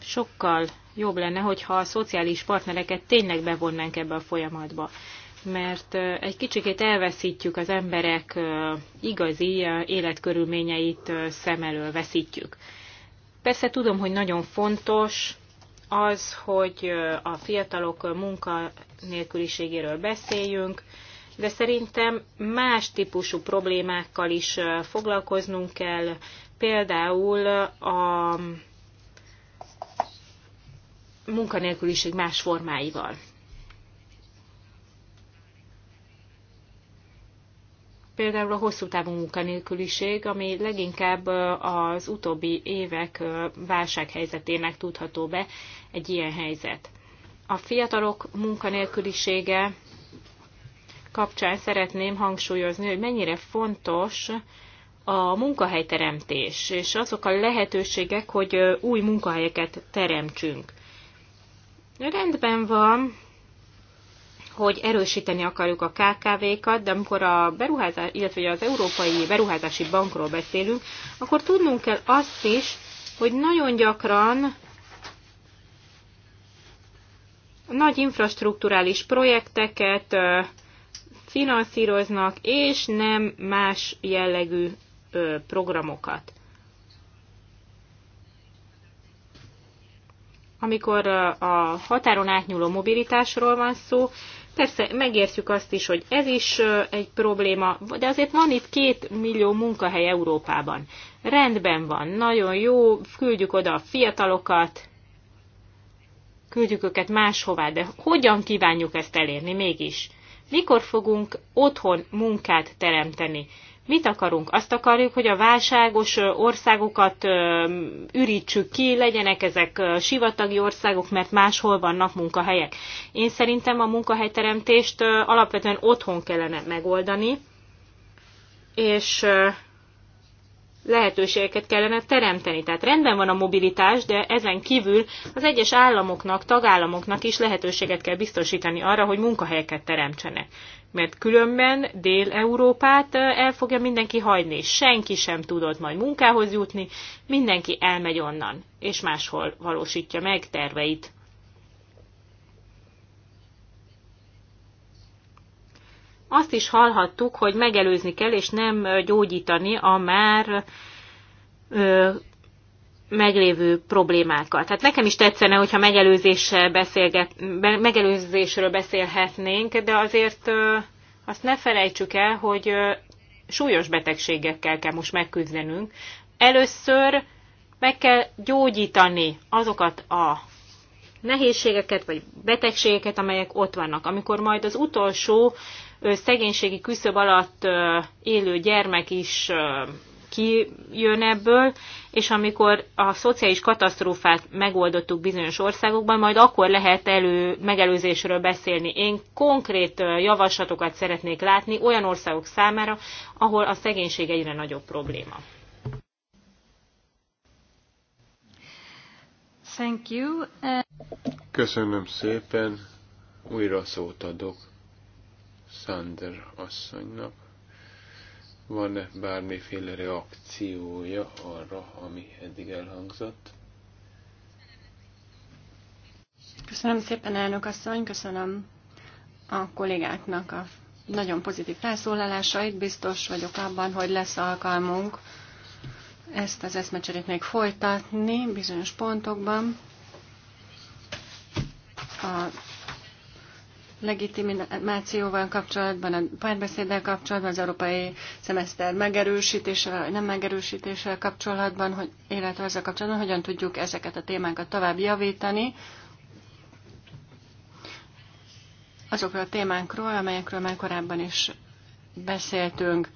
sokkal jobb lenne, hogyha a szociális partnereket tényleg bevonnánk ebbe a folyamatba. Mert egy kicsikét elveszítjük az emberek igazi életkörülményeit szem elől veszítjük. Persze tudom, hogy nagyon fontos az, hogy a fiatalok munkanélküliségéről beszéljünk, de szerintem más típusú problémákkal is foglalkoznunk kell, például a munkanélküliség más formáival. például a hosszú távú munkanélküliség, ami leginkább az utóbbi évek válsághelyzetének tudható be egy ilyen helyzet. A fiatalok munkanélkülisége kapcsán szeretném hangsúlyozni, hogy mennyire fontos a munkahelyteremtés, és azok a lehetőségek, hogy új munkahelyeket teremtsünk. Rendben van, hogy erősíteni akarjuk a KKV-kat, de amikor a beruházás, illetve az Európai Beruházási Bankról beszélünk, akkor tudnunk kell azt is, hogy nagyon gyakran nagy infrastruktúrális projekteket finanszíroznak, és nem más jellegű programokat. Amikor a határon átnyúló mobilitásról van szó, Persze megértjük azt is, hogy ez is egy probléma, de azért van itt két millió munkahely Európában. Rendben van, nagyon jó, küldjük oda a fiatalokat, küldjük őket máshová, de hogyan kívánjuk ezt elérni mégis? Mikor fogunk otthon munkát teremteni? Mit akarunk? Azt akarjuk, hogy a válságos országokat ürítsük ki, legyenek ezek sivatagi országok, mert máshol vannak munkahelyek. Én szerintem a munkahelyteremtést alapvetően otthon kellene megoldani, és lehetőségeket kellene teremteni. Tehát rendben van a mobilitás, de ezen kívül az egyes államoknak, tagállamoknak is lehetőséget kell biztosítani arra, hogy munkahelyeket teremtsenek. Mert különben Dél-Európát el fogja mindenki hagyni. Senki sem tudott majd munkához jutni, mindenki elmegy onnan, és máshol valósítja meg terveit. Azt is hallhattuk, hogy megelőzni kell, és nem gyógyítani a már ö, meglévő problémákat. Tehát nekem is tetszene, hogyha megelőzéssel beszélget, megelőzésről beszélhetnénk, de azért ö, azt ne felejtsük el, hogy ö, súlyos betegségekkel kell most megküzdenünk. Először meg kell gyógyítani azokat a nehézségeket vagy betegségeket, amelyek ott vannak. Amikor majd az utolsó szegénységi küszöb alatt élő gyermek is kijön ebből, és amikor a szociális katasztrófát megoldottuk bizonyos országokban, majd akkor lehet elő, megelőzésről beszélni. Én konkrét javaslatokat szeretnék látni olyan országok számára, ahol a szegénység egyre nagyobb probléma. Thank you. Köszönöm szépen, újra szót adok Sander asszonynak van-e bármiféle reakciója arra, ami eddig elhangzott? Köszönöm szépen, elnök asszony, köszönöm a kollégáknak a nagyon pozitív felszólalásait. Biztos vagyok abban, hogy lesz alkalmunk ezt az eszmecserét még folytatni bizonyos pontokban. A legitimációval kapcsolatban, a párbeszéddel kapcsolatban, az európai szemeszter megerősítésével, nem megerősítésével kapcsolatban, hogy, illetve ezzel kapcsolatban hogyan tudjuk ezeket a témákat tovább javítani, azokról a témánkról, amelyekről már korábban is beszéltünk.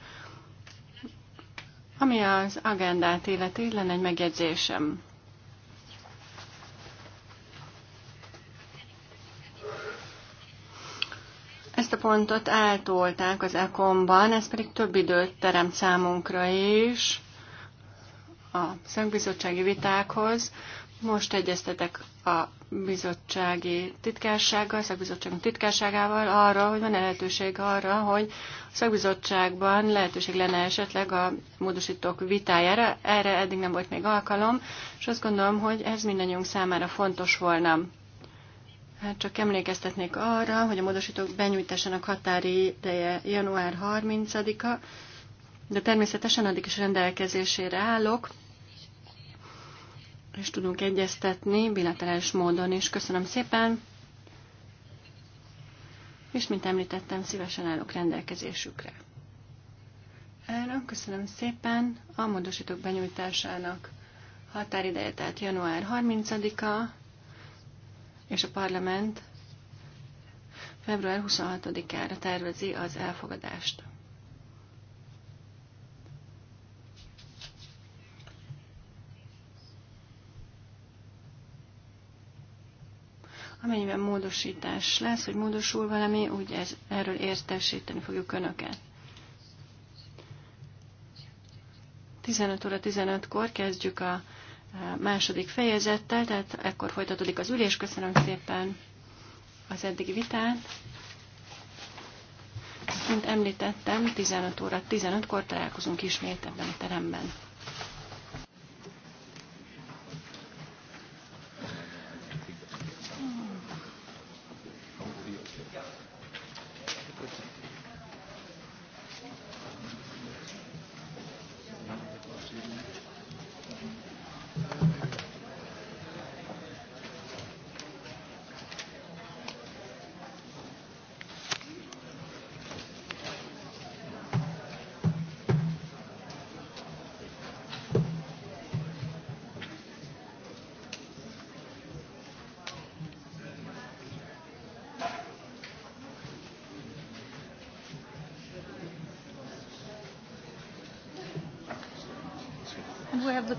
Ami az agendát illeti, lenne egy megjegyzésem. Ezt a pontot eltolták az ecom ez pedig több időt teremt számunkra is a szakbizottsági vitákhoz. Most egyeztetek a bizottsági titkársággal, a szakbizottságunk titkárságával arra, hogy van -e lehetőség arra, hogy a szakbizottságban lehetőség lenne esetleg a módosítók vitájára. Erre eddig nem volt még alkalom, és azt gondolom, hogy ez mindannyiunk számára fontos volna. Hát csak emlékeztetnék arra, hogy a módosítók benyújtásának határi ideje január 30-a, de természetesen addig is rendelkezésére állok, és tudunk egyeztetni bilaterális módon is. Köszönöm szépen, és mint említettem, szívesen állok rendelkezésükre. Elnök, köszönöm szépen a módosítók benyújtásának határideje, tehát január 30-a és a parlament február 26-ára tervezi az elfogadást. Amennyiben módosítás lesz, hogy módosul valami, úgy ez, erről értesíteni fogjuk Önöket. 15 óra 15-kor kezdjük a második fejezettel, tehát ekkor folytatódik az ülés. Köszönöm szépen az eddigi vitát. Mint említettem, 15 óra 15-kor találkozunk ismét ebben a teremben.